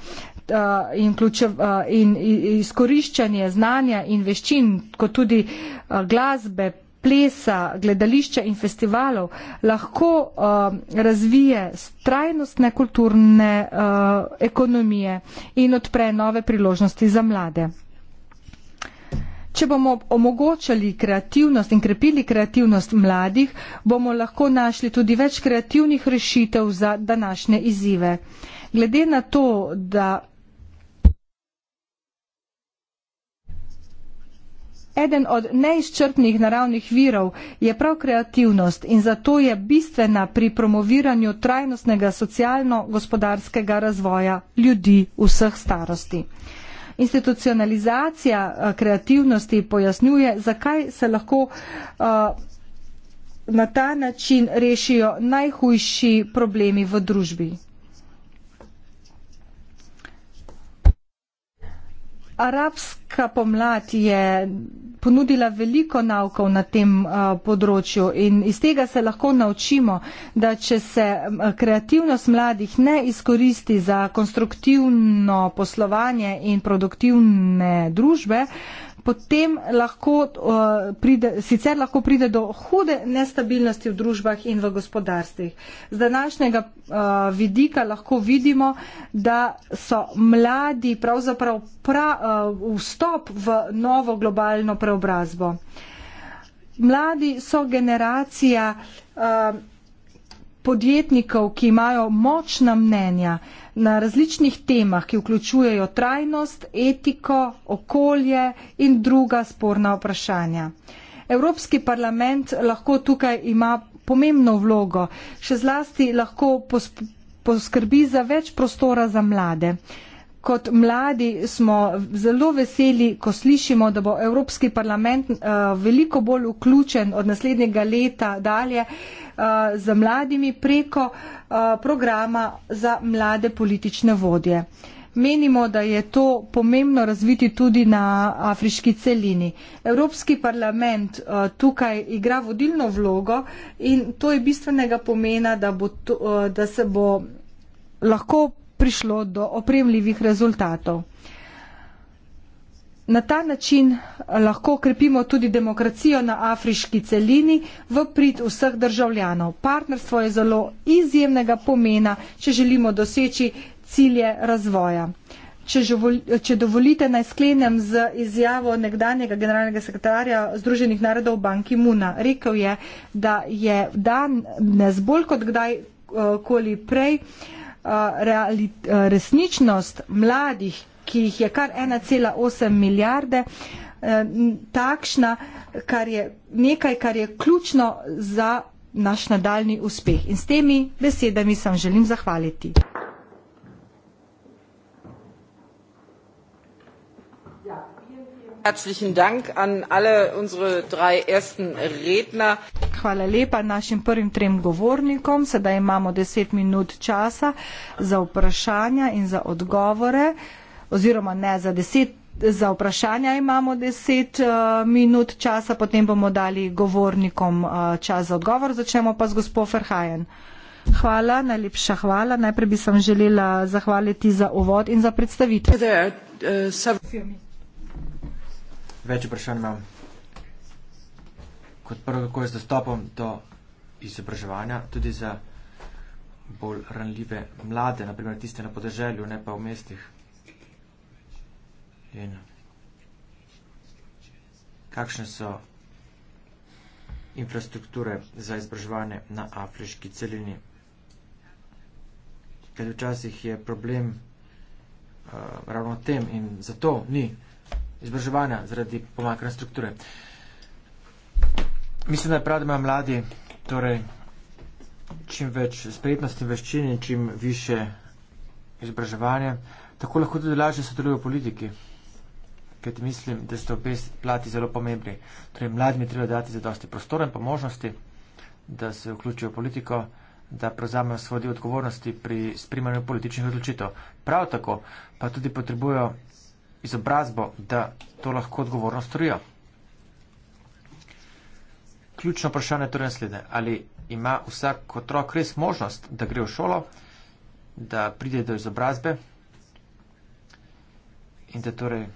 Eh, in, ključev, eh, in izkoriščanje znanja in veščin, kot tudi eh, glasbe, plesa, gledališča in festivalov, lahko razvije trajnostne kulturne ekonomije in odpre nove priložnosti za mlade. Če bomo omogočali kreativnost in krepili kreativnost mladih, bomo lahko našli tudi več kreativnih rešitev za današnje izzive. Glede na to, da Eden od neizčrpnih naravnih virov je prav kreativnost in zato je bistvena pri promoviranju trajnostnega socialno-gospodarskega razvoja ljudi vseh starosti. Institucionalizacija eh, kreativnosti pojasnjuje, zakaj se lahko uh, na ta način rešijo najhujši problemi v družbi. Arabska pomlad je ponudila veliko naukov na tem eh, področju in iz tega se lahko naučimo, da če se kreativnost mladih ne izkoristi za konstruktivno poslovanje in produktivne družbe, potem lahko, uh, pride, sicer lahko pride do hude nestabilnosti v družbah in v gospodarstvih. Z današnjega uh, vidika lahko vidimo, da so mladi pravzaprav pra, uh, vstop v novo globalno preobrazbo. Mladi so generacija uh, podjetnikov, ki imajo močna mnenja. Uh, na različnih temah, ki vključujejo trajnost, etiko, okolje in druga sporna vprašanja. Evropski parlament lahko tukaj ima pomembno vlogo, še zlasti lahko poskrbi za več prostora za mlade. Kot mladi smo zelo veseli, ko slišimo, da bo Evropski parlament uh, veliko bolj vključen od naslednjega leta dalje uh, z mladimi preko uh, programa za mlade politične vodje. Menimo, da je to pomembno razviti tudi na afriški celini. Evropski parlament uh, tukaj igra vodilno vlogo in to je bistvenega pomena, da, to, uh, da se bo lahko prišlo do opremljivih rezultatov. Na ta način eh, lahko krepimo tudi demokracijo na afriški celini v prid vseh državljanov. Partnerstvo je zelo izjemnega pomena, če želimo doseči cilje razvoja. Če dovolite, naj sklenem z izjavo nekdanjega generalnega sekretarja Združenih narodov banki Muna. Rekel je, da je dan ne zbolj kot kdajkoli eh, prej. Uh, Eh, realit, eh, resničnost mladih, ki jih je kar 1,8 milijarde, eh, takšna, kar je nekaj, kar je ključno za naš nadaljni uspeh. In s temi besedami sem želim zahvaliti. Herzlichen Dank an alle unsere drei ersten Redner. Hvala lepa našim prvim trem govornikom. Sedaj imamo deset minut časa za vprašanja in za odgovore. Oziroma ne, za, deset, za vprašanja imamo deset uh, minut časa, potem bomo dali govornikom uh, čas za odgovor. Začnemo pa z gospod Ferhajen. Hvala, najlepša hvala. Najprej bi sem želela zahvaliti za uvod in za predstavitev. There, uh, Več vprašanj imam. Kot prvo, kako je z dostopom do izobraževanja, tudi za bolj ranljive mlade, naprimer tiste na podeželju, ne pa v mestih. In kakšne so infrastrukture za izobraževanje na afriški celini? Ker včasih je problem uh, ravno tem in zato ni izobraževanja zaradi pomakne strukture. Mislim, da je prav, da imajo mladi torej, čim več spretnosti, veščin in čim više izobraževanja. Tako lahko tudi lažje sodelujo v politiki, ker ti mislim, da ste obe plati zelo pomembni. Torej, mladim je treba dati zadosti prostora in pa možnosti, da se vključijo v politiko, da prevzamejo svoj del odgovornosti pri sprimanju političnih odločitev. Prav tako pa tudi potrebujo izobrazbo, da to lahko odgovorno storijo. Ključno vprašanje torej naslednje. Ali ima vsak otrok res možnost, da gre v šolo, da pride do izobrazbe in da torej uh,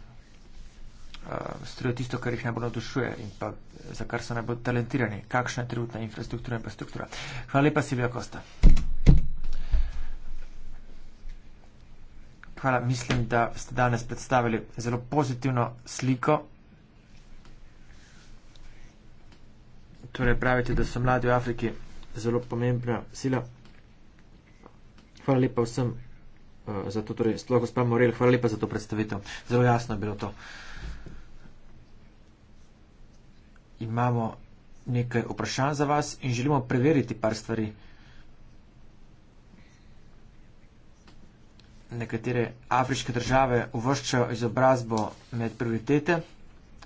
storijo tisto, kar jih najbolj navdušuje in pa za kar so najbolj talentirani, kakšna je trenutna infrastruktura in pa struktura. Hvala lepa, Silvija Kosta. Hvala, mislim, da ste danes predstavili zelo pozitivno sliko. Torej, pravite, da so mladi v Afriki zelo pomembna sila. Hvala lepa vsem uh, za to, torej, sploh gospod Morel, hvala lepa za to predstavitev. Zelo jasno je bilo to. Imamo nekaj vprašanj za vas in želimo preveriti par stvari. Uh, nekatere afriške države uvrščajo izobrazbo med prioritete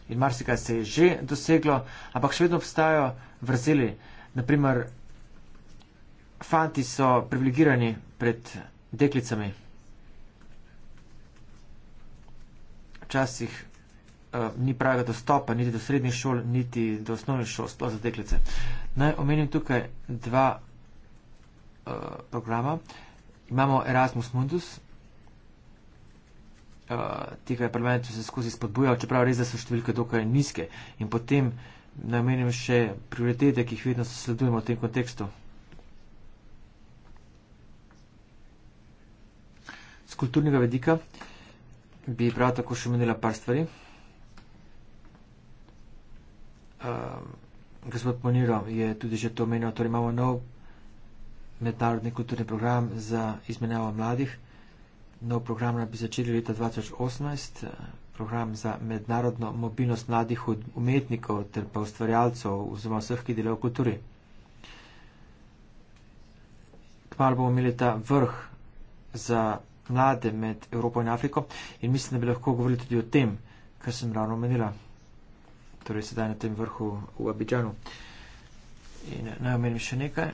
in marsikaj se je že doseglo, ampak še vedno obstajajo vrzeli. Naprimer, fanti so privilegirani pred deklicami. Včasih uh, ni pravega dostopa niti do srednjih šol, niti do osnovnih šol, sploh za deklice. Naj omenim tukaj dva uh, programa. Imamo Erasmus Mundus, Eh, tega je premen, če se skozi spodbujal, čeprav res, da so številke dokaj nizke. In potem namenim še prioritete, ki jih vedno sledujemo v tem kontekstu. Z kulturnega vedika bi prav tako še omenila par stvari. Uh, gospod Moniro je tudi že to omenil, torej imamo nov mednarodni kulturni program za izmenjavo mladih. Nov program naj bi začeli leta 2018, eh, program za mednarodno mobilnost mladih umetnikov ter pa ustvarjalcev oziroma vseh, ki delajo v kulturi. Kmal bomo imeli ta vrh za mlade med Evropo in Afriko in mislim, da bi lahko govorili tudi o tem, kar sem ravno omenila, torej sedaj na tem vrhu v Abidžanu. In eh, naj omenim še nekaj.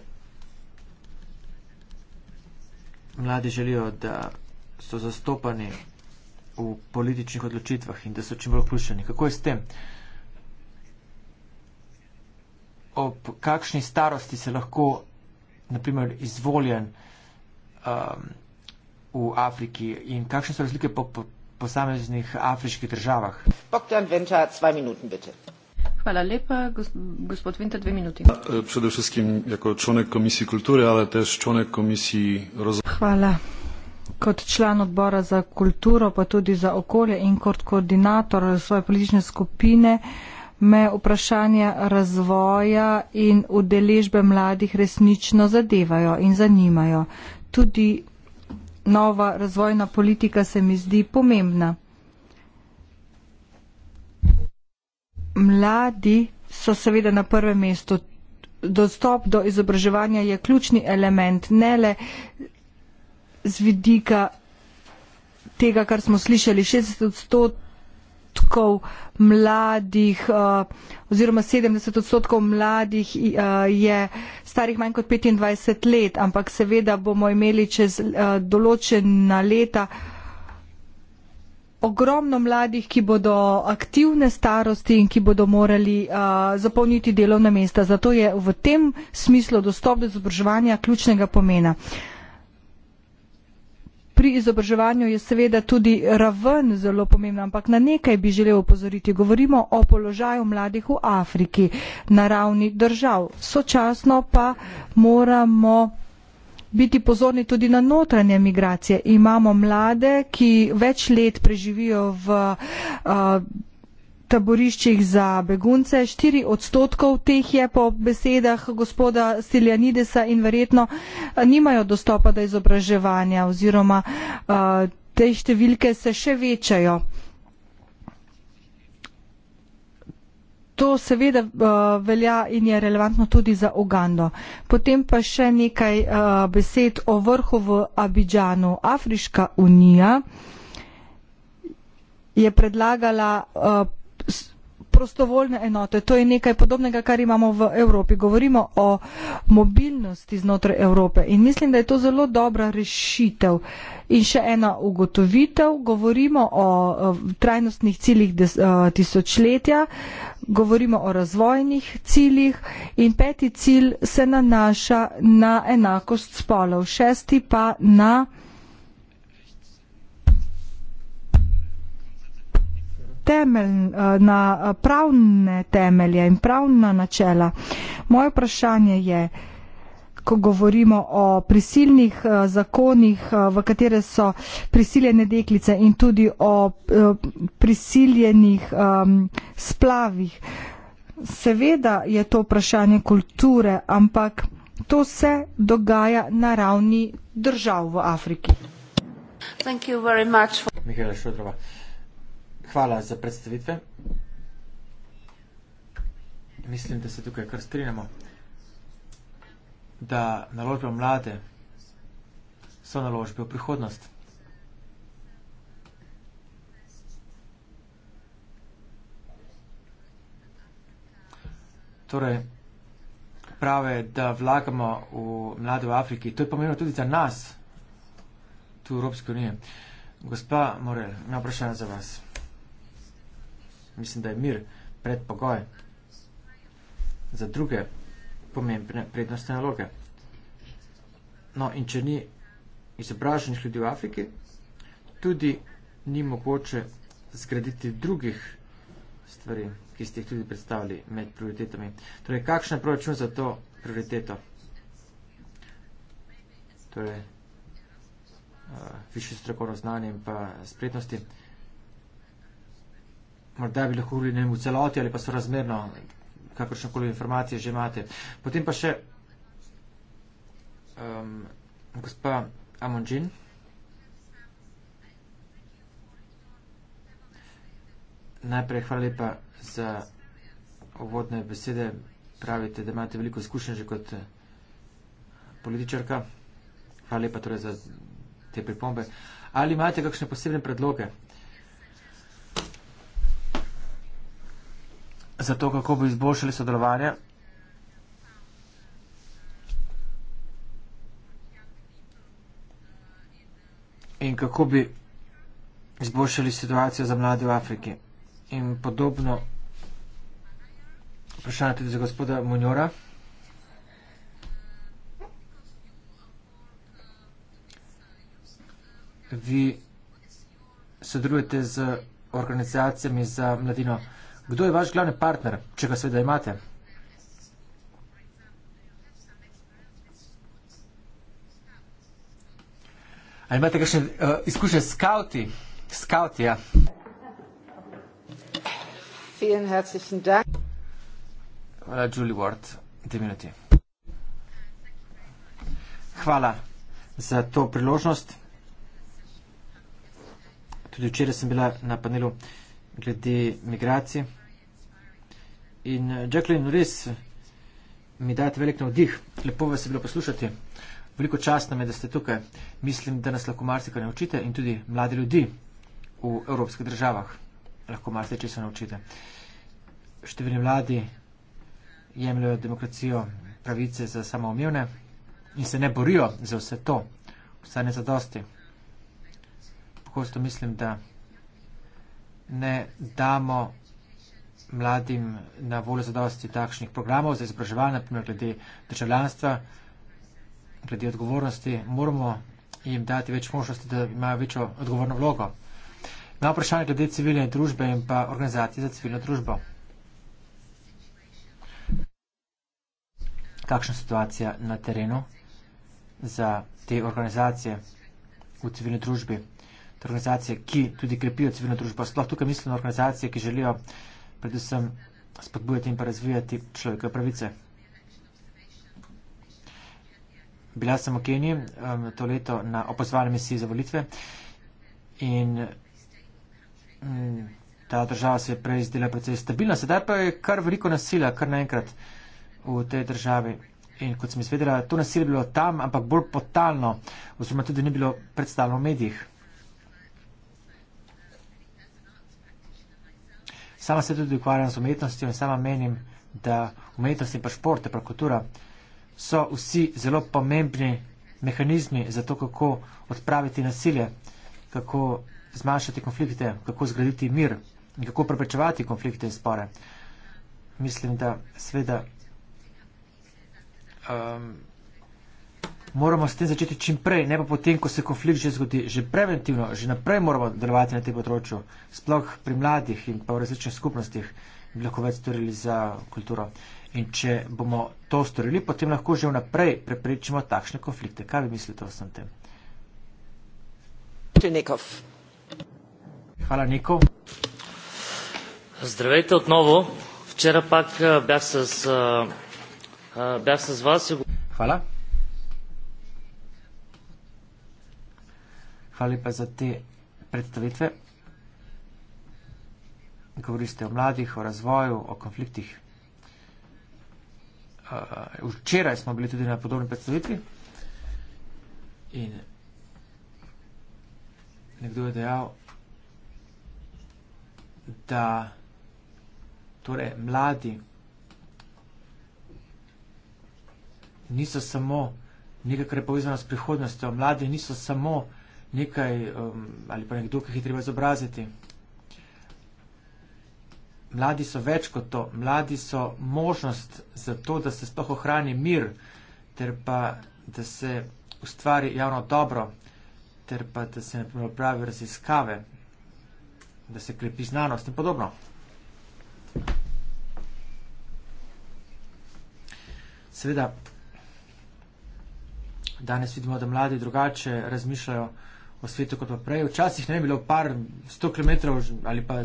Mladi želijo, da so zastopani v političnih odločitvah in da so čim bolj vključeni. Kako je s tem? Ob kakšni starosti se lahko, naprimer, izvoljen um, v Afriki in kakšne so razlike po, po posameznih afriških državah? Bogdan Venta, dva minuti, bitte. Hvala lepa, gospod Vinter, dve minuti. Ja, e, predvsem, kot članek komisije kulture, ali tudi članek komisije razvoja. Hvala kot član odbora za kulturo, pa tudi za okolje in kot koordinator svoje politične skupine, me vprašanja razvoja in udeležbe mladih resnično zadevajo in zanimajo. Tudi nova razvojna politika se mi zdi pomembna. Mladi so seveda na prvem mestu. Dostop do izobraževanja je ključni element, ne le z vidika tega, kar smo slišali, 60 odstotkov mladih eh, oziroma 70 odstotkov mladih eh, je starih manj kot 25 let, ampak seveda bomo imeli čez eh, določena leta ogromno mladih, ki bodo aktivne starosti in ki bodo morali zapolniti delovna mesta. Zato je v tem smislu dostop do izobraževanja ključnega pomena pri izobraževanju je seveda tudi raven zelo pomembna, ampak na nekaj bi želel opozoriti. Govorimo o položaju mladih v Afriki na ravni držav. Sočasno pa moramo biti pozorni tudi na notranje migracije. Imamo mlade, ki več let preživijo v. Uh, taboriščih za begunce. 4 odstotkov teh je po besedah gospoda Siljanidesa in verjetno eh, nimajo dostopa do izobraževanja oziroma eh, te številke se še večajo. To seveda uh, velja in je relevantno tudi za Ugando. Potem pa še nekaj uh, besed o vrhu v Abidžanu. Afriška unija je predlagala uh, prostovoljne enote. To je nekaj podobnega, kar imamo v Evropi. Govorimo o mobilnosti znotraj Evrope in mislim, da je to zelo dobra rešitev. In še ena ugotovitev, govorimo o trajnostnih ciljih tisočletja, govorimo o razvojnih ciljih in peti cilj se nanaša na enakost spolov, šesti pa na temelj, eh, na eh, pravne temelje in pravna načela. Moje vprašanje je, ko govorimo o prisilnih eh, zakonih, v katere so prisiljene deklice in tudi o prisiljenih splavih. Seveda je to vprašanje kulture, ampak to se dogaja na ravni držav v Afriki. Hvala hvala za predstavitve. Mislim, da se tukaj kar strinjamo, da naložbe mlade so naložbe v prihodnost. Torej, prave, da vlagamo v mlade v Afriki, to je pomembno tudi za nas, tu v Evropski uniji. Gospa Morel, ima vprašanje za vas. Mislim, da je mir predpogoj za druge pomembne prednostne naloge. No, in če ni izobraženih ljudi v Afriki, tudi ni mogoče zgraditi drugih stvari, ki ste jih tudi predstavili med prioritetami. Torej, kakšen je proračun za to prioriteto? Torej, uh, eh, više strokovno znanje in pa spretnosti morda bi lahko govorili v celoti ali pa so razmerno, kakršnekoli informacije že imate. Potem pa še um, gospa Amonžin. Najprej hvala lepa za uvodne besede. Pravite, da imate veliko izkušenj že kot političarka. Hvala lepa torej za te pripombe. Ali imate kakšne posebne predloge za to, kako bi izboljšali sodelovanje. In kako bi izboljšali situacijo za mlade v Afriki. In podobno vprašanje tudi za gospoda Monjora. Vi sodelujete z organizacijami za mladino Afriki. Kdo je vaš glavni partner, če ga seveda imate? Ali imate kakšne uh, izkušnje s skauti? Skauti, ja. Hvala, Julie Ward. Dve minuti. Hvala za to priložnost. Tudi včeraj sem bila na panelu uh, glede migracij. In eh, Jacqueline, res mi dajete velik navdih, lepo vas je bilo poslušati, veliko čas nam je, da ste tukaj. Mislim, da nas lahko marsikaj naučite in tudi mlade ljudi v evropskih državah lahko marsikaj se naučite. Številni mladi jemljajo demokracijo pravice za samoumevne in se ne borijo za vse to, vsaj ne za dosti. Pogosto mislim, da ne damo mladim na voljo zadosti takšnih programov za izobraževanje, naprimer glede državljanstva, glede odgovornosti, moramo jim dati več možnosti, da imajo večjo odgovorno vlogo. Na vprašanje glede civilne družbe in pa organizacije za civilno družbo. Kakšna situacija na terenu za te organizacije v civilni družbi? organizacije, ki tudi krepijo civilno družbo, sploh tukaj mislim na organizacije, ki želijo predvsem spodbujati in pa razvijati človekove pravice. Bila sem v Keniji um, to leto na opozvane misiji za volitve in mm, ta država se je prej izdela precej stabilna, sedaj pa je kar veliko nasila, kar naenkrat v tej državi. In kot sem izvedela, to nasilje bilo tam, ampak bolj potalno, oziroma tudi ni bilo predstavljeno v medijih. Sama se tudi ukvarjam z umetnostjo in sama menim, da umetnost in pa šport, pa kultura so vsi zelo pomembni mehanizmi za to, kako odpraviti nasilje, kako zmanjšati konflikte, kako zgraditi mir in kako preprečevati konflikte in spore. Mislim, da sveda um, moramo s tem začeti čim prej, ne pa potem, ko se konflikt že zgodi. Že preventivno, že naprej moramo delovati na tem področju, sploh pri mladih in pa v različnih skupnostih, bi lahko več storili za kulturo. In če bomo to storili, potem lahko že vnaprej preprečimo takšne konflikte. Kaj vi mislite o vsem tem? Hvala, Niko. Zdravejte odnovo. Včeraj pak bi se z vas. Hvala. Hvala lepa za te predstavitve. Govorili ste o mladih, o razvoju, o konfliktih. Uh, včeraj smo bili tudi na podobni predstavitvi in nekdo je dejal, da torej, mladi niso samo nekaj, kar je povezano s prihodnostjo, mladi niso samo nekaj um, ali pa nekdo, ki jih je treba izobraziti. Mladi so več kot to. Mladi so možnost za to, da se sploh ohrani mir, ter pa da se ustvari javno dobro, ter pa da se naprimer pravi raziskave, da se krepi znanost in podobno. Seveda, danes vidimo, da mladi drugače razmišljajo po svetu kot pa prej. Včasih ne je bilo par sto km ali pa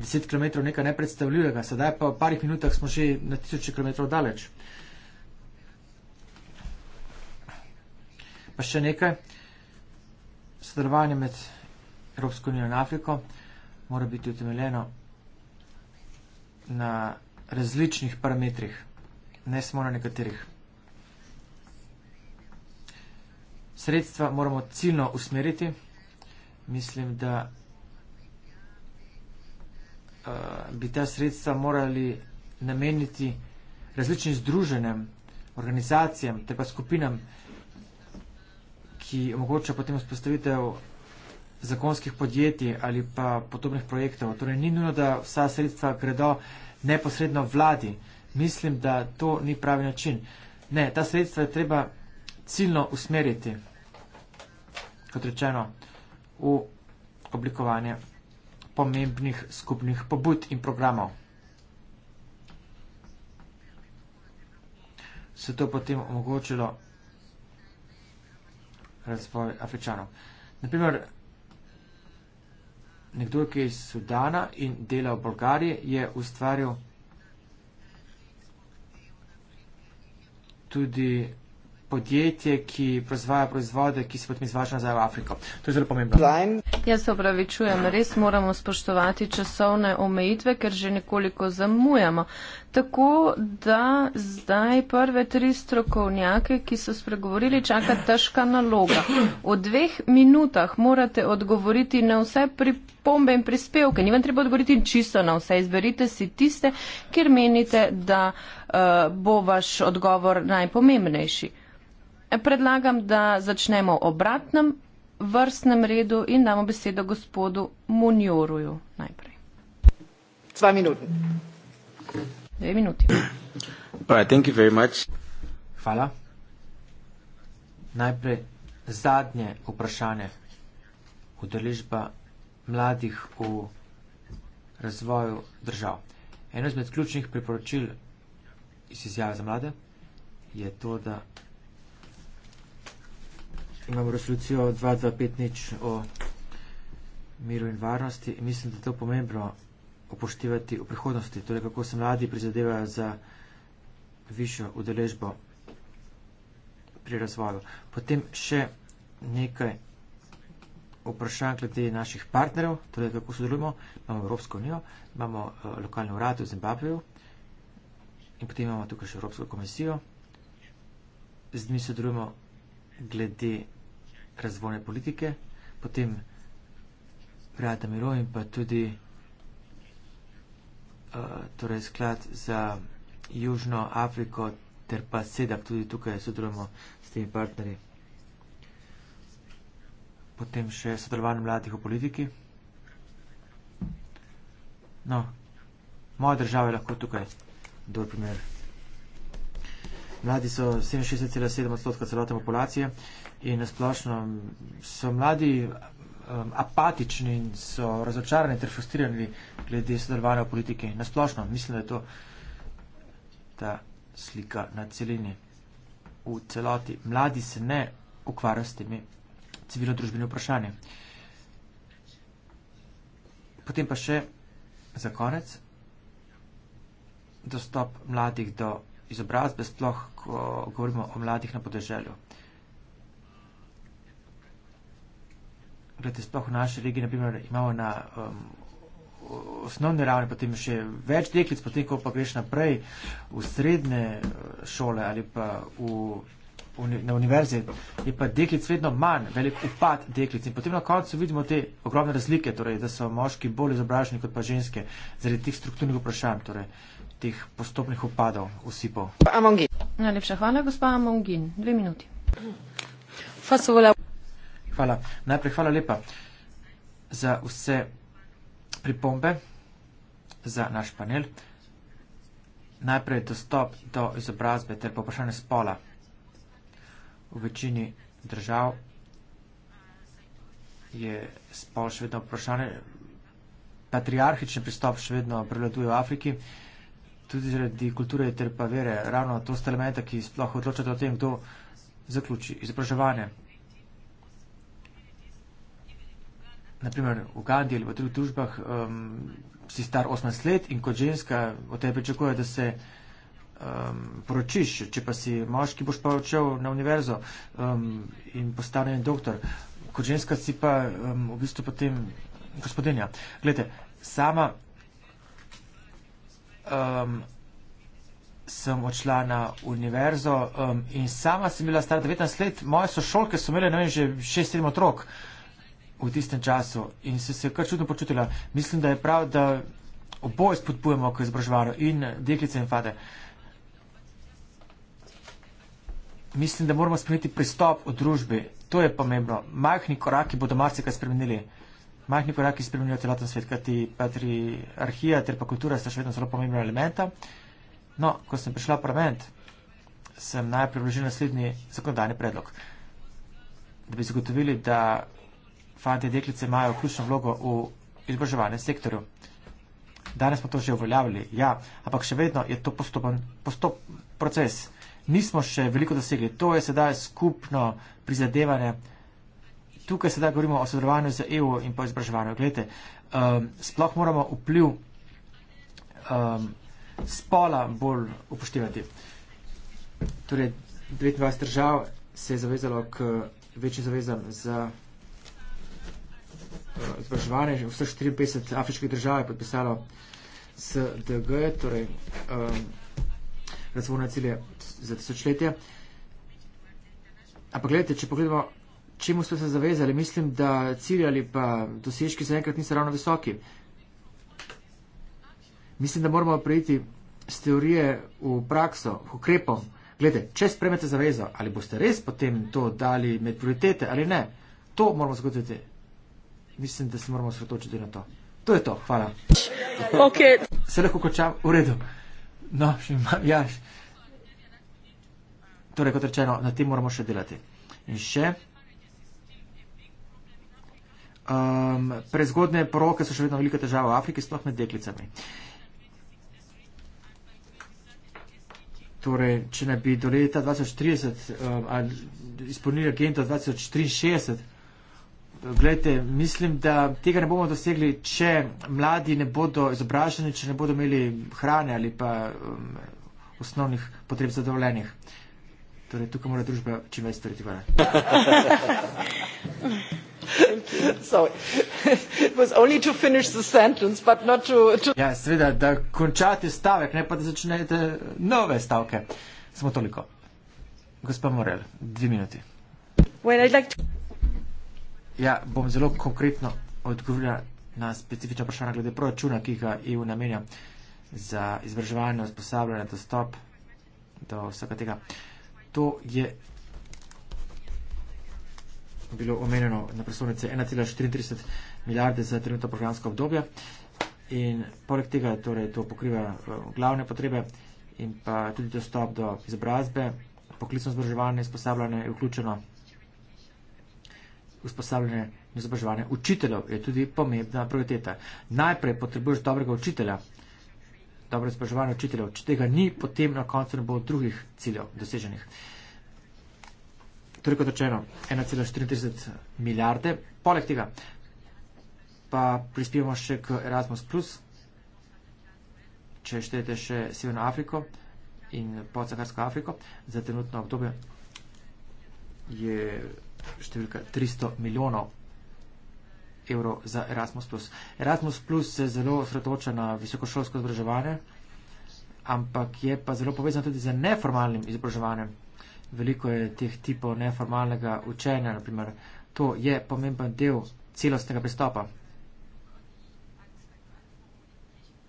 deset km nekaj nepredstavljivega, sedaj pa v parih minutah smo že na tisoče km daleč. Pa še nekaj. Sodelovanje med Evropsko unijo in Afriko mora biti utemeljeno na različnih parametrih, ne samo na nekaterih. sredstva moramo ciljno usmeriti. Mislim, da uh, bi ta sredstva morali nameniti različnim združenjem, organizacijam ter pa skupinam, ki omogoča potem vzpostavitev zakonskih podjetij ali pa podobnih projektov. Torej ni nujno, da vsa sredstva gredo neposredno vladi. Mislim, da to ni pravi način. Ne, ta sredstva je treba ciljno usmeriti kot rečeno, v oblikovanje pomembnih skupnih pobud in programov. Se to potem omogočilo razvoj afričanov. Naprimer, nekdo, ki je iz Sudana in dela v Bolgariji, je ustvaril tudi podjetje, ki proizvaja proizvode, ki se potem izvaža nazaj v Afriko. To je zelo pomembno. Line. Jaz se opravičujem, res moramo spoštovati časovne omejitve, ker že nekoliko zamujamo. Tako da zdaj prve tri strokovnjake, ki so spregovorili, čaka težka naloga. V dveh minutah morate odgovoriti na vse pripombe in prispevke. Ni vam treba odgovoriti čisto na vse. Izberite si tiste, kjer menite, da uh, bo vaš odgovor najpomembnejši predlagam, da začnemo v obratnem vrstnem redu in damo besedo gospodu Munjoruju najprej. Dva minuti. Dve minuti. Hvala. Najprej zadnje vprašanje. Udeležba mladih v razvoju držav. Eno izmed ključnih priporočil iz izjave za mlade je to, da imamo resolucijo 2250 o miru in varnosti in mislim, da je to pomembno upoštevati v prihodnosti, torej kako se mladi prizadevajo za višjo udeležbo pri razvoju. Potem še nekaj vprašanj glede naših partnerjev, torej kako sodelujemo. Imamo Evropsko unijo, imamo uh, eh, lokalno urad v Zimbabveju in potem imamo tukaj še Evropsko komisijo. Z njimi sodelujemo glede razvojne politike, potem Rada Miro in pa tudi uh, torej sklad za Južno Afriko ter pa SEDAK, tudi tukaj sodelujemo s temi partnerji. Potem še sodelovanje mladih v politiki. No, moja država je lahko tukaj dober primer. Mladi so 67,7 odstotka celotne populacije. Uh, in nasplošno so mladi um, apatični in so razočarani ter frustrirani glede sodelovanja v politiki. Nasplošno mislim, da je to ta slika na celini. V celoti mladi se ne ukvarjajo s temi civilno-družbenimi vprašanji. Potem pa še za konec dostop mladih do izobrazbe, sploh ko govorimo o mladih na podeželju. gledajte, sploh v naši regiji, naprimer, imamo na um, osnovne ravni, potem še več deklic, potem, ko pa greš naprej v srednje uh, šole ali pa v, uni, na univerze, je pa deklic vedno manj, velik upad deklic. In potem na koncu vidimo te ogromne razlike, torej, da so moški bolj izobraženi kot pa ženske zaradi teh strukturnih vprašanj, torej teh postopnih upadov, usipov. Najlepša hvala, gospa Amongin. Dve minuti. Fasovala hvala. Najprej hvala lepa za vse pripombe za naš panel. Najprej dostop do izobrazbe ter poprašanje spola v večini držav je spol še vedno vprašanje. Patriarhični pristop še vedno preleduje v Afriki, tudi zaradi kulture ter pa vere. Ravno to sta elementa, ki sploh odločata o tem, kdo zaključi izobraževanje. naprimer v Gandhi ali v drugih družbah, um, si star 18 let in kot ženska od tebe pričakuje, da se um, poročiš, če pa si moški, boš pa odšel na univerzo um, in postane doktor. Kot ženska si pa um, v bistvu potem gospodinja. Glede, sama um, sem odšla na univerzo um, in sama sem bila star 19 let, moje sošolke so imele, ne vem, že 6-7 otrok. Uh, v tistem času in se je kar čudno počutila. Mislim, da je prav, da oboje spodbujamo k izobraževanju in deklice in fade. Mislim, da moramo spremeniti pristop v družbi. To je pomembno. Majhni koraki bodo marsikaj spremenili. Majhni koraki spremenijo celoten svet, kajti patriarhija ter pa kultura sta še vedno zelo pomembna elementa. No, ko sem prišla v parlament, sem najprej vložila naslednji zakonodajni predlog, da bi zagotovili, da fante in deklice imajo ključno vlogo v izobraževalnem sektorju. Danes smo to že uveljavili, ja, ampak še vedno je to postopen postop, proces. Nismo še veliko dosegli. To je sedaj skupno prizadevanje. Tukaj sedaj govorimo o sodelovanju z EU in pa izobraževanju. Glede, um, sploh moramo vpliv um, spola bolj upoštevati. Torej, 29 držav se je zavezalo k večjim zavezam za. Eh, izobraževanje, že vse 54 afriških držav je podpisalo SDG, torej um, razvojne cilje za tisočletje. Ampak gledajte, če pogledamo, čemu ste se zavezali, mislim, da cilji ali pa dosežki zaenkrat niso ravno visoki. Mislim, da moramo prejiti z teorije v prakso, v ukrepo. Glede, če spremete zavezo, ali boste res potem to dali med prioritete ali ne, to moramo zagotoviti mislim, da se moramo osredotočiti na to. To je to, hvala. Okay. Se lahko končam, v redu. No, še imam, ja. Torej, kot rečeno, na tem moramo še delati. In še. Um, prezgodne poroke so še vedno velika težava v Afriki, sploh med deklicami. Torej, če ne bi do leta 2030 um, izpolnili agenda 2063. Glejte, mislim, da tega ne bomo dosegli, če mladi ne bodo izobraženi, če ne bodo imeli hrane ali pa um, osnovnih potreb zadovoljenih. Torej, tukaj mora družba čim več storiti. Hvala. Ja, seveda, da končate stavek, ne pa da začnete nove stavke. Samo toliko. Gospa Morel, dve minuti. Well, I'd like to... Ja, bom zelo konkretno odgovorila na specifična vprašanja glede proračuna, ki ga EU namenja za izvrževanje, usposabljanje, dostop do vsega tega. To je bilo omenjeno na presunice 1,34 milijarde za trenutno programsko obdobje in poleg tega torej, to pokriva eh, glavne potrebe in pa tudi dostop do izobrazbe, poklicno izobraževanje, usposabljanje je vključeno usposabljanje in izobraževanje učiteljev je tudi pomembna prioriteta. Najprej potrebuješ dobrega učitelja, dobro izobraževanje učiteljev. Če tega ni, potem na koncu ne bo drugih ciljev doseženih. Torej, kot rečeno, 1,34 milijarde. Poleg tega pa prispevamo še k Erasmus+, če štete še Severno Afriko in podsaharsko Afriko, za trenutno obdobje je številka 300 milijonov evrov za Erasmus. Erasmus se zelo osredotoča na visokošolsko izobraževanje, ampak je pa zelo povezan tudi z neformalnim izobraževanjem. Veliko je teh tipov neformalnega učenja, naprimer. To je pomemben del celostnega pristopa.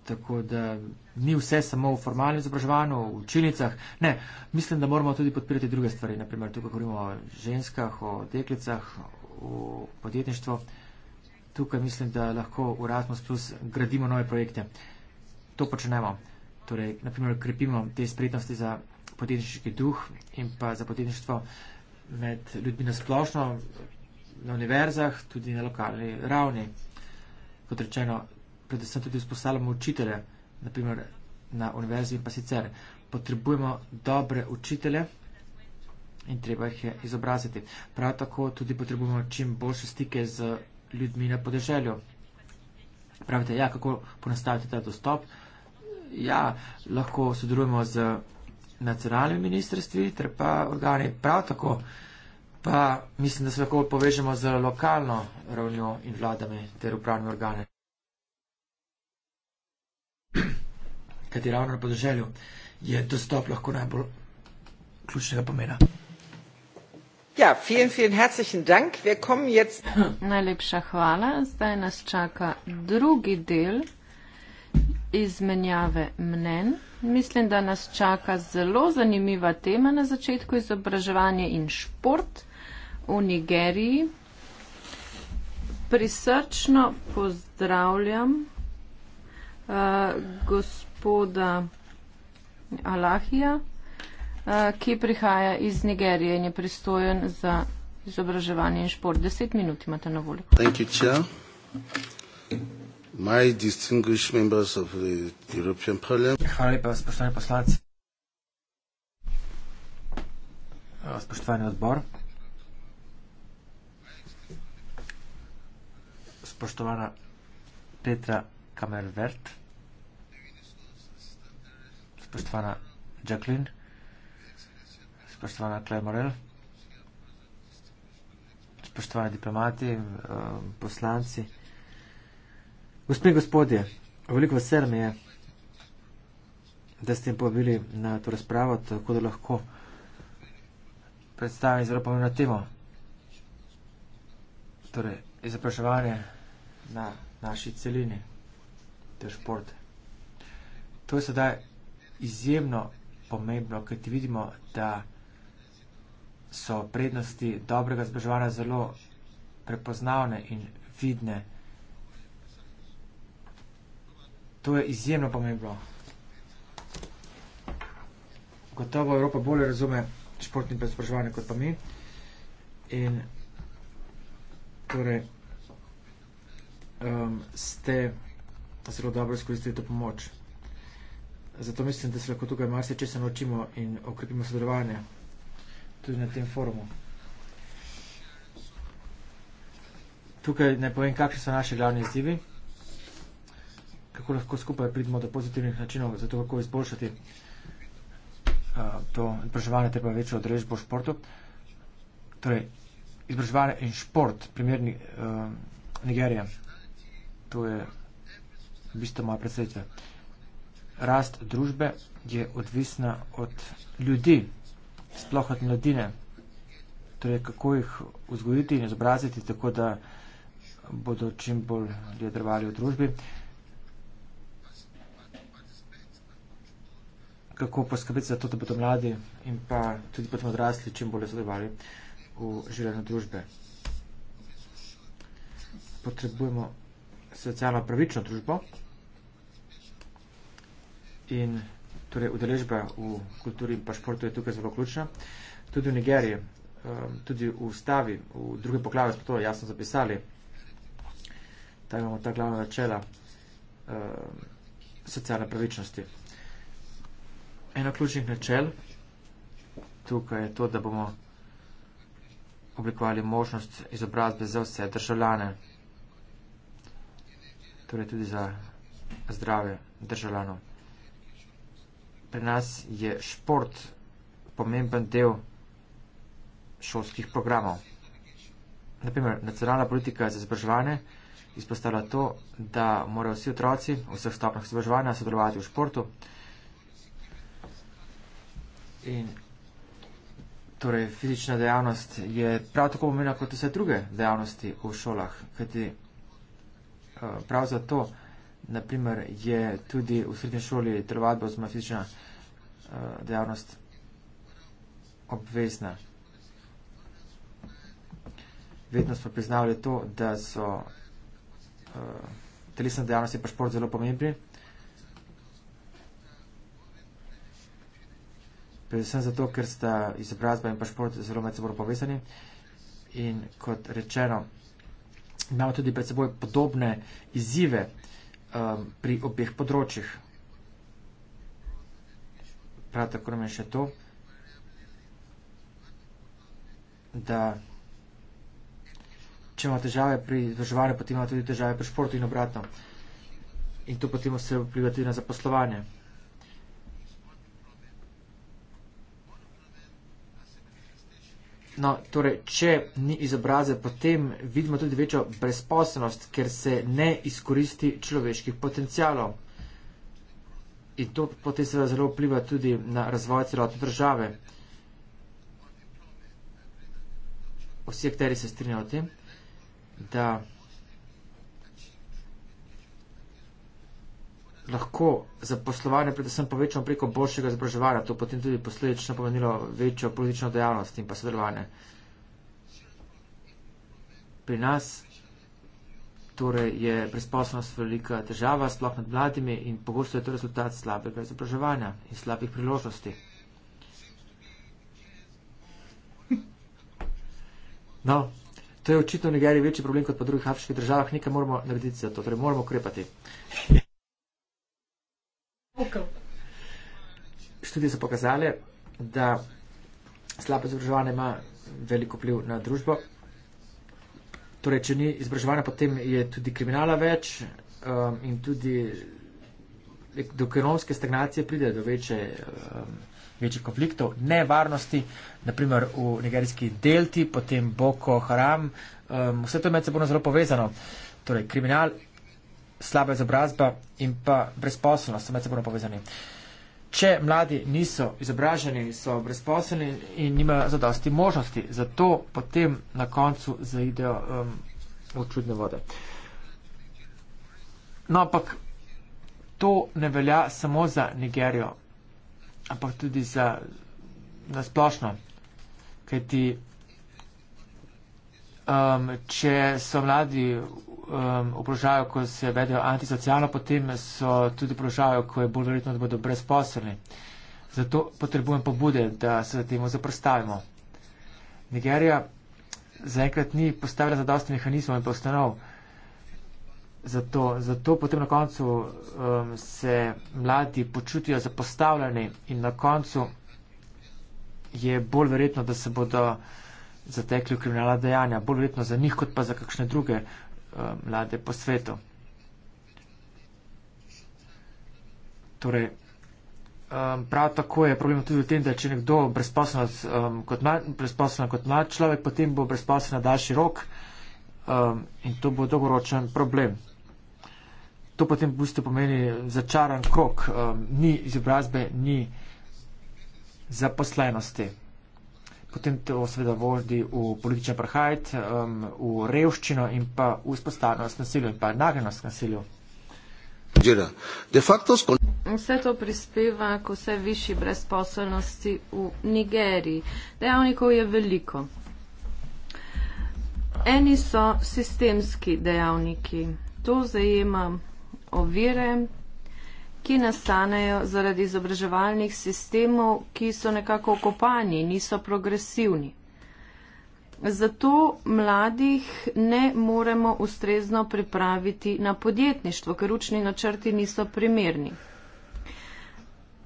Tako da ni vse samo v formalnem izobraževanju, v učilnicah. Ne, mislim, da moramo tudi podpirati druge stvari. Naprimer, tukaj govorimo o ženskah, o deklicah, o podjetništvu. Tukaj mislim, da lahko v Erasmus Plus gradimo nove projekte. To počnemo. Torej, naprimer, krepimo te spretnosti za podjetniški duh in pa za podjetništvo med ljudmi na splošno, na univerzah, tudi na lokalni ravni. Kot rečeno, predvsem tudi usposabljamo učitelje, naprimer na univerzi in pa sicer. Potrebujemo dobre učitelje in treba jih je izobraziti. Prav tako tudi potrebujemo čim boljše stike z ljudmi na podeželju. Pravite, ja, kako ponastaviti ta dostop? Ja, lahko sodelujemo z nacionalnimi ministrstvi ter pa organi. Prav tako pa mislim, da se lahko povežemo z lokalno ravnjo in vladami ter upravnimi organi kajti ravno na podeželju je dostop lahko najbolj ključnega pomena. Ja, vielen, vielen herzlichen Dank. Wir kommen jetzt. *laughs* Najlepša hvala. Zdaj nas čaka drugi del izmenjave mnen. Mislim, da nas čaka zelo zanimiva tema na začetku izobraževanje in šport v Nigeriji. Prisrčno pozdravljam. Eh, gospoda Alahija, eh, ki prihaja iz Nigerije in je pristojen za izobraževanje in šport. Deset minut imate na voljo. Thank you, Chair. My distinguished members of the European Parliament. Hvala lepa, spoštovani poslanci. Eh, spoštovani odbor. Spoštovana Petra Kamervert. Spoštovana Jacqueline, spoštovana Claire Morel, spoštovani diplomati, eh, poslanci, gospe in gospodje, veliko vesel mi je, da ste jim povabili na to razpravo, tako da lahko predstavim zelo pomembno temo, torej izobraževanje na naši celini, to je šport. To je sedaj izjemno pomembno, ker ti vidimo, da so prednosti dobrega zbeževanja zelo prepoznavne in vidne. To je izjemno pomembno. Gotovo Evropa bolje razume športni prezbeževanje kot pa mi. In torej um, ste zelo dobro izkoristili to pomoč. Zato mislim, da se lahko tukaj malo česa naučimo in okrepimo sodelovanje tudi na tem forumu. Tukaj ne povem, kakšni so naše glavni izzivi, kako lahko skupaj pridemo do pozitivnih načinov za to, kako izboljšati uh, to izobraževanje, ter pa večjo odrežbo športu. Torej, izobraževanje in šport, primer uh, Nigerije, to je v bistvu moja predstavitev rast družbe je odvisna od ljudi, sploh od mladine. Torej, kako jih vzgojiti in izobraziti, tako da bodo čim bolj jedrvali v družbi. Kako poskrbeti za to, da bodo mladi in pa tudi potem odrasli čim bolj sodelovali v življenju družbe. Potrebujemo socialno pravično družbo in torej udeležba v kulturi in pa športu je tukaj zelo ključna. Tudi v Nigeriji, um, tudi v ustavi, v druge poglavje smo to jasno zapisali, da imamo ta glavna načela um, socialne pravičnosti. Eno ključnih načel tukaj je to, da bomo oblikovali možnost izobrazbe za vse državljane, torej tudi za zdrave državljanov pri nas je šport pomemben del šolskih programov. Naprimer, nacionalna politika za izobraževanje izpostavlja to, da morajo vsi otroci v vseh stopnjah izobraževanja sodelovati v športu. In torej, fizična dejavnost je prav tako pomembna kot vse druge dejavnosti v šolah, kajti eh, prav zato, da naprimer, je tudi v srednji šoli telovadba oziroma fizična uh, dejavnost obvezna. Vedno smo priznavali to, da so uh, eh, telesna dejavnost in pa šport zelo pomembni. Predvsem zato, ker sta izobrazba in pa šport zelo med seboj povezani. In kot rečeno, imamo tudi pred seboj podobne izzive um, pri obeh področjih. Prav tako nam je še to, da če imamo težave pri izobraževanju, potem imamo tudi težave pri športu in obratno. In to potem vse vpliva tudi na zaposlovanje. No, torej, če ni izobraze, potem vidimo tudi večjo brezposobnost, ker se ne izkoristi človeških potencijalov. In to potem seveda zelo vpliva tudi na razvoj celotne države. Vsi akteri se strinjajo o tem, da lahko zaposlovanje predvsem povečamo preko boljšega izobraževanja, to potem tudi posledično pomenilo večjo politično dejavnost in pa sodelovanje. Pri nas torej je brezposobnost velika težava, sploh nad mladimi in pogosto je to rezultat slabega izobraževanja in slabih priložnosti. No, to je očitno v Nigeriji večji problem kot pa v drugih afriških državah, nekaj moramo narediti za to, torej moramo ukrepati. študije so pokazale, da slabo izobraževanje ima veliko pliv na družbo. Torej, če ni izobraževanja, potem je tudi kriminala več um, in tudi do ekonomske stagnacije pride do večje, um, večjih konfliktov, nevarnosti, naprimer v nigerijski delti, potem Boko Haram. Um, vse to je med seboj zelo povezano. Torej, kriminal, slaba izobrazba in pa brezposobnost so med seboj povezani. Uh, Če mladi niso izobraženi, so brezposelni in nimajo zadosti možnosti, zato potem na koncu zaidejo um, v čudne vode. No, ampak to ne velja samo za Nigerijo, ampak tudi za nasplošno. Kajti, um, če so mladi um, obrožajo, ko se vedejo antisocialno, potem so tudi obrožajo, ko je bolj verjetno, da bodo brezposelni. Zato potrebujem pobude, da se temu zaprostavimo. Nigerija zaenkrat ni postavila zadosti mehanizmov in postanov. Zato, zato potem na koncu um, se mladi počutijo zapostavljeni in na koncu je bolj verjetno, da se bodo zatekli v kriminalna dejanja. Bolj verjetno za njih, kot pa za kakšne druge Eh, mlade po svetu. Torej, um, prav tako je problem tudi v tem, da če nekdo brezposlen um, kot mlad človek, potem bo brezposlen na daljši rok um, in to bo dolgoročen problem. To potem v bistvu pomeni začaran krok, um, ni izobrazbe, ni zaposlenosti potem to seveda vodi v politični prahajt, um, v revščino in pa v izpostavljenost nasilju in pa nagnjenost nasilju. Vse to prispeva k vse višji brezposelnosti v Nigeriji. Dejavnikov je veliko. Eni so sistemski dejavniki. To zajema ovire, ki nastanejo zaradi izobraževalnih sistemov, ki so nekako okopani, niso progresivni. Zato mladih ne moremo ustrezno pripraviti na podjetništvo, ker učni načrti niso primerni.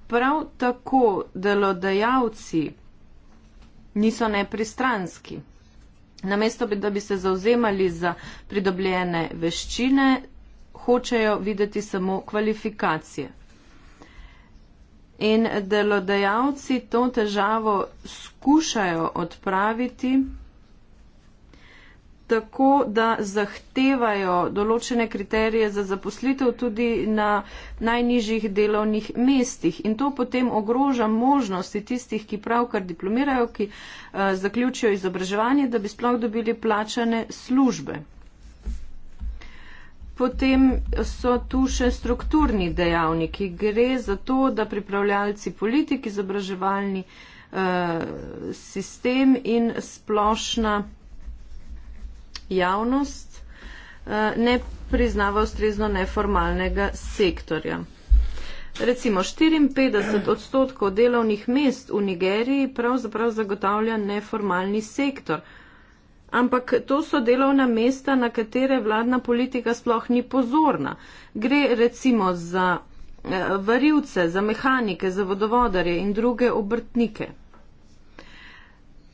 Prav tako delodajalci niso nepristranski. Namesto, da bi se zauzemali za pridobljene veščine, hočejo videti samo kvalifikacije. In delodajalci to težavo skušajo odpraviti tako, da zahtevajo določene kriterije za zaposlitev tudi na najnižjih delovnih mestih. In to potem ogroža možnosti tistih, ki pravkar diplomirajo, ki uh, zaključijo izobraževanje, da bi sploh dobili plačane službe. Potem so tu še strukturni dejavniki. Gre za to, da pripravljalci politik, izobraževalni eh, sistem in splošna javnost eh, ne priznava ustrezno neformalnega sektorja. Recimo 54 odstotkov delovnih mest v Nigeriji pravzaprav zagotavlja neformalni sektor. Ampak to so delovna mesta, na katere vladna politika sploh ni pozorna. Gre recimo za eh, varilce, za mehanike, za vodovodarje in druge obrtnike.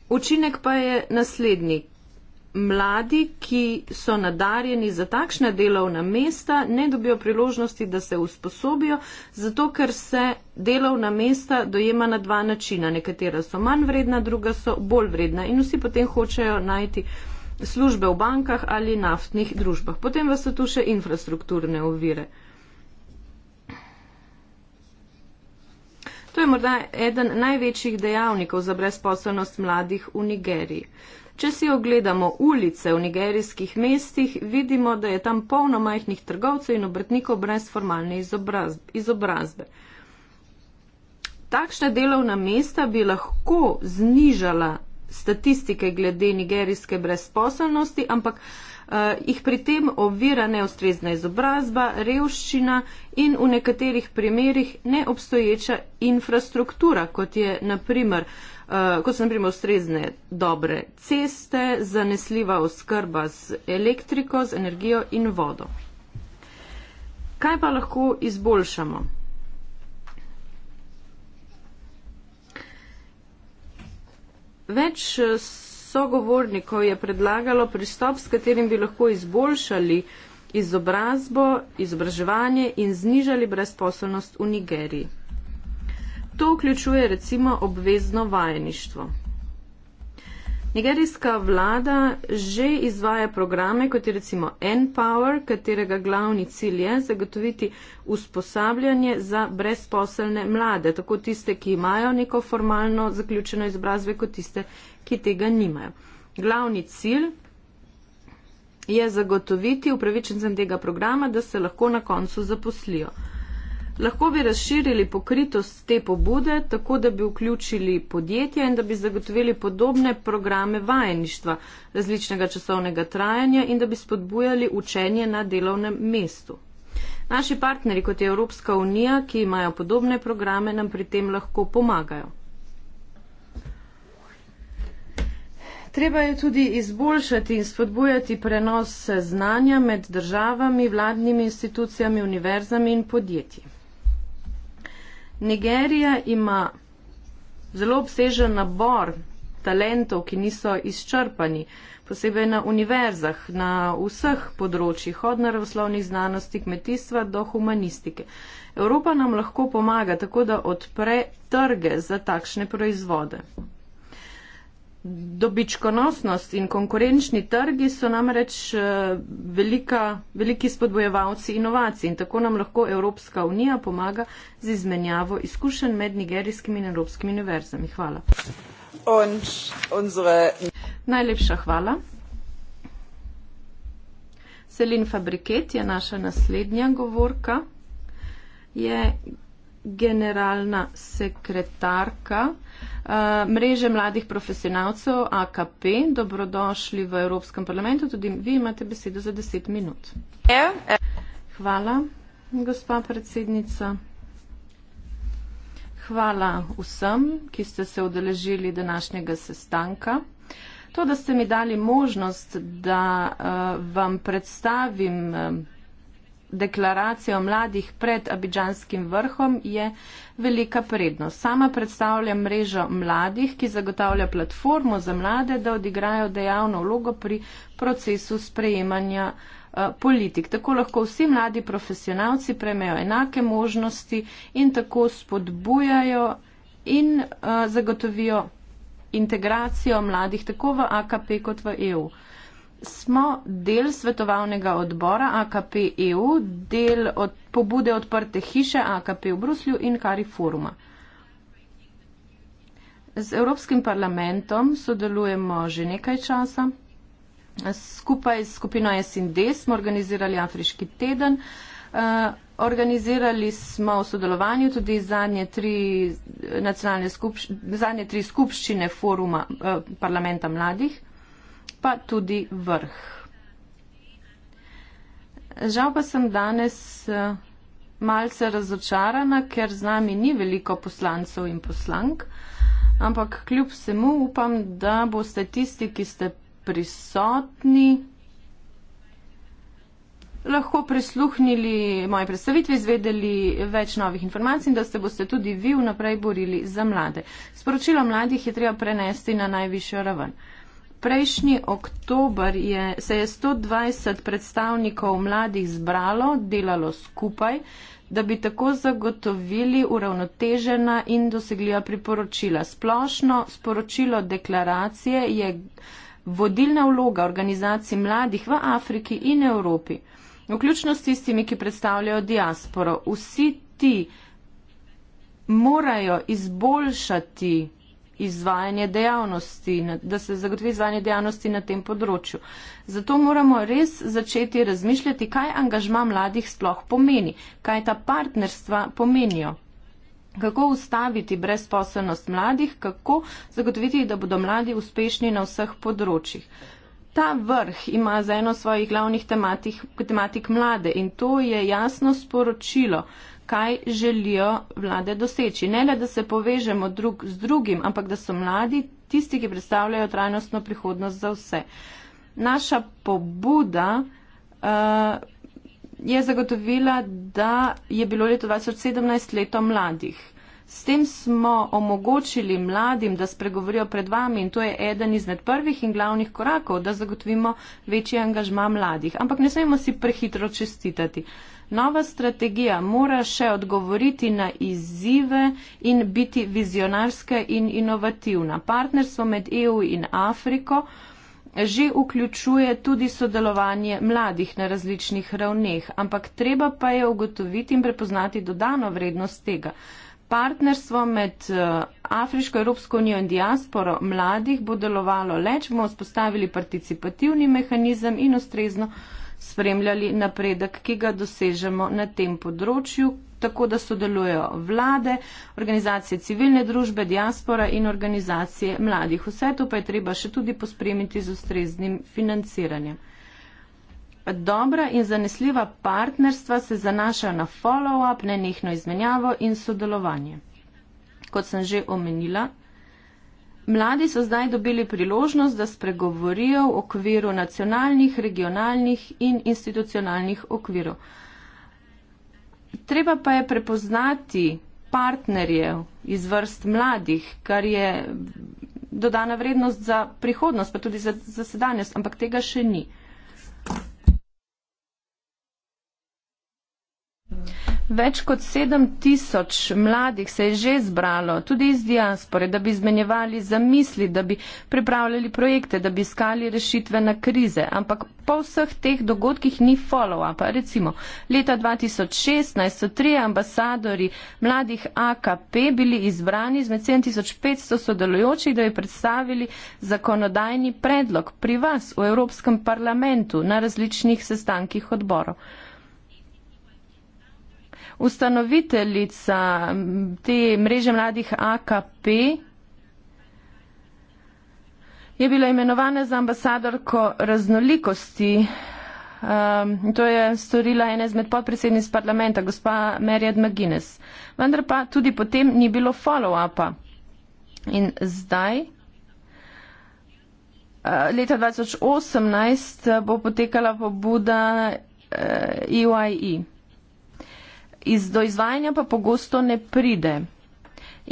Učinek pa je naslednji mladi, ki so nadarjeni za takšna delovna mesta, ne dobijo priložnosti, da se usposobijo, zato ker se delovna mesta dojema na dva načina. Nekatera so manj vredna, druga so bolj vredna in vsi potem hočejo najti službe v bankah ali naftnih družbah. Potem pa so tu še infrastrukturne ovire. To je morda eden največjih dejavnikov za brezposelnost mladih v Nigeriji. Če si ogledamo ulice v nigerijskih mestih, vidimo, da je tam polno majhnih trgovcev in obrtnikov brez formalne izobrazbe. Takšna delovna mesta bi lahko znižala statistike glede nigerijske brezposelnosti, ampak eh, jih pri tem ovira neustrezna izobrazba, revščina in v nekaterih primerjih neobstoječa infrastruktura, kot je naprimer eh, uh, kot so naprimer ustrezne dobre ceste, zanesljiva oskrba z elektriko, z energijo in vodo. Kaj pa lahko izboljšamo? Več eh, sogovornikov je predlagalo pristop, s katerim bi lahko izboljšali izobrazbo, izobraževanje in znižali brezposobnost v Nigeriji. To vključuje recimo obvezno vajeništvo. Nigerijska vlada že izvaja programe, kot je recimo N-Power, katerega glavni cilj je zagotoviti usposabljanje za brezposelne mlade, tako tiste, ki imajo neko formalno zaključeno izobrazbe, kot tiste, ki tega nimajo. Glavni cilj je zagotoviti upravičencem tega programa, da se lahko na koncu zaposlijo. Lahko bi razširili pokritost te pobude, tako da bi vključili podjetja in da bi zagotovili podobne programe vajeništva različnega časovnega trajanja in da bi spodbujali učenje na delovnem mestu. Naši partneri, kot je Evropska unija, ki imajo podobne programe, nam pri tem lahko pomagajo. Treba je tudi izboljšati in spodbujati prenos znanja med državami, vladnimi institucijami, univerzami in podjetji. Nigerija ima zelo obsežen nabor talentov, ki niso izčrpani, posebej na univerzah, na vseh področjih, od naravoslovnih znanosti, kmetijstva do humanistike. Evropa nam lahko pomaga tako, da odpre trge za takšne proizvode. Dobičkonosnost in konkurenčni trgi so namreč eh, velika, veliki spodbojevalci inovacij in tako nam lahko Evropska unija pomaga z izmenjavo izkušenj med nigerijskimi in evropskimi univerzami. Hvala. Unsere... Najlepša hvala. Selin Fabriket je naša naslednja govorka. Je generalna sekretarka eh, Mreže mladih profesionalcev AKP. Dobrodošli v Evropskem parlamentu, tudi vi imate besedo za deset minut. Hvala, gospa predsednica. Hvala vsem, ki ste se odeležili današnjega sestanka. To, da ste mi dali možnost, da uh, vam predstavim uh, deklaracijo mladih pred abidžanskim vrhom je velika prednost. Sama predstavlja mrežo mladih, ki zagotavlja platformo za mlade, da odigrajo dejavno vlogo pri procesu sprejemanja eh, politik. Tako lahko vsi mladi profesionalci prejmejo enake možnosti in tako spodbujajo in eh, zagotovijo integracijo mladih tako v AKP kot v EU smo del svetovalnega odbora AKP EU, del od pobude odprte hiše AKP v Bruslju in Kari foruma. Z Evropskim parlamentom sodelujemo že nekaj časa. Skupaj s skupino SND smo organizirali Afriški teden. Eh, organizirali smo v sodelovanju tudi zadnje tri, skupš zadnje tri skupščine foruma eh, parlamenta mladih pa tudi vrh. Žal pa sem danes eh, malce razočarana, ker z nami ni veliko poslancev in poslank, ampak kljub vsemu upam, da boste tisti, ki ste prisotni, lahko prisluhnili moje predstavitve, izvedeli več novih informacij in da se boste tudi vi vnaprej borili za mlade. Sporočilo mladih je treba prenesti na najvišjo raven prejšnji oktober je, se je 120 predstavnikov mladih zbralo, delalo skupaj, da bi tako zagotovili uravnotežena in dosegljiva priporočila. Splošno sporočilo deklaracije je vodilna vloga organizacij mladih v Afriki in Evropi, vključno s tistimi, ki predstavljajo diasporo. Vsi ti morajo izboljšati izvajanje dejavnosti, da se zagotovi izvajanje dejavnosti na tem področju. Zato moramo res začeti razmišljati, kaj angažma mladih sploh pomeni, kaj ta partnerstva pomenijo. Kako ustaviti brezposobnost mladih, kako zagotoviti, da bodo mladi uspešni na vseh področjih. Ta vrh ima za eno svojih glavnih tematik, tematik mlade in to je jasno sporočilo, kaj želijo vlade doseči. Ne le, da se povežemo drug z drugim, ampak da so mladi tisti, ki predstavljajo trajnostno prihodnost za vse. Naša pobuda uh, je zagotovila, da je bilo leto 2017 leto mladih S tem smo omogočili mladim, da spregovorijo pred vami in to je eden izmed prvih in glavnih korakov, da zagotovimo večji angažma mladih. Ampak ne smemo si prehitro čestitati. Nova strategija mora še odgovoriti na izzive in biti vizionarska in inovativna. Partnerstvo med EU in Afriko že vključuje tudi sodelovanje mladih na različnih ravneh, ampak treba pa je ugotoviti in prepoznati dodano vrednost tega partnerstvo med eh, Afriško Evropsko unijo in diasporo mladih bo delovalo le, če bomo spostavili participativni mehanizem in ustrezno spremljali napredek, ki ga dosežemo na tem področju, tako da sodelujo vlade, organizacije civilne družbe, diaspora in organizacije mladih. Vse to pa je treba še tudi pospremiti z ustreznim financiranjem. Dobra in zanesljiva partnerstva se zanašajo na follow-up, nenehno izmenjavo in sodelovanje. Kot sem že omenila, mladi so zdaj dobili priložnost, da spregovorijo v okviru nacionalnih, regionalnih in institucionalnih okvirov. Treba pa je prepoznati partnerjev iz vrst mladih, kar je dodana vrednost za prihodnost, pa tudi za, za sedanjost, ampak tega še ni. Več kot sedem tisoč mladih se je že zbralo, tudi iz diaspore, da bi izmenjevali zamisli, da bi pripravljali projekte, da bi iskali rešitve na krize. Ampak po vseh teh dogodkih ni follow-upa. Recimo, leta 2016 so tri ambasadori mladih AKP bili izbrani izmed 7500 sodelujočih, da bi predstavili zakonodajni predlog pri vas v Evropskem parlamentu na različnih sestankih odborov ustanoviteljica te mreže mladih AKP, je bila imenovana za ambasadorko raznolikosti. Um, to je storila ena izmed podpredsednic parlamenta, gospa Marjad McGuinness. Vendar pa tudi potem ni bilo follow-upa. In zdaj, eh, leta 2018, bo potekala pobuda EYE. Eh, iz do izvajanja pa pogosto ne pride.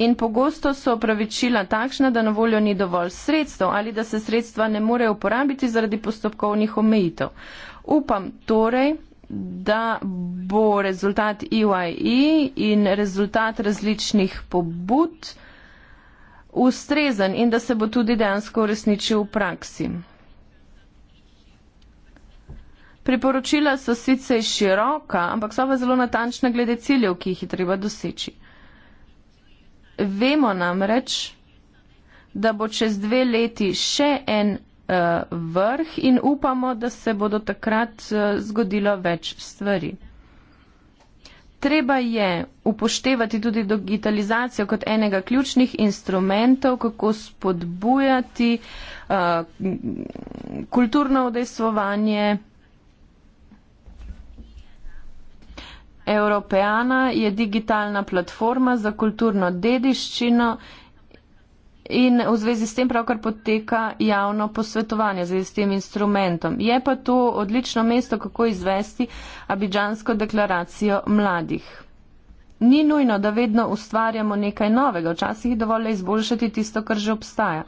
In pogosto so opravičila takšna, da na voljo ni dovolj sredstev ali da se sredstva ne morejo uporabiti zaradi postopkovnih omejitev. Upam torej, da bo rezultat EYE e in rezultat različnih pobud ustrezen in da se bo tudi dejansko uresničil v praksi. Priporočila so sicer široka, ampak so pa zelo natančna glede ciljev, ki jih je treba doseči. Vemo namreč, da bo čez dve leti še en uh, vrh in upamo, da se bodo takrat uh, zgodilo več stvari. Treba je upoštevati tudi digitalizacijo kot enega ključnih instrumentov, kako spodbujati uh, kulturno odesovanje. Europeana je digitalna platforma za kulturno dediščino in v zvezi s tem pravkar poteka javno posvetovanje z tem instrumentom. Je pa to odlično mesto, kako izvesti abidžansko deklaracijo mladih. Ni nujno, da vedno ustvarjamo nekaj novega, včasih dovolj je izboljšati tisto, kar že obstaja.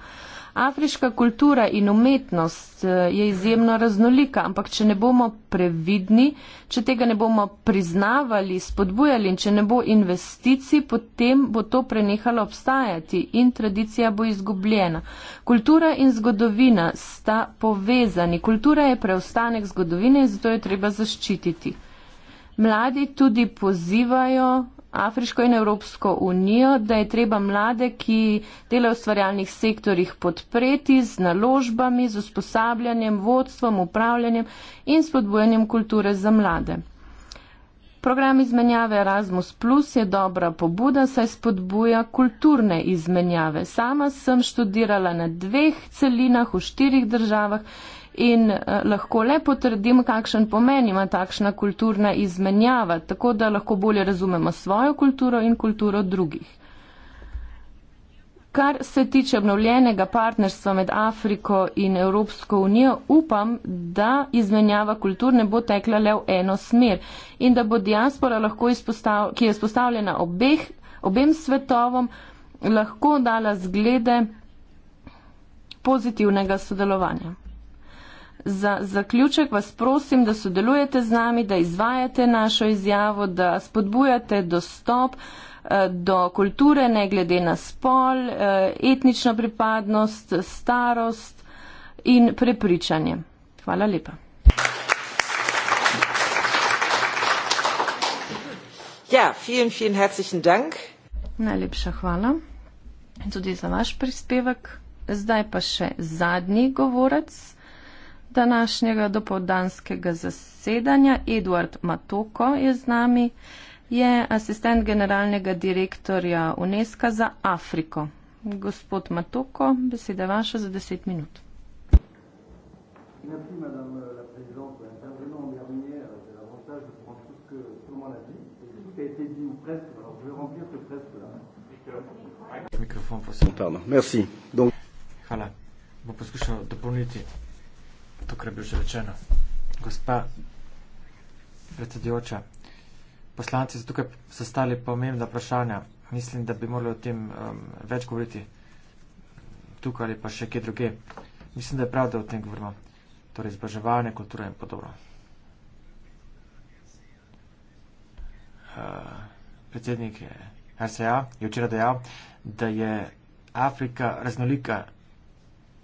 Afriška kultura in umetnost eh, je izjemno raznolika, ampak če ne bomo previdni, če tega ne bomo priznavali, spodbujali in če ne bo investicij, potem bo to prenehalo obstajati in tradicija bo izgubljena. Kultura in zgodovina sta povezani. Kultura je preostanek zgodovine in zato jo treba zaščititi. Mladi tudi pozivajo Afriško in Evropsko unijo, da je treba mlade, ki delajo v stvarjalnih sektorjih, podpreti z naložbami, z usposabljanjem, vodstvom, upravljanjem in spodbujanjem kulture za mlade. Program izmenjave Erasmus Plus je dobra pobuda, saj spodbuja kulturne izmenjave. Sama sem študirala na dveh celinah v štirih državah in eh, lahko le potrdim, kakšen pomen ima takšna kulturna izmenjava, tako da lahko bolje razumemo svojo kulturo in kulturo drugih. Kar se tiče obnovljenega partnerstva med Afriko in Evropsko unijo, upam, da izmenjava kultur ne bo tekla le v eno smer in da bo diaspora, izpostav, ki je izpostavljena obeh, obem svetovom, lahko dala zglede pozitivnega sodelovanja. Za zaključek vas prosim, da sodelujete z nami, da izvajate našo izjavo, da spodbujate dostop eh, do kulture, ne glede na spol, eh, etnično pripadnost, starost in prepričanje. Hvala lepa. Ja, vielen, vielen herzlichen Dank. Najlepša hvala tudi za vaš prispevek. Zdaj pa še zadnji govorec današnjega dopoldanskega zasedanja. Eduard Matoko je z nami, je asistent generalnega direktorja UNESCO za Afriko. Gospod Matoko, beseda vaša za deset minut. Mikrofon, prosim. Hvala. Bo poskušal dopolniti to, kar je bilo že rečeno. Gospa predsedujoča, poslanci so tukaj sestali pomembna vprašanja. Mislim, da bi morali o tem um, več govoriti tukaj ali pa še kje druge. Mislim, da je prav, da o tem govorimo. Torej, izbraževanje, kultura in podobno. Uh, predsednik RSA je včeraj dejal, da je Afrika raznolika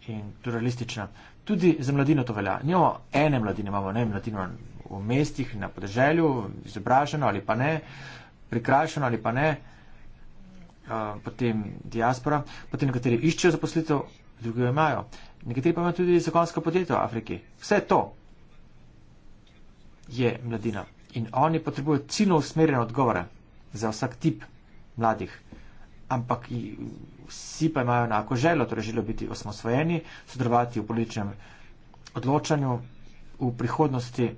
in pluralistična. Tudi za mladino to velja. Njo ene mladine imamo, ne mladino v mestih, na podeželju, izobraženo ali pa ne, prikrašeno ali pa ne, uh, potem diaspora, potem nekateri iščejo zaposlitev, drugi jo imajo. Nekateri pa imajo tudi zakonsko podjetje v Afriki. Vse to je mladina. In oni potrebujejo ciljno usmerjene odgovore za vsak tip mladih ampak vsi pa imajo enako željo, torej želijo biti osmosvojeni, sodelovati v političnem odločanju v prihodnosti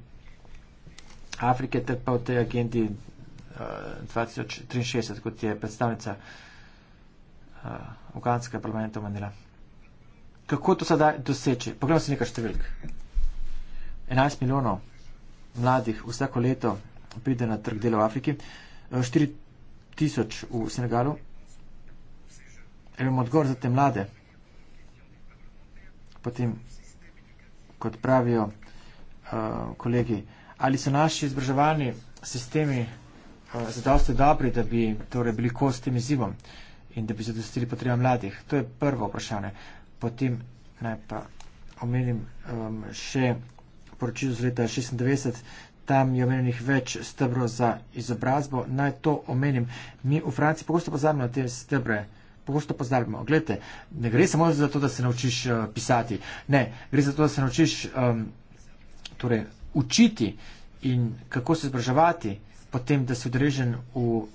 Afrike, ter pa v tej agendi uh, eh, 2063, kot je predstavnica eh, Uganskega uh, parlamenta omenila. Kako to sedaj doseči? Poglejmo si nekaj številk. 11 milijonov mladih vsako leto pride na trg dela v Afriki, 4 eh, tisoč v Senegalu, gremo odgor za te mlade. Potem, kot pravijo uh, kolegi, ali so naši izbržavani sistemi uh, zadosti dobri, da bi torej bili kos tem izzivom in da bi zadostili potreba mladih? To je prvo vprašanje. Potem naj pa omenim um, še poročilo z leta 96, tam je omenjenih več stebrov za izobrazbo. Naj to omenim. Mi v Franciji pogosto pozabimo te stebre pogosto pozdravimo. Glede, ne gre samo za to, da se naučiš uh, pisati, ne, gre za to, da se naučiš um, torej, učiti in kako se zbržavati, potem, da si odrežen v um,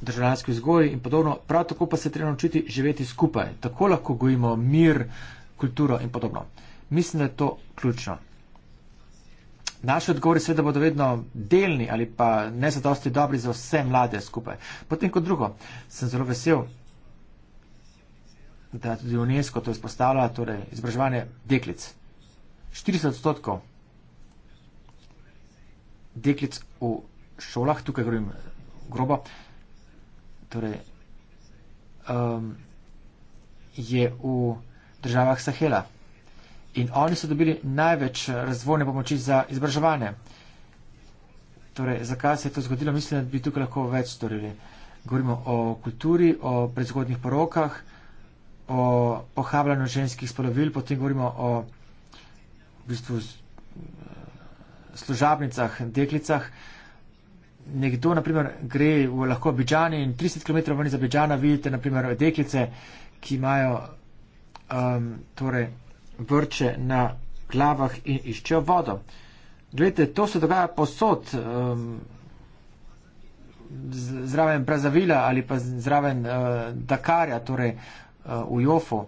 državljanski vzgoji in podobno. Prav tako pa se treba naučiti živeti skupaj. Tako lahko gojimo mir, kulturo in podobno. Mislim, da je to ključno. Naši odgovori seveda bodo vedno delni ali pa ne zadosti dobri za vse mlade skupaj. Potem kot drugo, sem zelo vesel, da tudi UNESCO to izpostavlja, torej izobraževanje deklic. 40 odstotkov deklic v šolah, tukaj govorim grobo, torej, um, je v državah Sahela in oni so dobili največ eh, razvojne pomoči za izobraževanje. Torej, zakaj se je to zgodilo? Mislim, da bi tukaj lahko več storili. Govorimo o kulturi, o predzgodnih porokah, o pohabljanju ženskih spolovil, potem govorimo o v bistvu, eh, služabnicah, deklicah. Nekdo, naprimer, gre v lahko Bidžani in 30 km ven iz Bidžana vidite, naprimer, deklice, ki imajo um, torej, vrče na glavah in iščejo vodo. Glede, to se dogaja posod um, zraven Brazavila ali pa zraven uh, Dakarja, torej uh, v Jofu,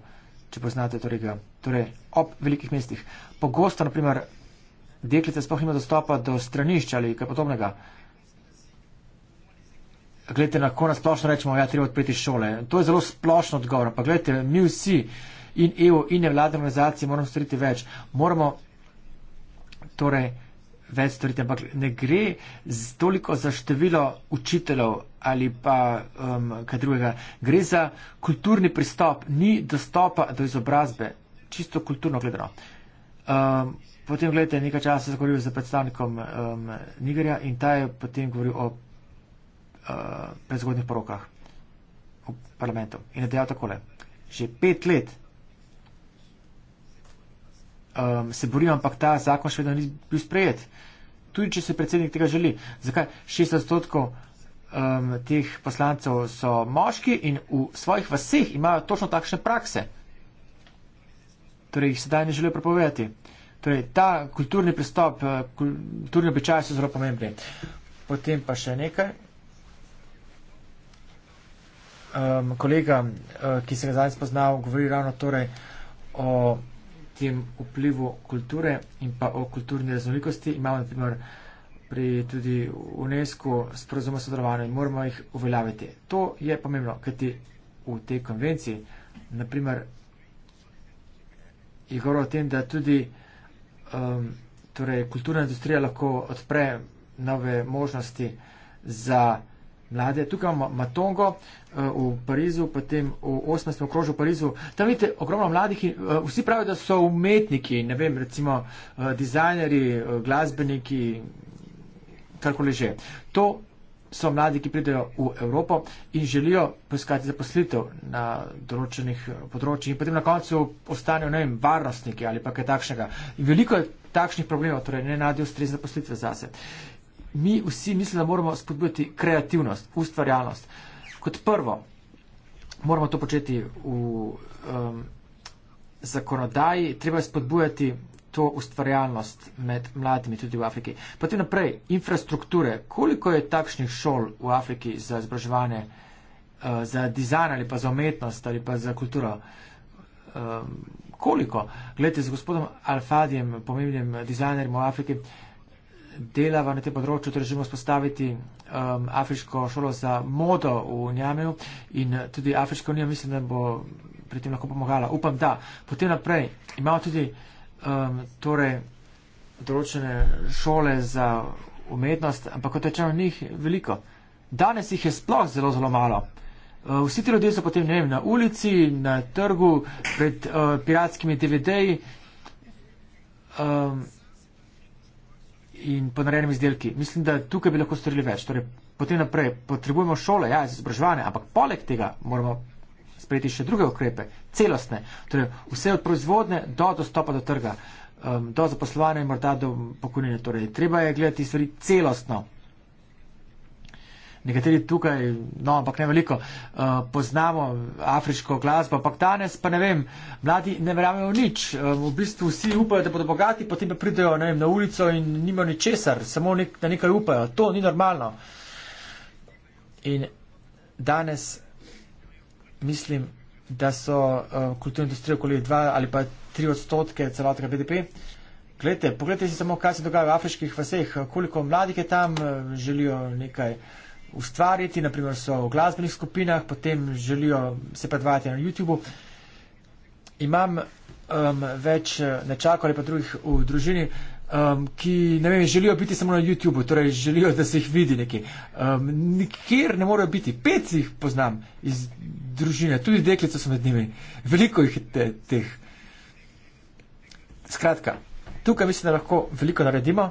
če poznate torej ga, torej ob velikih mestih. Pogosto, naprimer, deklice sploh nima dostopa do stranišča ali kaj podobnega. Glede, lahko na splošno rečemo, ja, treba odpreti šole. To je zelo splošno odgovor. Pa gledajte, mi vsi in EU in nevladne organizacije moramo storiti več. Moramo torej več storiti, ampak ne gre z toliko za število učiteljev ali pa um, kaj drugega. Gre za kulturni pristop, ni dostopa do izobrazbe, čisto kulturno gledano. Um, potem, gledajte, nekaj časa sem govoril z predstavnikom um, Nigerja in ta je potem govoril o uh, prezgodnih porokah v parlamentu. In je dejal takole, že pet let um, se borijo, ampak ta zakon še vedno ni bil sprejet. Tudi, če se predsednik tega želi. Zakaj 60 odstotkov um, teh poslancev so moški in v svojih vseh imajo točno takšne prakse? Torej, jih sedaj ne želijo prepovedati. Torej, ta kulturni pristop, uh, kulturni običaji so zelo pomembni. Potem pa še nekaj. Um, kolega, uh, ki se ga zdaj spoznal, govori ravno torej o tem vplivu kulture in pa o kulturni raznolikosti. Imamo na primer pri tudi UNESCO sporozume sodelovanja in moramo jih uveljaviti. To je pomembno, kajti v tej konvenciji, na primer, je govor o tem, da tudi um, torej, kulturna industrija lahko odpre nove možnosti za mlade, tukaj imamo Matongo eh, v Parizu, potem v 18. okrožju v Parizu. Tam vidite ogromno mladih in eh, vsi pravijo, da so umetniki, ne vem, recimo eh, dizajneri, glasbeniki, karkoli že. To so mladi, ki pridejo v Evropo in želijo poiskati zaposlitev na določenih področjih in potem na koncu ostanejo, ne vem, varnostniki ali pa kaj takšnega. In veliko je takšnih problemov, torej ne najdejo ustrezne zaposlitve zase. Uh, mi vsi mislim, da moramo spodbujati kreativnost, ustvarjalnost. Kot prvo, moramo to početi v um, zakonodaji, treba je spodbujati to ustvarjalnost med mladimi tudi v Afriki. Potem naprej, infrastrukture, koliko je takšnih šol v Afriki za izobraževanje, uh, za dizajn ali pa za umetnost ali pa za kulturo. Um, koliko? Glede z gospodom Alfadijem, pomembnim dizajnerjem v Afriki, uh, delava na tem področju, torej želimo spostaviti um, afriško šolo za modo v Njamiju in tudi Afriška unija mislim, da bo pri tem lahko pomagala. Upam, da. Potem naprej imamo tudi um, torej določene šole za umetnost, ampak kot rečeno, njih veliko. Danes jih je sploh zelo, zelo malo. Uh, vsi ti ljudje so potem, ne vem, na ulici, na trgu, pred uh, piratskimi DVD-ji. Um, in ponarejenimi izdelki. Mislim, da tukaj bi lahko storili več. Torej, potem naprej potrebujemo šole, ja, izobraževanje, ampak poleg tega moramo sprejeti še druge ukrepe, celostne. Torej, vse od proizvodne do dostopa do trga, um, do zaposlovanja in morda do pokojnine. Torej, treba je gledati stvari celostno nekateri tukaj, no, ampak ne veliko, uh, poznamo afriško glasbo, ampak danes pa ne vem, mladi ne verjamejo nič. Uh, v bistvu vsi upajo, da bodo bogati, potem pa pridejo vem, na ulico in nimajo ničesar, samo nek, na nekaj upajo. To ni normalno. In danes mislim, da so uh, eh, kulturne industrije okoli 2 ali pa 3 odstotke celotnega BDP. Glejte, poglejte si samo, kaj se dogaja v afriških vaseh, koliko mladih je tam, želijo nekaj. Uh, ustvariti, naprimer so v glasbenih skupinah, potem želijo se predvajati na YouTubu. Imam um, več eh, nečakov ali pa drugih v družini, um, ki ne vem, želijo biti samo na YouTubu, torej želijo, da se jih vidi nekje. Um, nikjer ne morejo biti, pet jih poznam iz družine, tudi deklice so med njimi, veliko jih je te, teh. Skratka, tukaj mislim, da lahko veliko naredimo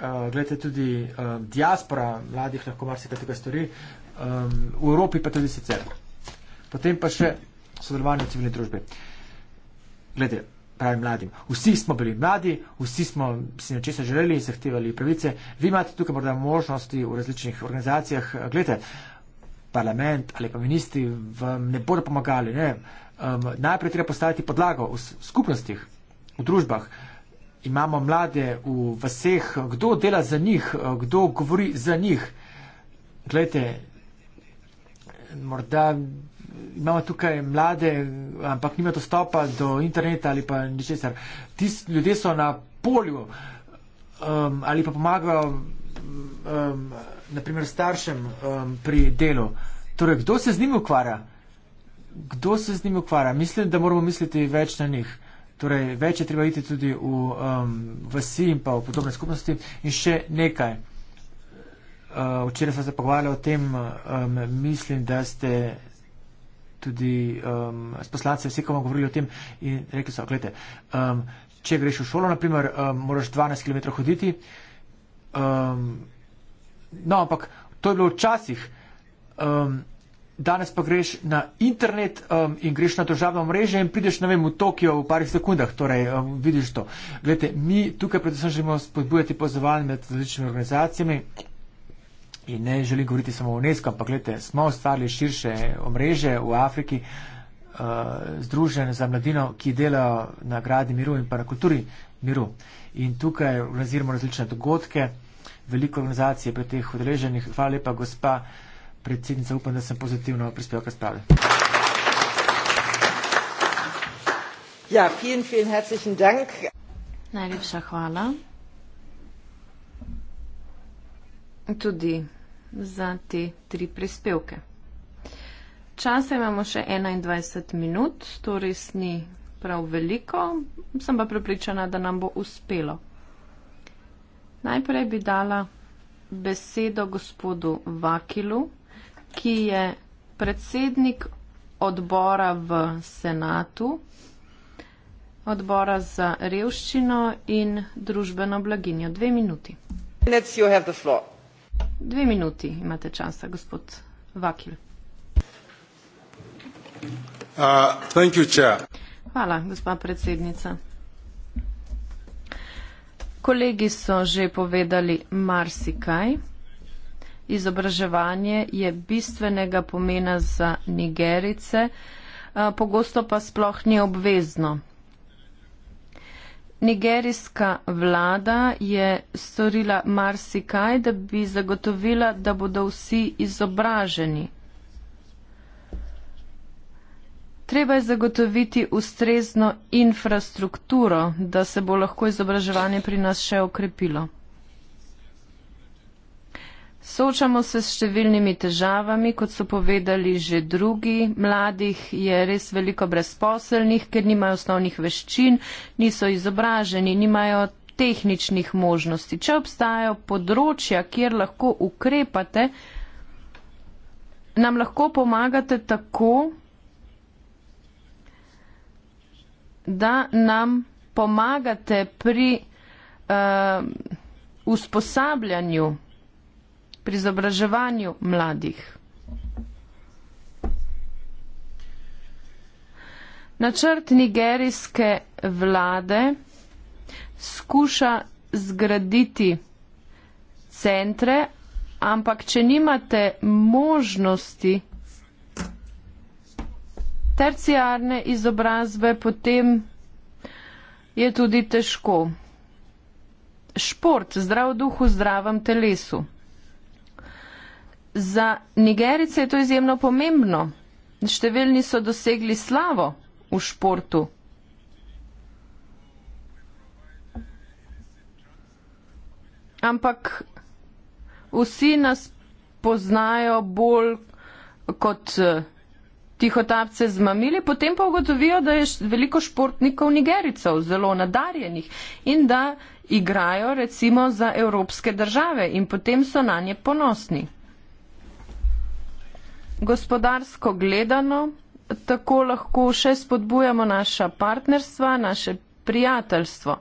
uh, eh, gledajte, tudi uh, diaspora mladih lahko marsikaj tega stori, um, v Evropi pa tudi sicer. Potem pa še sodelovanje v civilni družbi. Glede, pravim mladim. Vsi smo bili mladi, vsi smo si nečesa želeli in zahtevali pravice. Vi imate tukaj morda možnosti v različnih organizacijah. Glede, parlament ali pa ministri vam ne bodo pomagali. Ne? Um, najprej treba postaviti podlago v skupnostih, v družbah. Uh, imamo mlade v vseh, kdo dela za njih, kdo govori za njih. Glejte, morda imamo tukaj mlade, ampak nima dostopa do interneta ali pa ničesar. Ti ljudje so na polju um, ali pa pomagajo um, naprimer staršem um, pri delu. Torej, kdo se z njimi ukvarja? Kdo se z njimi ukvarja? Mislim, da moramo misliti več na njih torej več je treba iti tudi v um, vasi in pa v podobne skupnosti. In še nekaj. Uh, včeraj smo se pogovarjali o tem, um, mislim, da ste tudi um, s poslancem vse, ko vam govorili o tem in rekli so, gledajte, um, če greš v šolo, naprimer, um, moraš 12 km hoditi. Um, no, ampak to je bilo včasih. Um, danes pa greš na internet um, in greš na državno mrežo in prideš, ne vem, v Tokijo v parih sekundah, torej um, vidiš to. Glede, mi tukaj predvsem želimo spodbujati pozvanje med različnimi organizacijami. In ne želim govoriti samo o UNESCO, ampak gledajte, smo ustvarili širše omreže v Afriki, uh, združen za mladino, ki delajo na gradi miru in pa na kulturi miru. In tukaj organiziramo različne dogodke, veliko organizacije pri teh udeleženih. Hvala lepa, gospa uh, predsednica, upam, da sem pozitivno prispevka spravil. Ja, vielen, vielen herzlichen Dank. Najlepša hvala. Tudi za te tri prispevke. Časa imamo še 21 minut, to res ni prav veliko, sem pa prepričana, da nam bo uspelo. Najprej bi dala besedo gospodu Vakilu, ki je predsednik odbora v senatu, odbora za revščino in družbeno blaginjo. Dve minuti. Dve minuti imate časa, gospod Vakil. Uh, Hvala, gospa predsednica. Kolegi so že povedali marsikaj izobraževanje je bistvenega pomena za Nigerice, eh, pogosto pa sploh ni obvezno. Nigerijska vlada je storila marsikaj, da bi zagotovila, da bodo vsi izobraženi. Treba je zagotoviti ustrezno infrastrukturo, da se bo lahko izobraževanje pri nas še okrepilo. Soočamo se s številnimi težavami, kot so povedali že drugi. Mladih je res veliko brezposelnih, ker nimajo osnovnih veščin, niso izobraženi, nimajo tehničnih možnosti. Če obstajajo področja, kjer lahko ukrepate, nam lahko pomagate tako, da nam pomagate pri uh, usposabljanju pri izobraževanju mladih. Načrt nigerijske vlade skuša zgraditi centre, ampak če nimate možnosti terciarne izobrazbe, potem je tudi težko. Šport, zdrav duhu, zdravem telesu za Nigerice je to izjemno pomembno. Številni so dosegli slavo v športu. Ampak vsi nas poznajo bolj kot eh, tihotapce z mamili, potem pa ugotovijo, da je veliko športnikov Nigericov zelo nadarjenih in da igrajo recimo za evropske države in potem so na nje ponosni gospodarsko gledano, tako lahko še spodbujamo naša partnerstva, naše prijateljstvo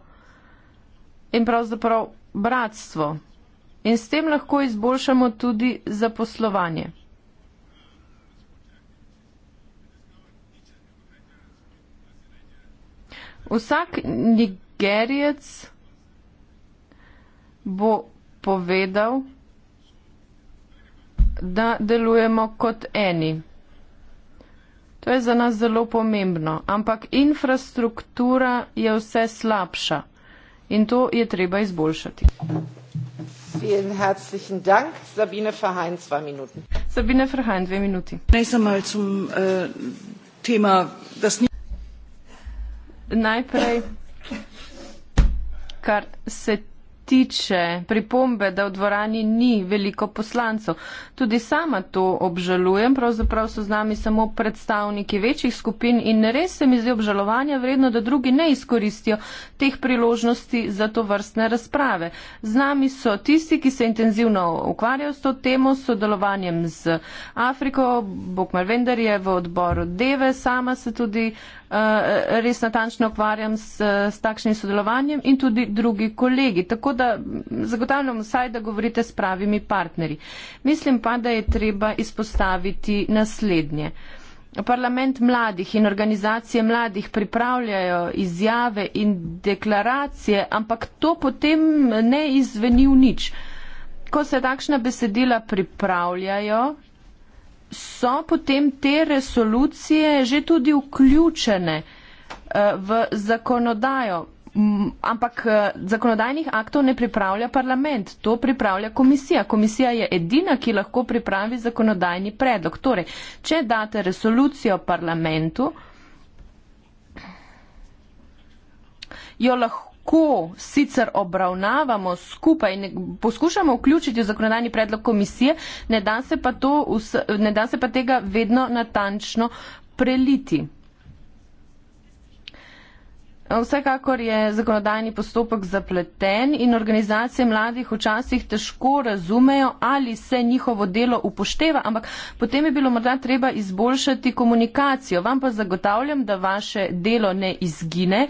in pravzaprav bratstvo. In s tem lahko izboljšamo tudi zaposlovanje. Vsak nigerijec bo povedal, da delujemo kot eni. To je za nas zelo pomembno, ampak infrastruktura je vse slabša in to je treba izboljšati. Vielen herzlichen Dank. Sabine Verheyen, zwei Minuten. Sabine Verheyen, zwei Minuten. Zunächst einmal zum äh, eh, Thema, das nicht. Najprej, kar se tiče pripombe, da v dvorani ni veliko poslancev. Tudi sama to obžalujem, pravzaprav so z nami samo predstavniki večjih skupin in res se mi zdi obžalovanja vredno, da drugi ne izkoristijo teh priložnosti za to vrstne razprave. Z nami so tisti, ki se intenzivno ukvarjajo s to temo, s sodelovanjem z Afriko, Bokmar Vendar je v odboru Deve, sama se tudi uh, Eh, res natančno ukvarjam s, s takšnim sodelovanjem in tudi drugi kolegi. Tako da zagotavljam vsaj, da govorite s pravimi partnerji. Mislim pa, da je treba izpostaviti naslednje. Parlament mladih in organizacije mladih pripravljajo izjave in deklaracije, ampak to potem ne izveni v nič. Ko se takšna besedila pripravljajo, so potem te resolucije že tudi vključene eh, v zakonodajo, ampak eh, zakonodajnih aktov ne pripravlja parlament, to pripravlja komisija. Komisija je edina, ki lahko pripravi zakonodajni predlog. Torej, če date resolucijo parlamentu, jo lahko lahko sicer obravnavamo skupaj in poskušamo vključiti v zakonodajni predlog komisije, ne da se pa, vse, da se pa tega vedno natančno preliti. Eh, vsekakor je zakonodajni postopek zapleten in organizacije mladih včasih težko razumejo, ali se njihovo delo upošteva, ampak potem je bilo morda treba izboljšati komunikacijo. Vam pa zagotavljam, da vaše delo ne izgine,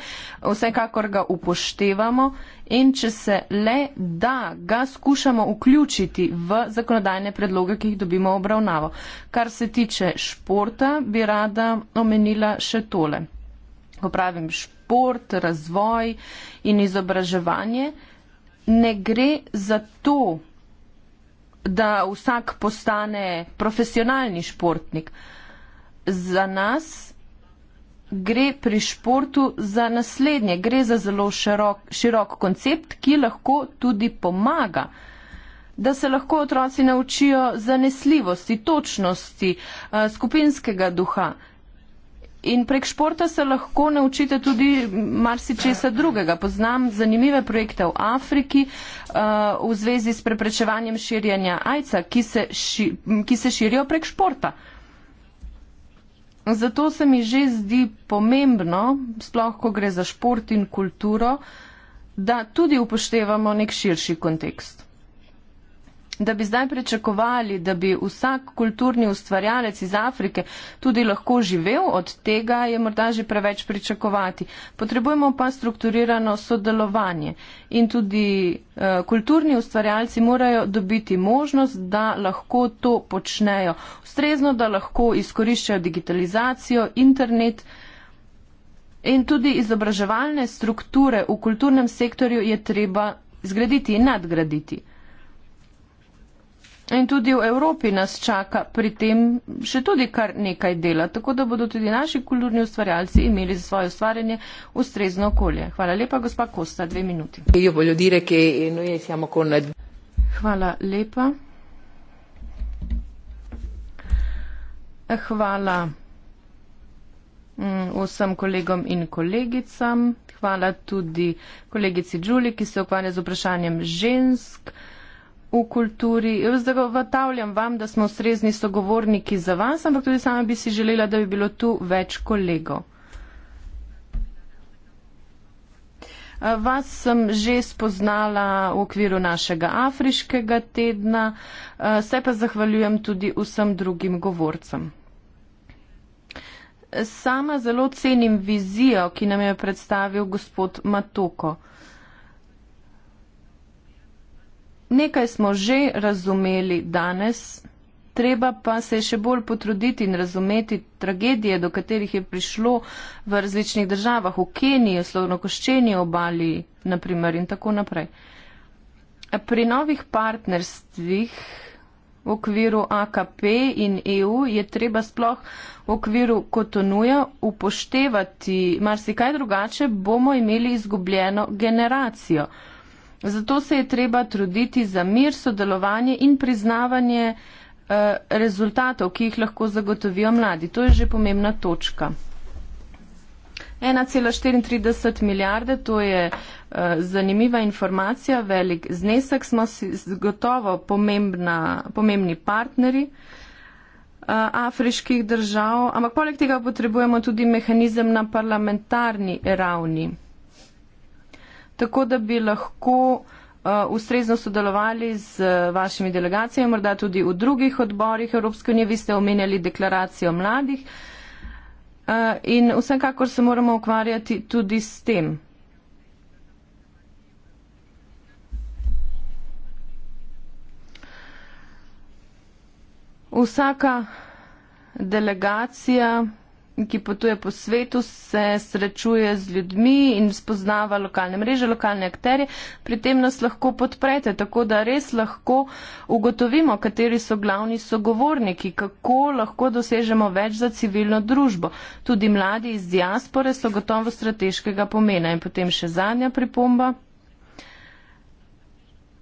vsekakor ga upoštevamo in če se le da, ga skušamo vključiti v zakonodajne predloge, ki jih dobimo obravnavo. Kar se tiče športa, bi rada omenila še tole. Ko pravim, šport, razvoj in izobraževanje, ne gre za to, da vsak postane profesionalni športnik. Za nas gre pri športu za naslednje, gre za zelo širok, širok koncept, ki lahko tudi pomaga, da se lahko otroci naučijo zanesljivosti, točnosti, eh, skupinskega duha. In prek športa se lahko naučite tudi marsičesa drugega. Poznam zanimive projekte v Afriki uh, v zvezi s preprečevanjem širjenja ajca, ki se, ši, ki se širijo prek športa. Zato se mi že zdi pomembno, sploh ko gre za šport in kulturo, da tudi upoštevamo nek širši kontekst da bi zdaj prečakovali, da bi vsak kulturni ustvarjalec iz Afrike tudi lahko živel od tega, je morda že preveč pričakovati. Potrebujemo pa strukturirano sodelovanje in tudi eh, kulturni ustvarjalci morajo dobiti možnost, da lahko to počnejo. Ustrezno, da lahko izkoriščajo digitalizacijo, internet. In tudi izobraževalne strukture v kulturnem sektorju je treba zgraditi in nadgraditi. In tudi v Evropi nas čaka pri tem še tudi kar nekaj dela, tako da bodo tudi naši kulturni ustvarjalci imeli za svoje ustvarjanje ustrezno okolje. Hvala lepa, gospa Kosta, dve minuti. Hvala lepa. Hvala mm, vsem kolegom in kolegicam. Hvala tudi kolegici Đuli, ki se ukvarja z vprašanjem žensk v kulturi. Zagotavljam vam, da smo srezni sogovorniki za vas, ampak tudi sama bi si želela, da bi bilo tu več kolegov. Vas sem že spoznala v okviru našega afriškega tedna, se pa zahvaljujem tudi vsem drugim govorcem. Sama zelo cenim vizijo, ki nam jo je predstavil gospod Matoko. Nekaj smo že razumeli danes, treba pa se še bolj potruditi in razumeti tragedije, do katerih je prišlo v različnih državah, v Keniji, slovno koščeni obali, naprimer in tako naprej. Pri novih partnerstvih v okviru AKP in EU je treba sploh v okviru kotonuja upoštevati marsikaj drugače, bomo imeli izgubljeno generacijo. Zato se je treba truditi za mir, sodelovanje in priznavanje eh, rezultatov, ki jih lahko zagotovijo mladi. To je že pomembna točka. 1,34 milijarde, to je eh, zanimiva informacija, velik znesek, smo si gotovo pomembna, pomembni partneri eh, afriških držav, ampak poleg tega potrebujemo tudi mehanizem na parlamentarni ravni tako da bi lahko uh, ustrezno sodelovali z uh, vašimi delegacijami, morda tudi v drugih odborih Evropske unije. Vi ste omenjali deklaracijo mladih uh, in vsekakor se moramo ukvarjati tudi s tem. Vsaka delegacija ki potuje po svetu, se srečuje z ljudmi in spoznava lokalne mreže, lokalne akterje. Pri tem nas lahko podprete, tako da res lahko ugotovimo, kateri so glavni sogovorniki, kako lahko dosežemo več za civilno družbo. Tudi mladi iz diaspore so gotovo strateškega pomena. In potem še zadnja pripomba.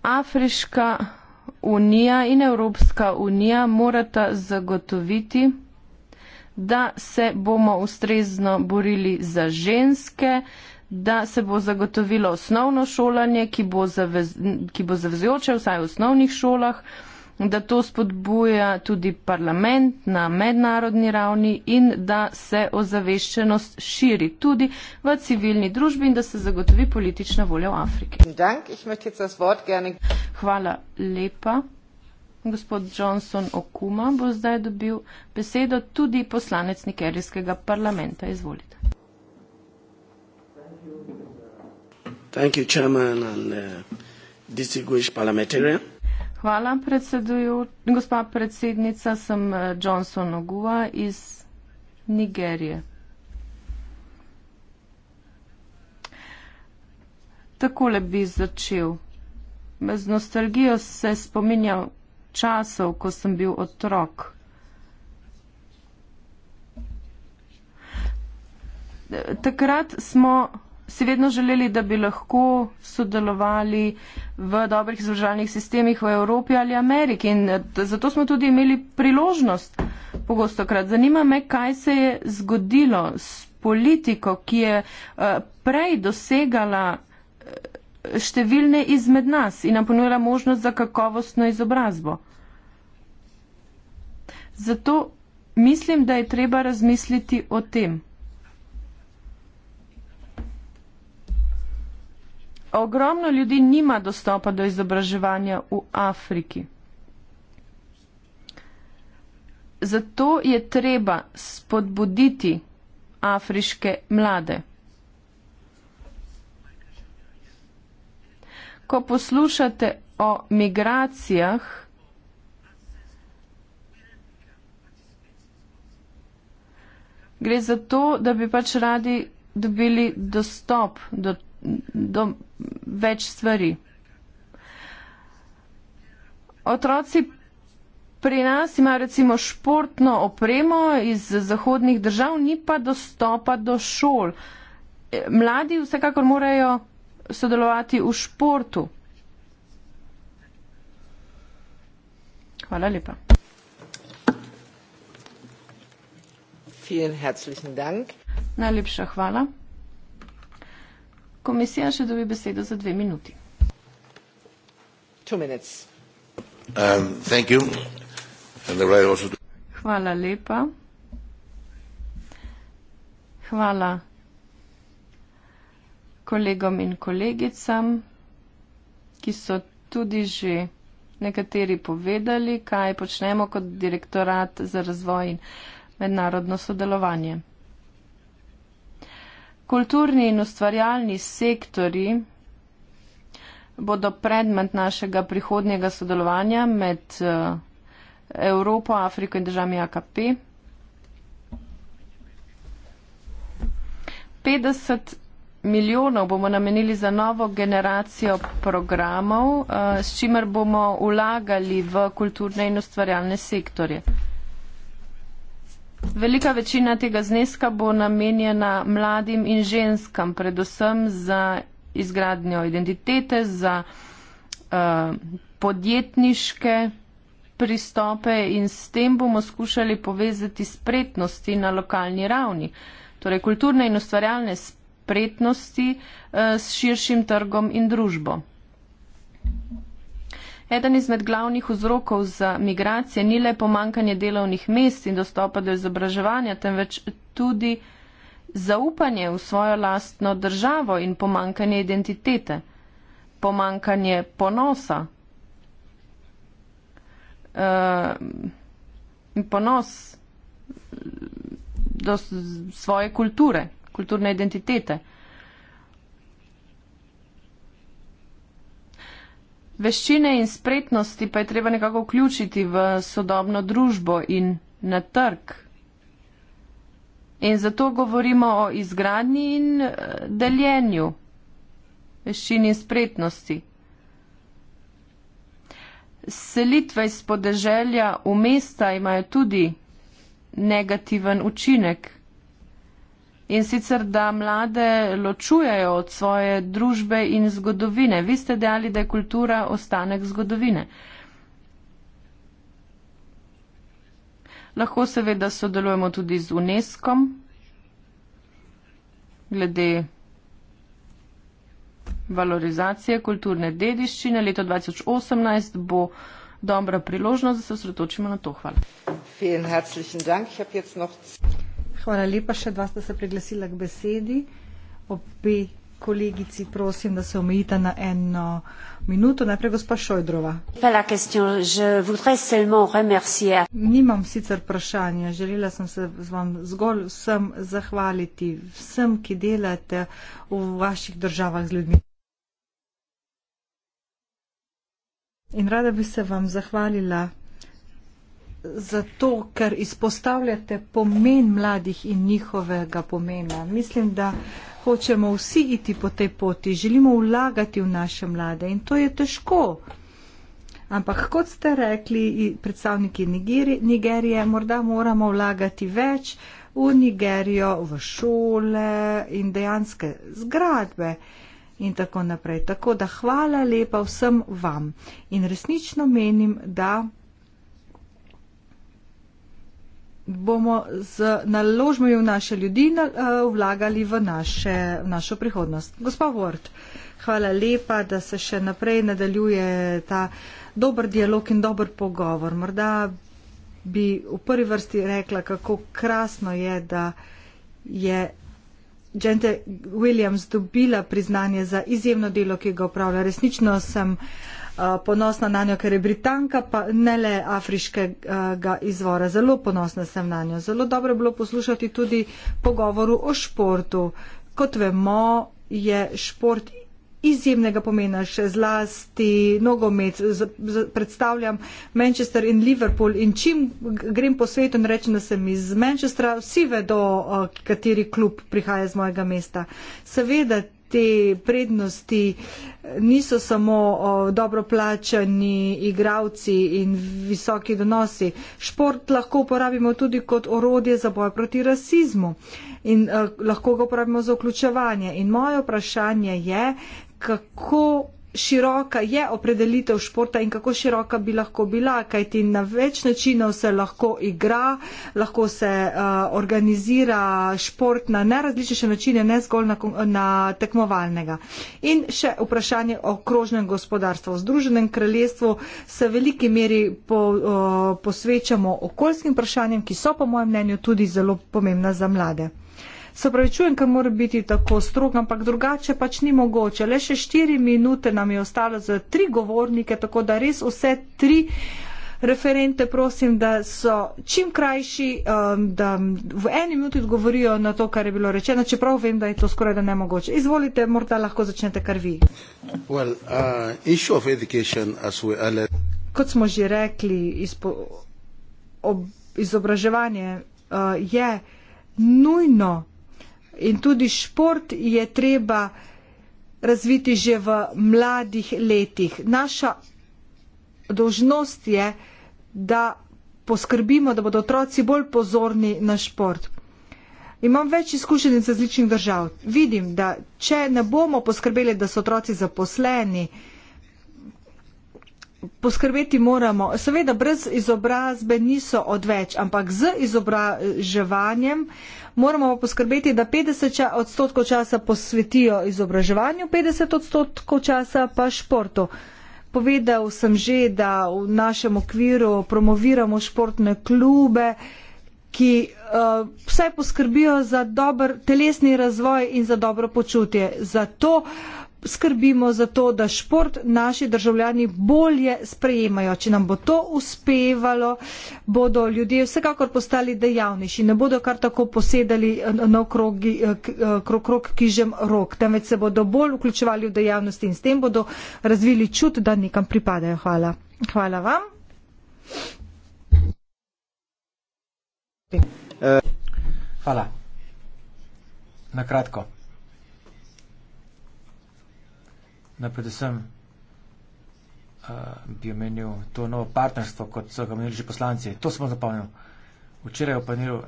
Afriška unija in Evropska unija morata zagotoviti, da se bomo ustrezno borili za ženske, da se bo zagotovilo osnovno šolanje, ki bo, zavez, ki bo zavezujoče vsaj v osnovnih šolah, da to spodbuja tudi parlament na mednarodni ravni in da se ozaveščenost širi tudi v civilni družbi in da se zagotovi politična volja v Afriki. Hvala lepa gospod Johnson Okuma, bo zdaj dobil besedo tudi poslanec nikerijskega parlamenta. Izvolite. Uh, Hvala, gospa predsednica, sem uh, Johnson Oguva iz Nigerije. Takole bi začel. Z nostalgijo se spominjam časov, ko sem bil otrok. Takrat smo si vedno želeli, da bi lahko sodelovali v dobrih izobraževalnih sistemih v Evropi ali Ameriki in eh, zato smo tudi imeli priložnost pogosto krat. Zanima me, kaj se je zgodilo s politiko, ki je eh, prej dosegala številne izmed nas in nam ponuja možnost za kakovostno izobrazbo. Zato mislim, da je treba razmisliti o tem. Ogromno ljudi nima dostopa do izobraževanja v Afriki. Zato je treba spodbuditi afriške mlade. ko poslušate o migracijah, gre za to, da bi pač radi dobili dostop do, do več stvari. Otroci pri nas imajo recimo športno opremo iz zahodnih držav, ni pa dostopa do šol. Mladi vsekakor morajo sodelovati v športu. Hvala lepa. Najlepša hvala. Komisija še dobi besedo za dve minuti. Um, hvala lepa. Hvala kolegom in kolegicam, ki so tudi že nekateri povedali, kaj počnemo kot direktorat za razvoj in mednarodno sodelovanje. Kulturni in ustvarjalni sektori bodo predmet našega prihodnjega sodelovanja med eh, Evropo, Afriko in državami AKP. 50 milijonov bomo namenili za novo generacijo programov, eh, s čimer bomo vlagali v kulturne in ustvarjalne sektorje. Velika večina tega zneska bo namenjena mladim in ženskam, predvsem za izgradnjo identitete, za uh, podjetniške pristope in s tem bomo skušali povezati spretnosti na lokalni ravni, torej kulturne in ustvarjalne spretnosti prednosti eh, s širšim trgom in družbo. Eden izmed glavnih vzrokov za migracije ni le pomankanje delovnih mest in dostopa do izobraževanja, temveč tudi zaupanje v svojo lastno državo in pomankanje identitete, pomankanje ponosa. Uh, ponos eh, do svoje kulture, kulturne identitete. Veščine in spretnosti pa je treba nekako vključiti v sodobno družbo in na trg. In zato govorimo o izgradnji in eh, deljenju veščin in spretnosti. Selitve iz podeželja v mesta imajo tudi negativen učinek in sicer, da mlade ločujejo od svoje družbe in zgodovine. Vi ste dejali, da je kultura ostanek zgodovine. Lahko seveda sodelujemo tudi z UNESCO glede valorizacije kulturne dediščine. Leto 2018 bo dobra priložnost, da se osredotočimo na to. Hvala. Hvala lepa, še dva ste se priglasila k besedi. Obe kolegici prosim, da se omejita na eno minuto. Najprej gospa Šojdrova. Nimam sicer vprašanja, želela sem se z vam zgolj vsem zahvaliti, vsem, ki delate v vaših državah z ljudmi. In rada bi se vam zahvalila zato, ker izpostavljate pomen mladih in njihovega pomena. Mislim, da hočemo vsi iti po tej poti, želimo vlagati v naše mlade in to je težko. Ampak kot ste rekli predstavniki Nigerije, morda moramo vlagati več v Nigerijo, v šole in dejanske zgradbe in tako naprej. Tako da hvala lepa vsem vam. In resnično menim, da bomo z naložbami v naše ljudi na, uh, vlagali v, naše, v našo prihodnost. Gospod Ward, hvala lepa, da se še naprej nadaljuje ta dober dialog in dober pogovor. Morda bi v prvi vrsti rekla, kako krasno je, da je Džente Williams dobila priznanje za izjemno delo, ki ga upravlja. Resnično sem uh, Eh, ponosna na njo, ker je Britanka, pa ne le afriškega izvora. Zelo ponosna sem na njo. Zelo dobro je bilo poslušati tudi pogovoru o športu. Kot vemo, je šport izjemnega pomena, še zlasti nogomet. Predstavljam Manchester in Liverpool in čim grem po svetu in rečem, da sem iz Manchestra, vsi vedo, eh, kateri klub prihaja iz mojega mesta. Seveda, te prednosti niso samo dobro plačani igravci in visoki donosi. Šport lahko uporabimo tudi kot orodje za boj proti rasizmu in eh, lahko ga uporabimo za vključevanje. In moje vprašanje je, kako široka je opredelitev športa in kako široka bi lahko bila, kajti na več načinov se lahko igra, lahko se uh, organizira šport na najrazličnejše načine, ne zgolj na, na tekmovalnega. In še vprašanje o krožnem gospodarstvu. V Združenem kraljestvu se v veliki meri po, uh, posvečamo okoljskim vprašanjem, ki so po mojem mnenju tudi zelo pomembna za mlade se pravi, čujem, ker mora biti tako strog, ampak drugače pač ni mogoče. Le še štiri minute nam je ostalo za tri govornike, tako da res vse tri. Referente prosim, da so čim krajši, um, da v eni minuti odgovorijo na to, kar je bilo rečeno, čeprav vem, da je to skoraj da nemogoče. Izvolite, morda lahko začnete kar vi. Well, uh, we Kot smo že rekli, izpo, ob, izobraževanje uh, je nujno In tudi šport je treba razviti že v mladih letih. Naša dožnost je, da poskrbimo, da bodo otroci bolj pozorni na šport. Imam več izkušenj iz različnih držav. Vidim, da če ne bomo poskrbeli, da so otroci zaposleni, poskrbeti moramo. Seveda, brez izobrazbe niso odveč, ampak z izobraževanjem moramo poskrbeti, da 50 odstotkov časa posvetijo izobraževanju, 50 odstotkov časa pa športu. Povedal sem že, da v našem okviru promoviramo športne klube, ki uh, eh, vse poskrbijo za dober telesni razvoj in za dobro počutje. Zato uh, skrbimo za to, da šport naši državljani bolje sprejemajo. Če nam bo to uspevalo, bodo ljudje vsekakor postali dejavnejši, ne bodo kar tako posedali eh, na okrogi, eh, eh, krog, krog kižem rok, temveč se bodo bolj vključevali v dejavnosti in s tem bodo razvili čut, da nekam pripadajo. Hvala. Hvala vam. Hvala. Na kratko. Na predvsem uh, bi omenil to novo partnerstvo, kot so ga omenili že poslanci. To smo zapomnili. Včeraj je v panelu uh,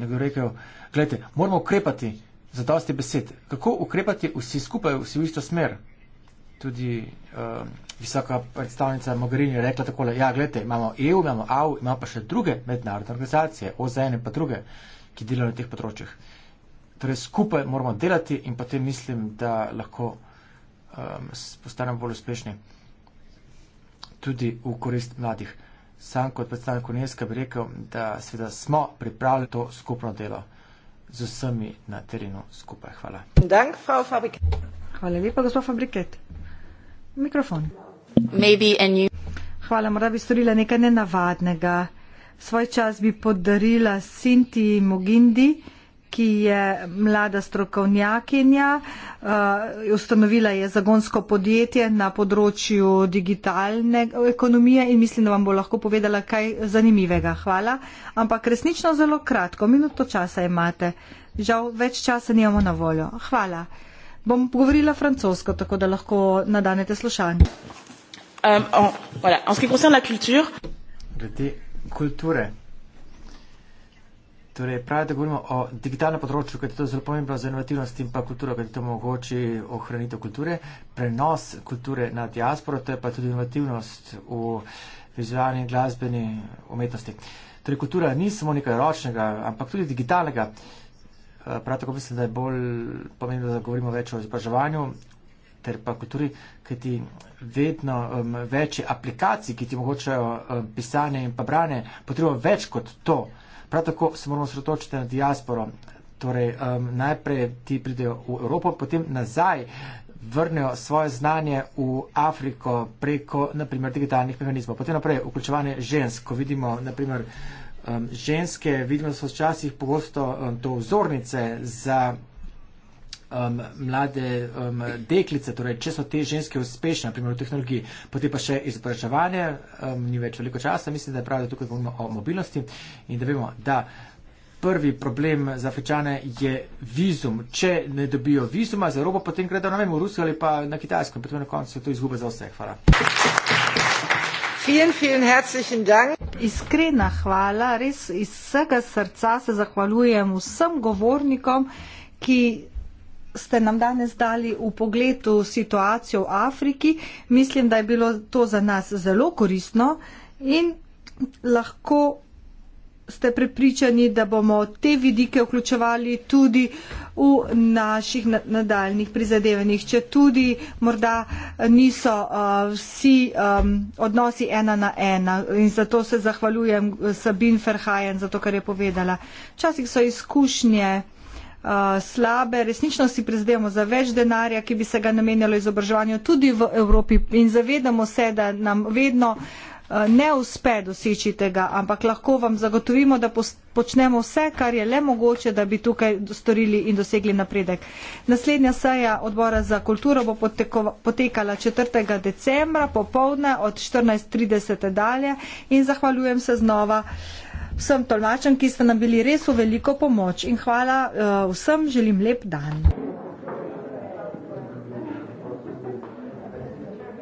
nekdo rekel, gledajte, moramo ukrepati za dosti besed. Kako ukrepati vsi skupaj, vsi v isto smer? Tudi uh, visoka predstavnica Mogherini je rekla takole, ja, gledajte, imamo EU, imamo AU, imamo pa še druge mednarodne organizacije, OZN in pa druge, ki delajo na teh področjih. Torej, skupaj moramo delati in potem mislim, da lahko um, postanemo bolj uspešni tudi v korist mladih. Sam kot predstavnik UNESCO bi rekel, da seveda smo pripravili to skupno delo z vsemi na terenu skupaj. Hvala. Dank, Frau Fabriket. Hvala lepa, gospod Fabriket. Mikrofon. Hvala, morda bi storila nekaj nenavadnega. Svoj čas bi podarila Sinti Mogindi ki je mlada strokovnjakinja, uh, ustanovila je zagonsko podjetje na področju digitalne ekonomije in mislim, da vam bo lahko povedala kaj zanimivega. Hvala. Ampak resnično zelo kratko, minuto časa imate. Žal, več časa nimamo na voljo. Hvala. Bom govorila francosko, tako da lahko nadanete slušanje. Um, euh, on, voilà. En ce qui concerne la culture. Glede kulture. Torej, pravi, da govorimo o digitalnem področju, ker je to zelo pomembno za inovativnost in pa kulturo, ker to omogoči ohranitev kulture, prenos kulture na diasporo, to je pa tudi inovativnost v vizualni in glasbeni umetnosti. Torej, kultura ni samo nekaj ročnega, ampak tudi digitalnega. Eh, prav tako mislim, da je bolj pomembno, da govorimo več o izobraževanju ter pa kulturi, ker ti vedno um, večje aplikacij, ki ti omogočajo um, pisanje in pa branje, potrebujejo več kot to. Prav tako se moramo sredotočiti na diasporo. Torej, um, najprej ti pridejo v Evropo, potem nazaj vrnejo svoje znanje v Afriko preko, naprimer, digitalnih mehanizmov. Potem naprej, vključevanje žensk, ko vidimo, naprimer, um, ženske, vidimo, da so včasih pogosto um, to vzornice za um, mlade um, deklice, torej če so te ženske uspešne, naprimer v tehnologiji, potem pa še izobraževanje, um, ni več veliko časa, mislim, da je prav, da tukaj govorimo o mobilnosti in da vemo, da. Prvi problem za afričane je vizum. Če ne dobijo vizuma za Evropo, potem gredo na vem, v Rusijo ali pa na Kitajsko. Potem na koncu je to izguba za vse. Hvala. Vielen, vielen herzlichen Dank. Iskrena hvala. Res iz vsega srca se zahvaljujem vsem govornikom, ki ste nam danes dali v pogledu situacijo v Afriki. Mislim, da je bilo to za nas zelo koristno in lahko ste prepričani, da bomo te vidike vključevali tudi v naših nadaljnih prizadevanjih, če tudi morda niso uh, vsi um, odnosi ena na ena. In zato se zahvaljujem eh, Sabin Ferhajen za to, kar je povedala. Včasih so izkušnje. Eh, slabe. Resnično si prizadevamo za več denarja, ki bi se ga namenjalo izobraževanju tudi v Evropi in zavedamo se, da nam vedno eh, ne uspe doseči tega, ampak lahko vam zagotovimo, da počnemo vse, kar je le mogoče, da bi tukaj storili in dosegli napredek. Naslednja seja odbora za kulturo bo potekala 4. decembra popovdne od 14.30 dalje in zahvaljujem se znova vsem tolmačem, ki ste nam bili res v veliko pomoč. In hvala eh, vsem, želim lep dan.